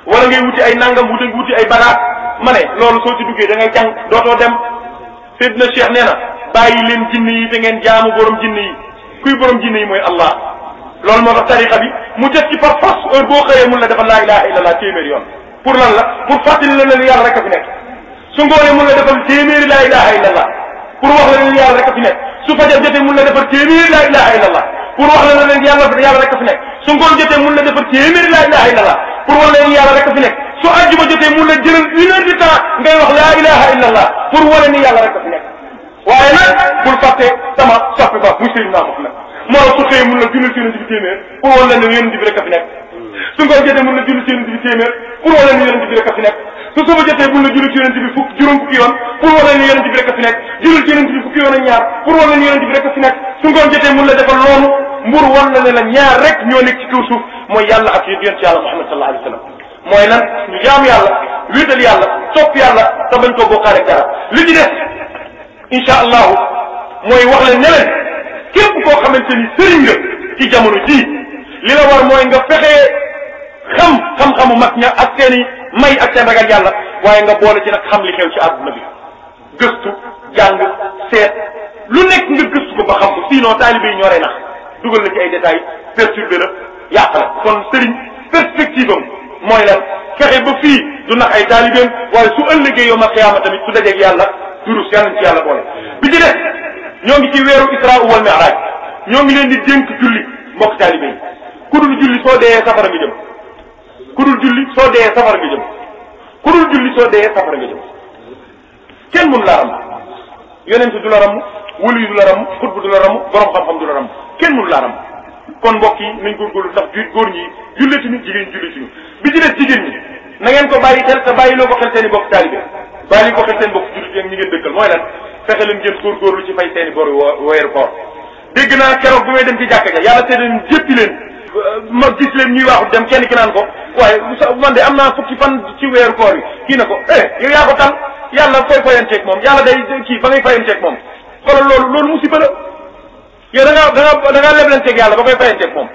Speaker 2: wala ngay wuti ay nangam wuti wuti ay baraat ma ne loolu soo ci duggee da ngay jàng dootoo dem Seydina Cheikh nee na bàyyi leen jinne yi ngeen jaamu borom jinne yi kuy borom jinne mooy Allah loolu moo tax tariqa bi mu jëf ci par force heure boo xëyee mun la defal laa ilaha illallah téeméeri yoon pour lan la pour fàttali la ne yàlla rek a fi nekk su ngoonee mun la defal téeméeri laa ilaha illallah pour wax la ne yàlla rek a fi nekk su fajar jotee mun la defal téeméeri laa ilaha illallah pour wax la ne yàlla yàlla rek a fi nekk su ngoon jotee mun la defal téeméeri laa ilaha illallah pour wax la ne yàlla rek a fi nekk su àjjuma jotee mun la jëlal une heure de temps ngay wax laa ilaha illallah pour wane ni yàlla rek a fi nekk waaye nag bul fàtte sama soppi ba muy sëriñ naa moo su xëyee mun la julli ci yonent bi téeméer pour wan la hmm. ne yonent bi rek a fi nekk su ngoon jotee mun la julli ci yonent bi téeméer pour wan la ne yonent bi rek a fi nekk su suba jotee mun la julli ci yonent bi fukk juróom fukki yoon pour wan la ne yonent bi rek a fi nekk julli ci yonent bi fukki yoon ak ñaar pour wan la ne yonent bi rek a fi nekk su ngoon jotee mun la defal loolu mbur wan la ne la ñaar rek ñoo nekk ci kaw suuf mooy yàlla ak yonent yàlla Muhammad sallallahu alayhi wa sallam mooy lan ñu jaam yàlla wéetal yàlla topp yàlla te bañ koo bokkaale dara li ci def incha allahu mooy wax leen ne leen képp koo xamante ni sëriñ nga ci jamono jii li la war mooy nga fexe xam xam-xamu mag ña ak seen i may ak seen ragal yàlla waaye nga boole ci nag xam li xew ci àdduna bi gëstu jàng seet lu nekk nga gëstu ko ba xam ko sinon taalibe yi ñoree na dugal na ci ay détails perturbé la yàq la kon sëriñ perspective am mooy la fexe ba fii du nax ay taalibeem waaye su ëllëgee yow ma xiyaama tamit su dajeeg yàlla durus yàlla ci yàlla boole bi ci def ñoo ngi ci weeru isra wal mi'raj ñoo ngi leen di dénk julli mbokk taalibe yi ku dul julli soo dee safara nga jëm ku dul julli soo dee safara nga jëm ku dul julli soo dee safara nga jëm kenn mënu la ram yonent du la ram du la ram xutbu du la ram borom xam-xam du la ram kenn mënu la ram kon mbokk yi nañ góorgóorlu ndax ju góor ñi jullituñu jigéen jullituñu bi ci des jigéen ñi na ko bàyyi xel te bàyyi loo ko xel seen i bokk taalibe bàyyi ko xel seen bokk jullit fexe leen ngeen góorgóorlu ci fay seeni bor weeru koor dégg naa keroog bu may dem ci jàkka ja yàlla seede leen jéppi leen euh, ma gis leen ñuy waaxut dem kenn ki ko waaye man de am naa fukki fan ci weeru koor yi kii na ko eh yow yaa ko tal yàlla fay fayanteeg moom yàlla day kii ba ngay fayanteeg moom xoolal loolu loolu musiba la yow da ngaa da ngaa da ngaa leblanteeg yàlla ba koy fayanteeg moom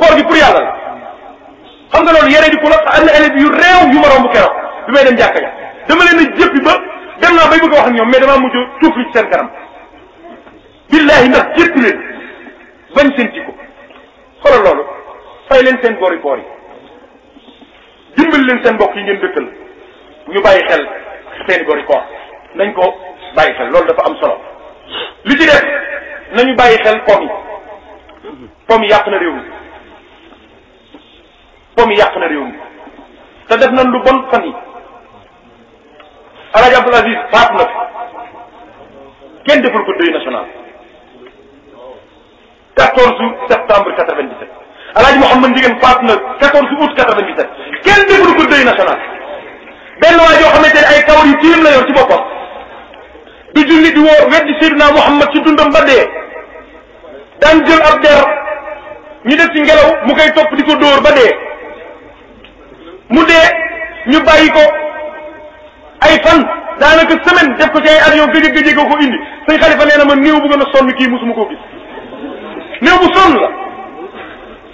Speaker 2: koor gi pour yàlla la xam nga loolu yére di ko la am na ma romb keroog bi dem ja dem naa bay bëgg a wax ak ñoom mais damaa mujj tuufli ci seen kanam billahi ndax jëpp leen bañ seen ci ko xoolal loolu fay leen seen boori boor yi dimbali leen seen mbokk yi ngeen dëkkal ñu bàyyi xel seen boori koor nañ ko bàyyi xel loolu dafa am solo li ci def nañu bàyyi xel pom yi pom yi yàq na réew mi pom yi yàq na réew mi te def nañ lu bon fan yi El Hadj Abdoul Aziz faatu na fi kenn deful ko deuil national 14 septembre 97 El Hadj Mouhamed Ndieguene faatu na 14 kenn deful ko national benn waa joo xamante ne ay kawar yu tilim ci boppam du julli di wóor weddi Seydina Mouhamed ci dundam ba dee daan jël ab def ci ngelaw mu koy topp di ko dóor ba dee mu dee ñu bàyyi ko. ay fan daanaka semaine def ko ci ay avion gëj a gëj ko indi sëñ xalifa nee na ma néew bu gën a sonn kii mu koo gis néew bu sonn la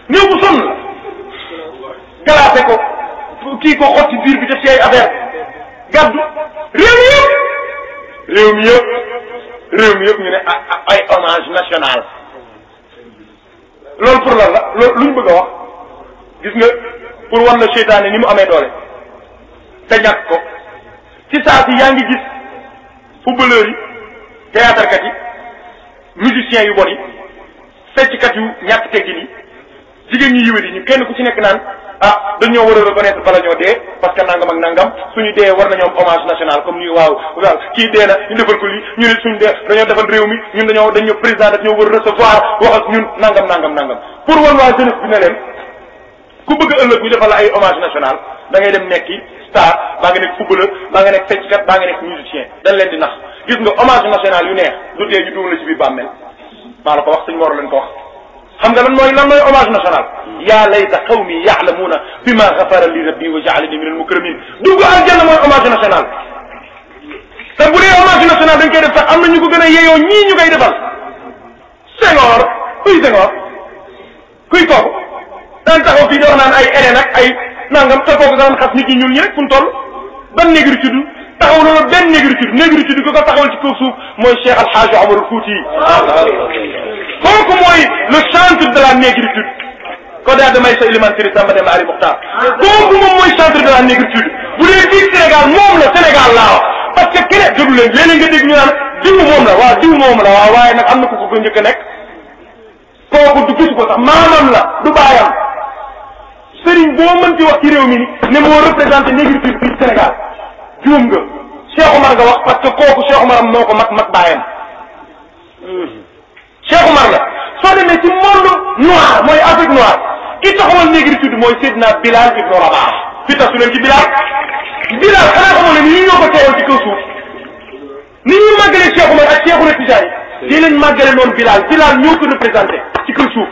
Speaker 2: néew bu sonn la classé ko kii ko xot ci biir bi def ci ay affaire gàddu réew mi yëpp réew mi yëpp réew mi yëpp ñu ne ah, ah, ay hommage national loolu pour la loolu lu ñu bëgg a wax gis nga pour wan na seytaane ni mu amee doole te ñàkk ko ci saa si yaa ngi gis footballeurs yi théâtre kat yi musiciens yu bon yi fecckat yu ñàkk teggin yi jigéen ñu yiwét yi ñu kenn ku ci nekk naan ah dañoo war a reconnaître bala ñoo dee parce que nangam ak nangam suñu dee war nañoo am hommage comme ñu waaw waaw kii dee na ñu defal ko lii ñu ne suñu dee dañoo defal réew mi ñu dañoo dañoo président daf ñoo war a recevoir wax ñun nangam nangam nangam pour wan waa jeunesse bi ne leen ku bëgg ëllëg ñu defal ay hommage national da ngay dem nekk star baa nga nekk footballeur baa nga nekk fecckat baa nga nekk musicien dañ leen di nax gis nga hommage national yu neex du tee ñu dugal la ci biir maa la ko wax suñu mor leen ko xam nga lan mooy lan mooy hommage national yaa layta qawmi ya'lamuna bima ghafara li rabbi wa ja'alani min al-mukramin dugg aljanna mooy hommage national te bu dee hommage national dañ def sax am na ñu ko gën a yeyoo ñii ñu koy defal Senghor kuy Senghor kuy kooku daan taxaw nangam te kooku daan xas nit ñi ñuul ñi rek fu mu toll ban négritude taxaw loolu benn négritude négritude ko ko taxawal ci kaw suuf mooy Cheikh Al Hadj Omar Fouti kooku mooy le centre de la négritude ko daal damay sa Elimane Siri Samba Ali Mokhtar kooku moom mooy centre de la négritude bu dee fii Sénégal moom la Sénégal laa parce que keneen déglu leen léeg ñu naan diw moom la waaw diw moom la waaye nag am na ko ko njëkk a nekk du gisu ko sax sëriñ boo mën ci wax ci réew mi ne moo représenté négritude bi Sénégal juum nga Cheikh Omar nga wax parce que kooku Cheikh Omar moo ko mat mat bàyyam Cheikh Omar la soo demee ci monde noir mooy Afrique noire ki taxawal négritude mooy Seydina Bilal ibn Rabah fi tasu leen ci Bilal Bilal xanaa xamoon ne ni ñu ñoo ko teewal ci kaw suuf ni ñuy màggalee Cheikh Omar ak Cheikh Ouna Tijaan yi di leen màggale noonu Bilal Bilal ñoo ko représenté ci kaw suuf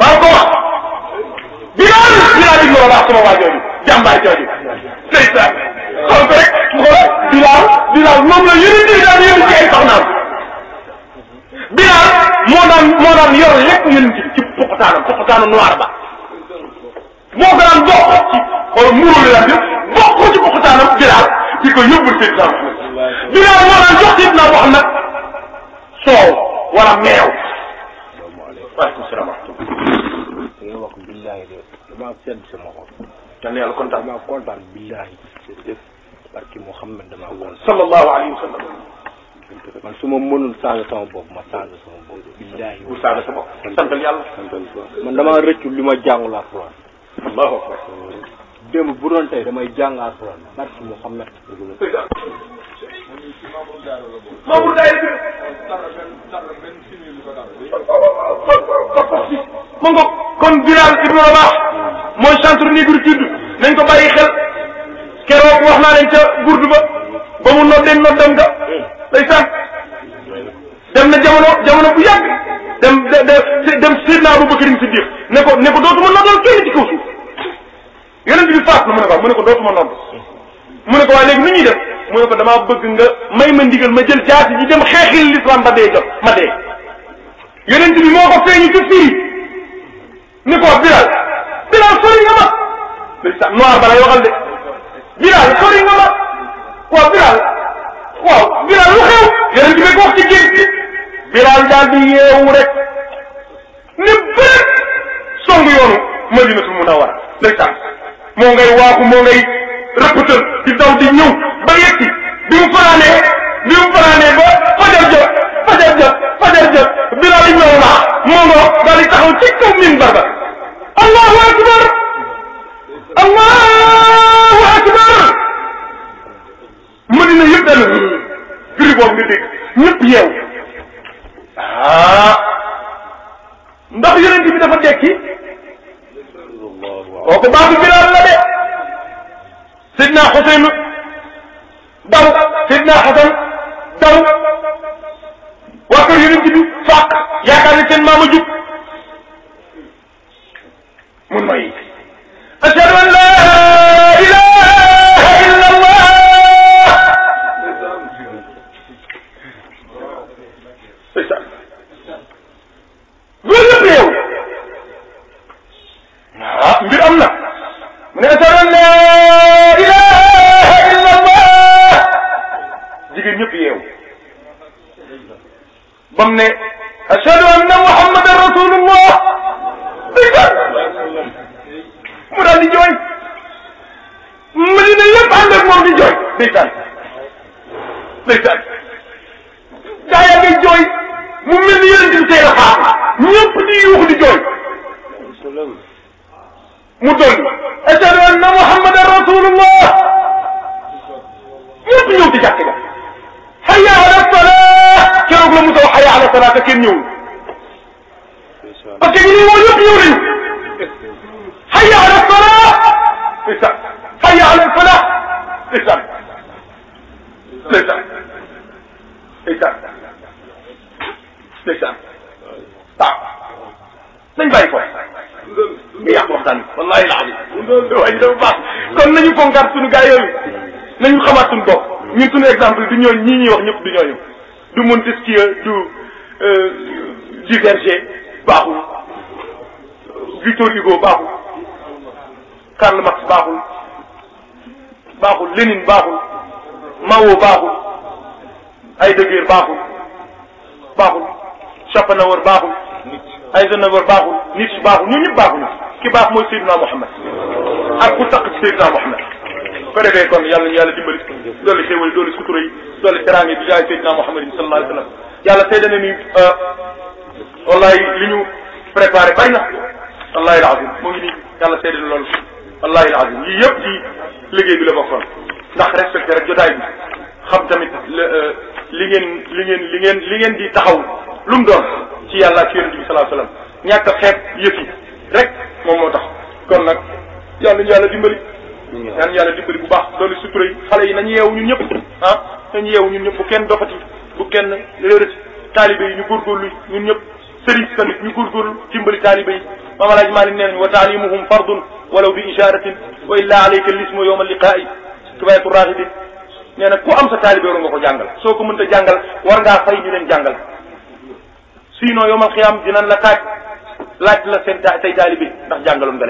Speaker 2: maa ko wax Bilaal Bilaal ibnu Rabaah sama waa jooju jàmbaar jooju ndeysaan xool ko rek xool Bilaal Bilaal moom la yonent yi daan yónni ci ay soxnaam Bilaal moo daan moo daan yor lépp yonent ci poqutaanam poqutaanu noir ba moo ko daan bokk ci xool muuru la daan bokk ko ci poqutaanam Bilaal di ko yóbbul Seydina Muhammad Bilaal moo daan jox Seydina Muhammad soow wala meew waaleykum salaam
Speaker 1: damaa sedd sama xol. yàlla na yàlla kontaan damaa kontaan billaahi. jërëjëf barki Muhammad damaa kontaan. sallallahu alayhi wa sallam. man su ma ma changer sama bopp. billaahi bu changer sa bopp. santal yàlla man damaa rëccu li ma jàngul alxuraan. allahu akbar. bu doon tey damay jàng alxuraan. barki Muhammad.
Speaker 2: membre daayira bi ma ngo kon Bilal Ibn Rabah mooy centre négritude nañ ko bàyyi xel keroog wax naa leen ca gurdu ba ba mu noddee noddam ga day sax dem na jamono jamono bu yàgg dem dem Seydina Abu Bakarin Siddiq ne ko ne ko dootuma noddal kenn ci kaw suuf yonent bi faat na mu ne ko mu ne ko dootuma nodd mu ne ko waaye léegi nu ñuy def mooy ne ko damaa bëgg nga may ma ndigal ma jël jaasi ji dem xeexil l'islam ba dee jot ma dee yonent bi moo ko feeñu ci fii ni ko Bilal Bilal sori nga ma ndeysaan noir ba lay waxal de Bilal sori nga ma waaw Bilal waaw Bilal lu xew ko wax ci géej gi Bilal daal di yeewu rek ni bëri song yoonu Madinatul moo ngay waaxu moo ngay rëppatal di daw di ñëw ba yegsi bi mu fanaanee bi mu fanaanee ba fajar jot fajar Bilaal ibn Rabaax moo ngoo daal di taxaw ci kaw minbar ba allahu akbar allahu akbar Madina yëpp dana giri boobu nga dégg ñëpp yeew ah ndax yonent bi dafa dekki kooku baatu Bilaal la de sidna Xuseyn daw sidna Xasan daw waa kër yonent bi fàq yaakaar ne seen maama jub mu noyyi ashhadu an la ilaha illa allah loolu yëpp yow ah mbir am na mu ne ashhadu an ba mu ne ashhadu anna muhammadan rasulullah dëgg mu daal di jooy Madina yëpp ànd ak moom di jooy ndeysaan ndeysaan gaa yaa ngay jooy mu mel ni yéen di teel a xaar ñëpp di yuux di jooy mu doon ashhadu anna muhammadan rasulullah ñëpp ñëw di jàkk ja talaata kenn ñëwul. parce que ñu ne woon ñëpp ñëw nañu. hayya ala salaa ndeysaan hayya ala salaa ndeysaan ndeysaan ndeysaan ndeysaan waaw nañ bàyyi ko mu yàq waxtaan bi wallahi laazim waaye dafa baax kon nañu fonkaat suñu gars yooyu nañu xamaat suñu bopp ñun suñu exemple du ñooñu ñii ñuy wax ñëpp du ñooñu du Montesquieu du Euh, divergé baaxul Victor Hugo baaxul Karl Marx baaxul baaxul Lénine baaxul Mao baaxul Heidegger baaxul baaxul Schopenhauer baaxul Eisenhower baaxul Nietzsche baaxul ñun ñëpp baaxul ki baax mooy Seydina Mohamed ak ku taq Seydina Mohamed ko defee kon yàlla ñu yàlla dimbali doole xéewal doole sutura yi doole teraange bi jaay Seydina Mohamed sallallahu alayhi wa sallam yàlla tey dana ni euh, wallaay li ñu préparé bari na wallahi alazim moo ngi nii yàlla seede na loolu wallahi alazim lii yëpp ci liggéey bi la bokkoon ndax respecté rek jotaay bi xam tamit euh, li ngeen li ngeen li ngeen li ngeen di taxaw lu mu doon ci yàlla ci yonente bi salaa rek moom moo tax kon nag yàlla ñu yàlla dimbali yàlla ñu yàlla dimbali bu baax doolu sutura yi xale yi nañu yeewu ñun ñëpp ah nañu yeewu ñun ñëpp bu kenn dofati bu kenn réerati taalibe yi ñu góorgóorlu ñun ñëpp sëriñ si tamit ñu góorgóorlu dimbali taalibe yi maam alaaji Maalik nee nañ wa taalimuhum fardun walaw bi isharatin wa illa alayka lismu yowma liqaa'i kifaayatu raahidin nee na ku am sa taalibe ko jàngal soo ko mënta jàngal war ngaa fay ñu leen jàngal sinon yowmal xiyaam la taaj laaj la seen tay taalibe ndax jàngaloon nga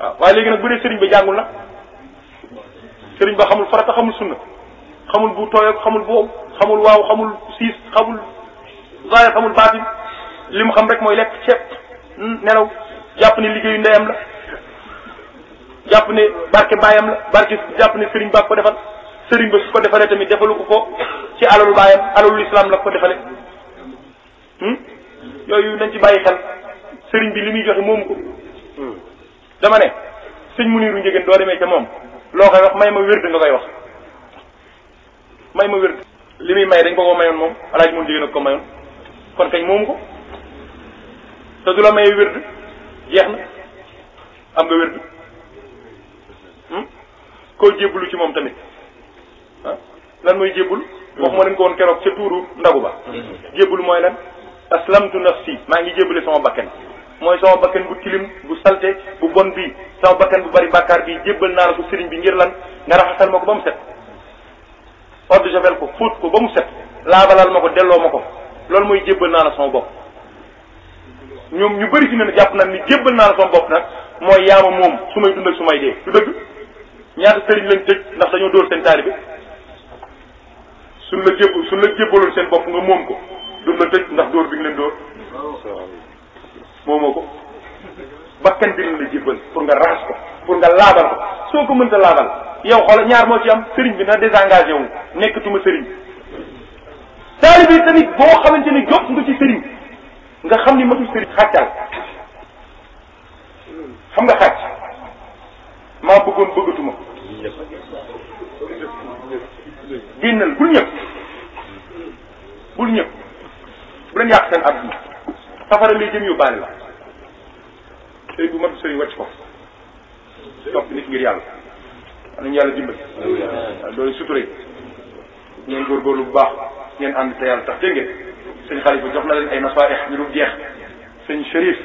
Speaker 2: waa waaw nag bu dee sëriñ ba jàngul nag sëriñ ba xamul farata xamul sunna xamul bu tooy xamul boobu xamul waaw xamul siis xamul zaahir xamul li mu xam rek mooy lekk ceeb hmm, nelaw jàpp ne liggéeyu ndeyam la jàpp ne barke baayam la barke jàpp ne sëriñ ba ko defal sëriñ ba su ko defalee tamit defalu ko ko ci alalu baayam alalu islam la ko defale hmm? yooyu nañ ci bàyyi xel sëriñ bi li muy joxe moomu ko hmm. dama ne sëñ Muniru Njëgeen doo demee ca moom loo koy wax may ma wér nga koy wax may ma wér li muy may dañ ko ko mayoon moom alaaj mun jigéen ak ko mayoon kon kañ moom ko te du la may wér jeex na am nga wér hmm? ko jébbalu ci moom tamit ah lan mooy jébbul wax ma leen ko woon keroog ca tuuru ndagu ba jébbul mooy lan tu nafsi maa ngi jébbale sama bakkan mooy sama bakkan bu tilim bu salte bu bon bi sama bakkan bu bari bàkkaar bii jébbal naa la ko sëriñ bi ngir lan nga raxasal ma ko ba mu set eau de javel ko fóot ko ba mu set laabalal ma ko delloo ma ko loolu mooy jébbal naa la sama bopp ñoom ñu bari fi ne jàpp nag ni jébbal naa la sama bopp nag mooy yaama moom su may dund su may dee du dëgg ñaata sëriñ leen tëj ndax dañoo dóor seen taalibe suñ la jébb suñ la jébbaloon seen bopp nga moom ko duñ la tëj ndax dóor bi nga leen dóor moomoo ko bakkan bi lañ la jébbal pour nga raxas ko pour nga laabal ko soo ko mënta laabal yow xoolal ñaar moo ci am sëriñ bi na désengagé wu nekkatuma sëriñ taalibe bi tamit boo xamante ni jot nga ci sëriñ nga xam ni matul sëriñ xàccal xam nga xàcc maa bëggoon bëggatuma génnal bul ñëpp bul ñëpp bu leen yàq seen ko topp nit ngir yàlla nañu yàlla dimbali waaw doolu sutura ngeen góorgóorlu bu baax ngeen ànd te yàlla tax dégg ngeen sëñ xalifa jox na leen ay nasaix ñu dul jeex sëñ Chérif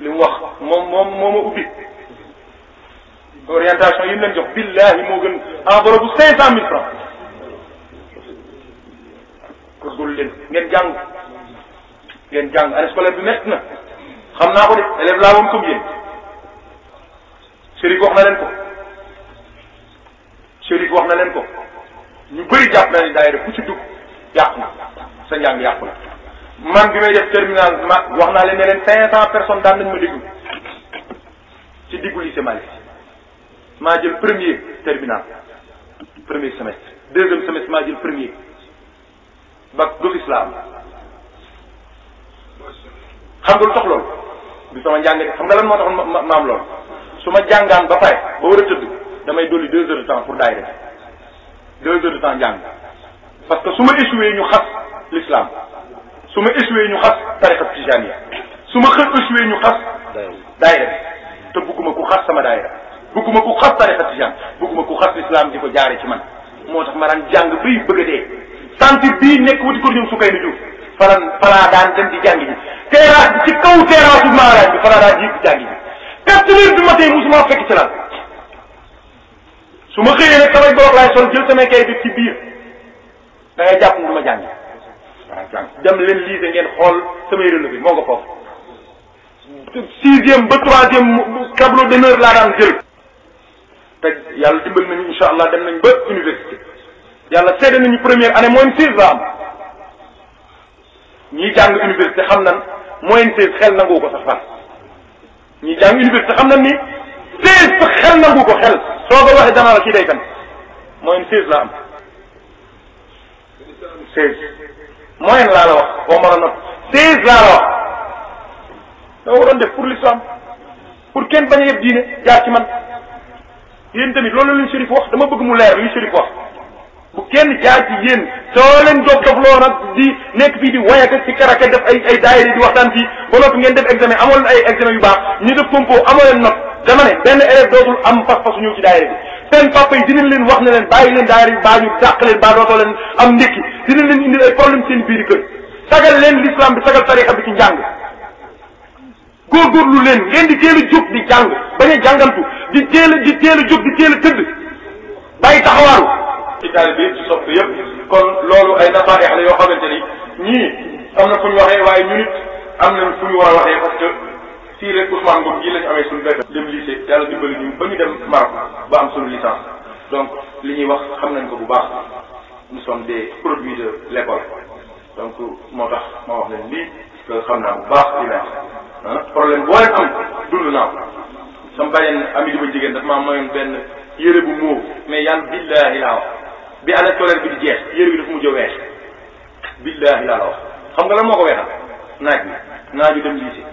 Speaker 2: li mu wax moom moom moo ma ubbi orientation yi mu leen jox billahi moo gën enveloppe bu cinq cent mille francs góorgóorlu leen ngeen jàng ngeen jàng année scolaire bi métti na xam naa ko de élève laa woon comme yéen Chérif wax na leen ko Chérif wax na leen ko ñu bëri jàpp na ne daayira ku ci dugg yàqu na sa njàng yàqu na man bi may def terminal ma wax naa leen ne leen cinq cent personnes daan nañ ma déglu ci diggu lycée Malick maa jël premier terminal premier semestre deuxième semestre maa jël premier bac d'office la xam nga lu tax loolu sama njàng xam na lan moo tax ma ma am loolu su ma jàngaan ba pare ba war a tëdd damay dolli deux heures de temps pour daay rek deux jàng parce que su ma échoué ñu xas l'islam su ma échoué ñu xas tariqa tijaniya su ma xëy échoué ñu xas daayira bi te bugguma ku xas sama daayira bugguma ku xas tariqa tijan bugguma ku xas l'islam di ko jaare ci man moo tax ma daan jàng bi bëgg a dee sentir bii nekk wuti ko ñoom su kay ni falan falaa daan dem di jàng ji terrasse bi ci kaw terrasse bu maaraaj bi falaa daan yëpp jàng ji quatre heures du matin musuma fekk ci lan su ma xëyee nag samay bolok laay sol jël samay kay bi ci biir da ngay jàpp ne ma jàng dem leen lycée ngeen xool samay relevé moo nga foofu sixième ba troisième tableau d'honneur laa daan jël te yàlla dimbal nañu insha allah dem nañ ba université yàlla seede nañu première année moyenne seize la am ñiy jàng université xam nan moyenne seize xel nangu ko sax far ñiy jàng université xam nan ni seize sax na nangu ko xel soo ko waxee danaa la kii day kan moyenne seize la am seize moyenne laa la wax waxuma la nopp laa la wax dama waroon def pour l'islam pour kenn bañ a yëpp diine jaar man yéen tamit loolu la ñu Chérif wax dama bëgg mu leer li Chérif wax bu kenn jaar ci yéen soo leen doog dofloo nag di nekk fii di wayaka ci karaka def ay ay daayira di waxtaan fii ba noppi ngeen def examen amoo leen ay examen yu baax ñu def compo amoo leen not dama ne benn élève dootul am pas-pasu ñëw ci daayira bi seen papa yi dinañ leen wax na leen bàyyi leen daayira bi baa ñu dàq leen baa dootoo leen am ndékki dinañ leen indil ay problème seen biir kër sagal leen l'islam bi sagal tarixa bi ci njàng góorgóorlu leen ngeen di teel a jóg di jàng bañ a jàngantu di teel a di teel a jóg di teel a tëdd bàyyi ci taalibe yëpp ci sopp yëpp kon loolu ay nasaaleex la yoo xamante ni ñii am na fu ñu waxee waaye ñun it am nañ fu ñu a waxee parce que fii rek Ousmane Ngom gii lañ amee suñu béykat dem ñu ba ñu dem Maroc ba am li licence
Speaker 1: donc li ñuy wax xam nañ ko bu baax nous sommes des produits de donc moo tax ma wax leen lii loolu xam naa bu baax dina ah problème boo leen
Speaker 2: am dund naa ko sama bàyyi ami di ma jigéen daf maa mayoon benn yére bu muuf mais yan billaahi laa wax bi ànd ak bi di jeex yére bi dafa mujj a weex billaahi laa la wax xam nga lan moo ko weexal naaj bi naaju dem lycée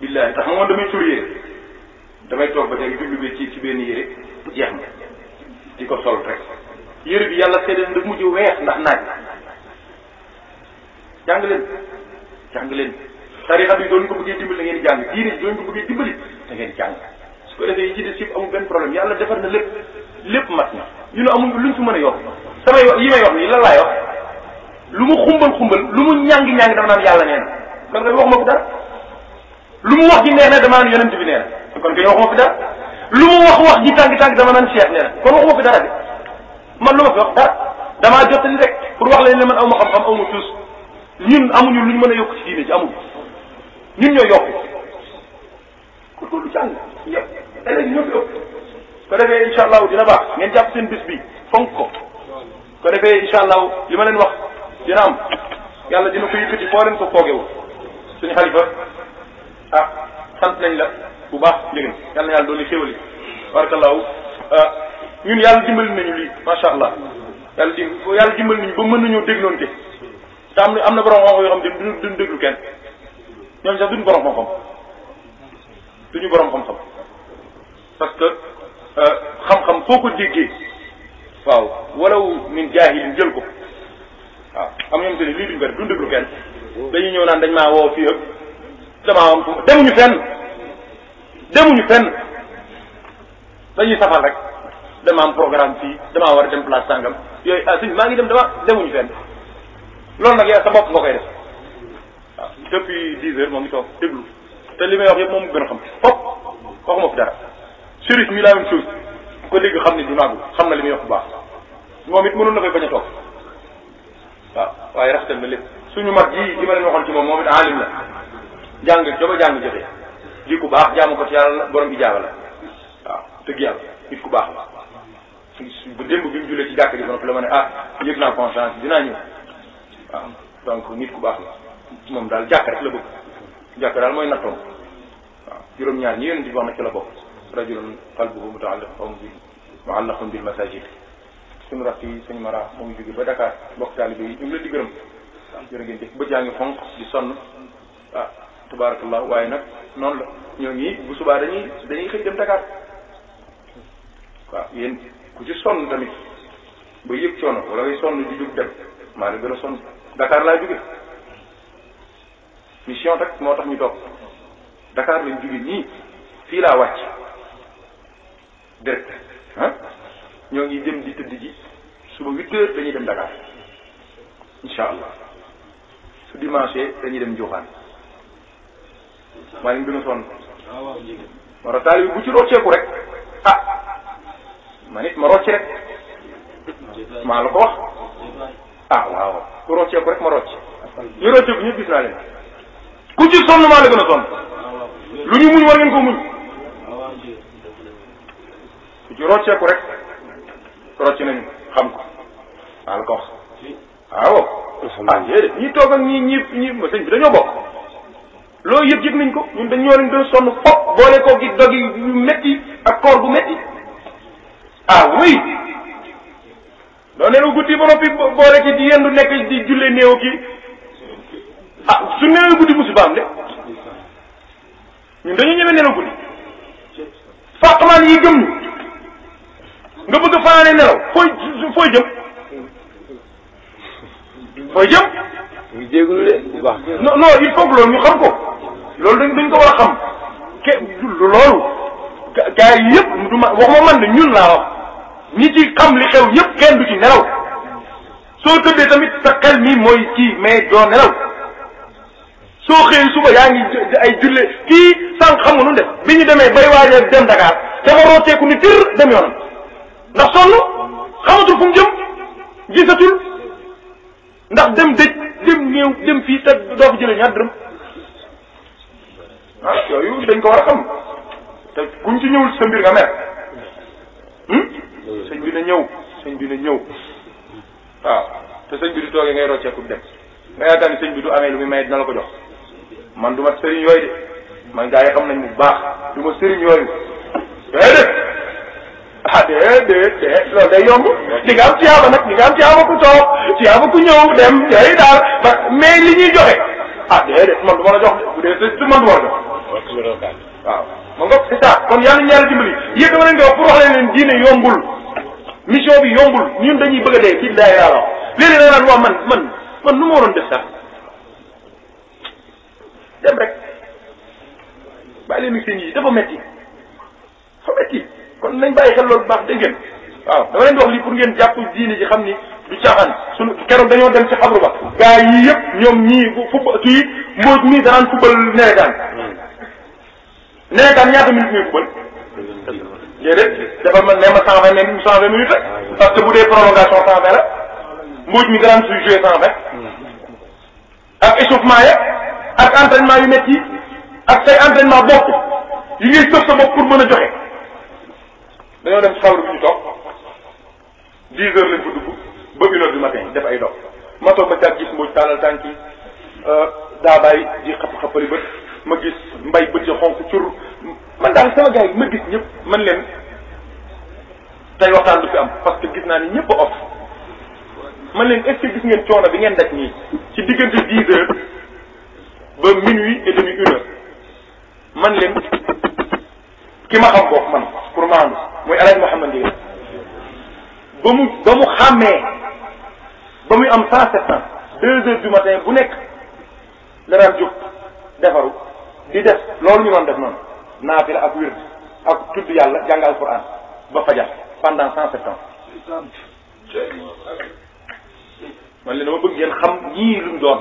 Speaker 2: billaahi tax ma moon damay tur yére damay toog ba tey jublu bi ci ci benn di ko sol yàlla seedeen dafa mujj weex ndax naaj jàng leen jàng su ko defee yi ci des yëpp amul benn problème yàlla defar na lépp lépp mat na ñun amul luñ fi mën a yokk sama yo yi may wax nii lan wax lu mu xumbal xumbal lu mu ñàng ñàng dafa naan yàlla nee na kon kay waxuma fi dara lu mu wax ji nee na dama naan yonent bi nee na kon kay waxuma fi dara lu mu wax wax ji tàng tàng dama naan cheikh nee na kon waxuma fi dara de man lu ma fi wax dara damaa jottali rek pour wax la ne man aw ma xam-xam aw ma tuus ñun amuñu luñ mën a yokk ci diine ci amuñu ñun ñoo yokk kon loolu jàng yëpp élèves yi ko defee incha allahu dina baax ngeen jàpp seen bis bi fonk ko ko defee incha allahu li ma leen wax dina am yàlla dina ko yëkkati foo leen ko fooge woon suñu xalifa ah sant nañ la bu baax njëgën yàlla na yàlla doon li xéwali barakallahu ah, ñun yàlla dimbali nañu lii macha allah yàlla di yàlla dimbali nañu ba mën nañoo dégloonte te am na am na borom xam-xam yoo xam ne déglu kenn ñoom sax duñu borom xam-xam duñu borom xam-xam parce xam-xam foo ko déggee waaw walaw min jaahilin jël ko waaw am ñoom te ne lii duñ ko duñ déglu kenn dañuy ñëw naan dañ maa woo fii ak damaa am demuñu fenn demuñu fenn dañuy safal rek dama am programme fii damaa war a dem place sàngam yooyu ah maa ngi dem dama demuñu fenn loolu nag yaa sa bopp nga koy def waaw depuis dix heures moo toog déglu te li may wax yëpp moom gën a xam fop waxuma fi dara Chérif mi la même chose ku ko dégg xam ne du naagu xam na li muy wax bu baax moom it mënoon na koy bañ a waaye rafetal na lépp suñu mag ma waxoon ci moom moom it la jàng joma jàng jotee di ku baax jaamu ko ci yàlla borom ijaaba la waaw dëgg yàlla nit ku baax la bu démb bi mu ci jàkk ji borom la ma ne ah yëg naa conscience dinaa ñëw waaw nit ku baax la daal jàkk la bëgg jàkk
Speaker 1: daal mooy nattoom waaw juróom-ñaar ñi yéen di wax na ci la bokk rajulun qalbuhu mutaalliqun bi muallaqun bil masajid suñu rakk yi suñu mara moo ngi ba Dakar mbokk taalibe ñu ngi leen di gërëm jërë bët yaa ngi xonq di sonn ah tabaarakallah waaye nag noonu la ñoo ñii bu subaa dañuy dañuy xëy dem Dakar waaw yéen ku ci sonn tamit ba yëg coono wala ngay sonn di jug dem maa la gën a sonn Dakar laa jóge mission rek moo tax ñu toog Dakar lañ jóge nii fii laa wàcc direct ah ñoo ngi jëm di tëdd ji suba huit heures dañuy dem Dakar incha allah su dimanche dañuy dem Diokhane maa ngi gën a sonn war a taali bi bu rek ah man it ma rocc rek maa la ko wax
Speaker 2: ah rek ma rocc ñu rocceeku ñëpp gis naa leen ku ci sonn maa la gën a sonn
Speaker 1: lu ñu muñ
Speaker 2: ci rocceeku rek rocc nañu xam ko maa la ko wax waaw ah yéedé ñi toog ak bi dañoo bokk loolu yëpp yëg nañ ko ñun dañ ñoo leen doon sonn fop boole ko gi dog yu métti ak koor bu métti ah oui doo neen guddi ba noppi boole ki di yendu nekk di julle néew kii ah su neew guddi musibaam de ñun dañu ñëwee nelaw guddi fàqmaan nga bëgg a fanaane nelaw fooy fooy jëm fooy jëm. muy jégalu de bu baax. non non il faut loolu ñu xam ko loolu dañ dañ ko war a xam ke loolu gars yi yëpp du ma waxuma man de ñun laa wax ñi ci xam li xew yëpp kenn du ci nelaw soo tëddee tamit sa xel mi mooy kii mais doo nelaw. soo xëyee suba yaa ngi ay julle kii sànq xam nga nu def bi ñu demee bay waaja dem Dakar dafa rooteeku ni tir dem yoonam ndax sonn xamatul fu mu jëm gisatul ndax dem dëj dem néew dem fii te doo fi jëlee ñaar dërëm
Speaker 1: ah yooyu dañ ko war a xam
Speaker 2: te buñ ci ñëwul sa mbir nga mer
Speaker 1: hmm? sëñ bi na ñëw sëñ bi na ñëw waaw te sëñ bi du toogee ngay rocceeku dem nga yaakaar ni sëñ bi du amee lu muy maye dina la ko jox man du sëriñ yooyu
Speaker 2: de man gaa yi xam nañ bu baax du ma sëriñ yooyu yooyu de a déet déet déet loolu day yomb di nga a tiyaaba nag di nga am tiyaaba ku toog tiyaaba ku ñëw dem day daal ba mais li ñuy joxe ah déedéet man du ma la jox bu dee su man du ma la jox waaw ma nga c'est ça kon yàlla ñu yàlla dimbali yéen dama leen di wax pour wax leen leen diine yombul mission bi yombul ñun dañuy bëgg a dee ci daay yàlla léeg-léeg da naan waa man man man nu ma waroon def sax dem rek bàyyi leen ak seen yi dafa metti dafa metti kon nañ bàyyi xel loolu baax dégg ngeen waaw dama leen di wax lii pour ngeen jàpp diini ji xam ni du caaxaan suñu keroog dañoo dem ci xabru ba gars yi yëpp ñoom ñii fubba kii mbóoj mii danaan fubal neegaan neegaan ñaata minute muy fubal déedéet dafa man nee ma cent vingt minutes cent vingt minutes rek parce que bu dee prolongation cent vingt la mbóoj mi danaan suy joué cent vingt ak échauffement ya ak entraînement yu métti yi ak say entraînement bopp yi ngay sëf sa bopp pour mën a joxe dañoo dem sawar bi ñu toog dix heures lañ fa dugg ba une du matin def ay dox ma toog ba caag gis mbooj taalal tànk yi euh, di xap-xapali bët ma gis mbay bët yi xonk cur man daal sama gars yi ma gis ñëpp man leen tey waxtaan du fi am parce que gis naa ni ñëpp a off man leen est-ce que gis ngeen coono bi ngeen daj nii ci diggante dix heures ba minuit demi une man leen ki ma xam boobu man pour ma am muy El Hadj Mouhamad Ndiaye ba mu ba mu xàmmee ba muy am cent sept ans deux heures du matin bu nekk la daan jóg defaru di def loolu ñu doon def noonu naafila ak wird ak tudd yàlla jàng alquran ba fajar pendant cent sept ans man li dama bëgg ngeen xam ñii luñ doon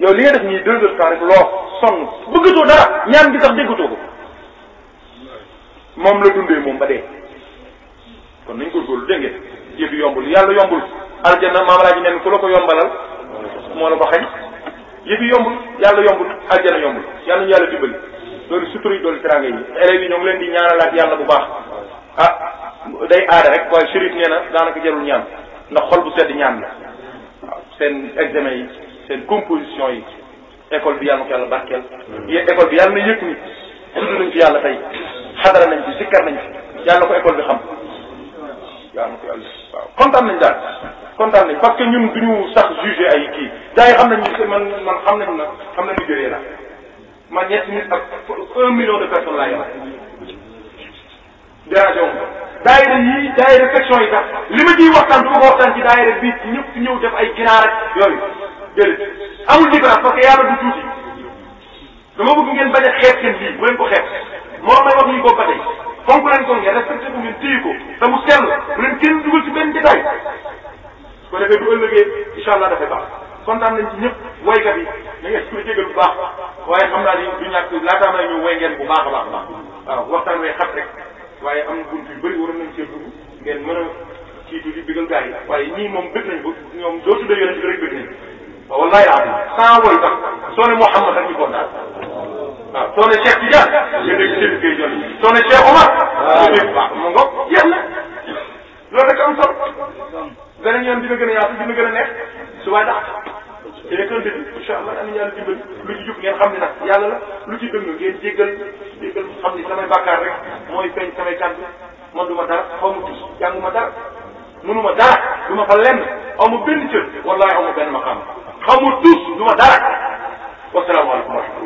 Speaker 2: yow li nga def ñii deux heures temps rek loo sonn bëggatoo dara ñaan gi sax déggatoo moom la dundee moom ba dee kon nañ góorgóorlu dégg ngeen yëf yi yombul yàlla yombul aljanna maam laa ji neen ku la ko yombalal moo la ko xañ yëf yi yombul yàlla yombul aljanna yombul yàlla ñu yàlla dimbali loolu sutura yi doolu teraanga yi élèves yi ñoo ngi leen di ñaanalaat yàlla bu baax ah day aada rek waaye shérif nee na daanaka jarul ñaan ndax xol bu sedd ñaan la waaw seen examen yi seen composition yi école bi yàlla na ko yàlla barkeel mm. école bi yàlla na yëg tudd nañ fi yàlla tey xadara nañ fi sikkar nañ fi yàlla ko école bi xam
Speaker 1: yàlla ko
Speaker 2: kontaan nañ daal kontaan nañ parce que ñun du ñu sax jugé ay kii gars xam nañ ni man man xam nañ na xam nañ Nigéria la man ñetti nit ak un million de personnes laa yàlla dérangé wu daayira yi daayira section yi sax li ma ciy waxtaan du ma ko waxtaan ci daayira bi ñëpp ñëw def ay ginaar ak yooyu déedéet amul différence parce que yàlla du tuuti dama bëgg ngeen bañ a xeeb seen bii bu leen ko xeeb a may wax ñu ko ba tey fonk leen ko ngeen respecté ko ngeen téye ko te mu sell bu leen kenn dugal ci benn détail su ko defee du ëllëgee incha allah dafay baax kontaan nañ ci ñëpp waykat yi da ngeen suñu jégal bu baax waaye xam naa ni du ñàkk laataa may ñu way ngeen bu baax a baax a baax waaw waxtaan way xat am na bunt yu bëri waroon nañ cee dugg ngeen mën a ciitu di bigal gars yi waaye ñii moom bëgg nañ ko ñoom doo tuddee yonent bi wallahi adim sans woy sax soo ne Mouhamad rek ñu kontaan waaw soo ne Cheikh Tidiane yéen a ngi jël soo ne Cheikh a ngi ko jeex na loolu rek am solo beneen yoon dina gën a yaatu dina gën a neex subaay dax léegi un début incha allah am na yàlla dimbali lu ci jub ngeen xam ne nag yàlla la lu ci dëng ngeen jéggal jéggal xam ni samay bàkkaar rek mooy feeñ samay kàddu man du ma dara xaw ma tus jàngu ma dara mënu ma lenn aw ma benn wallahi aw ma benn xamul tus du ma dara wasalaamaaleykum wa rahmatullah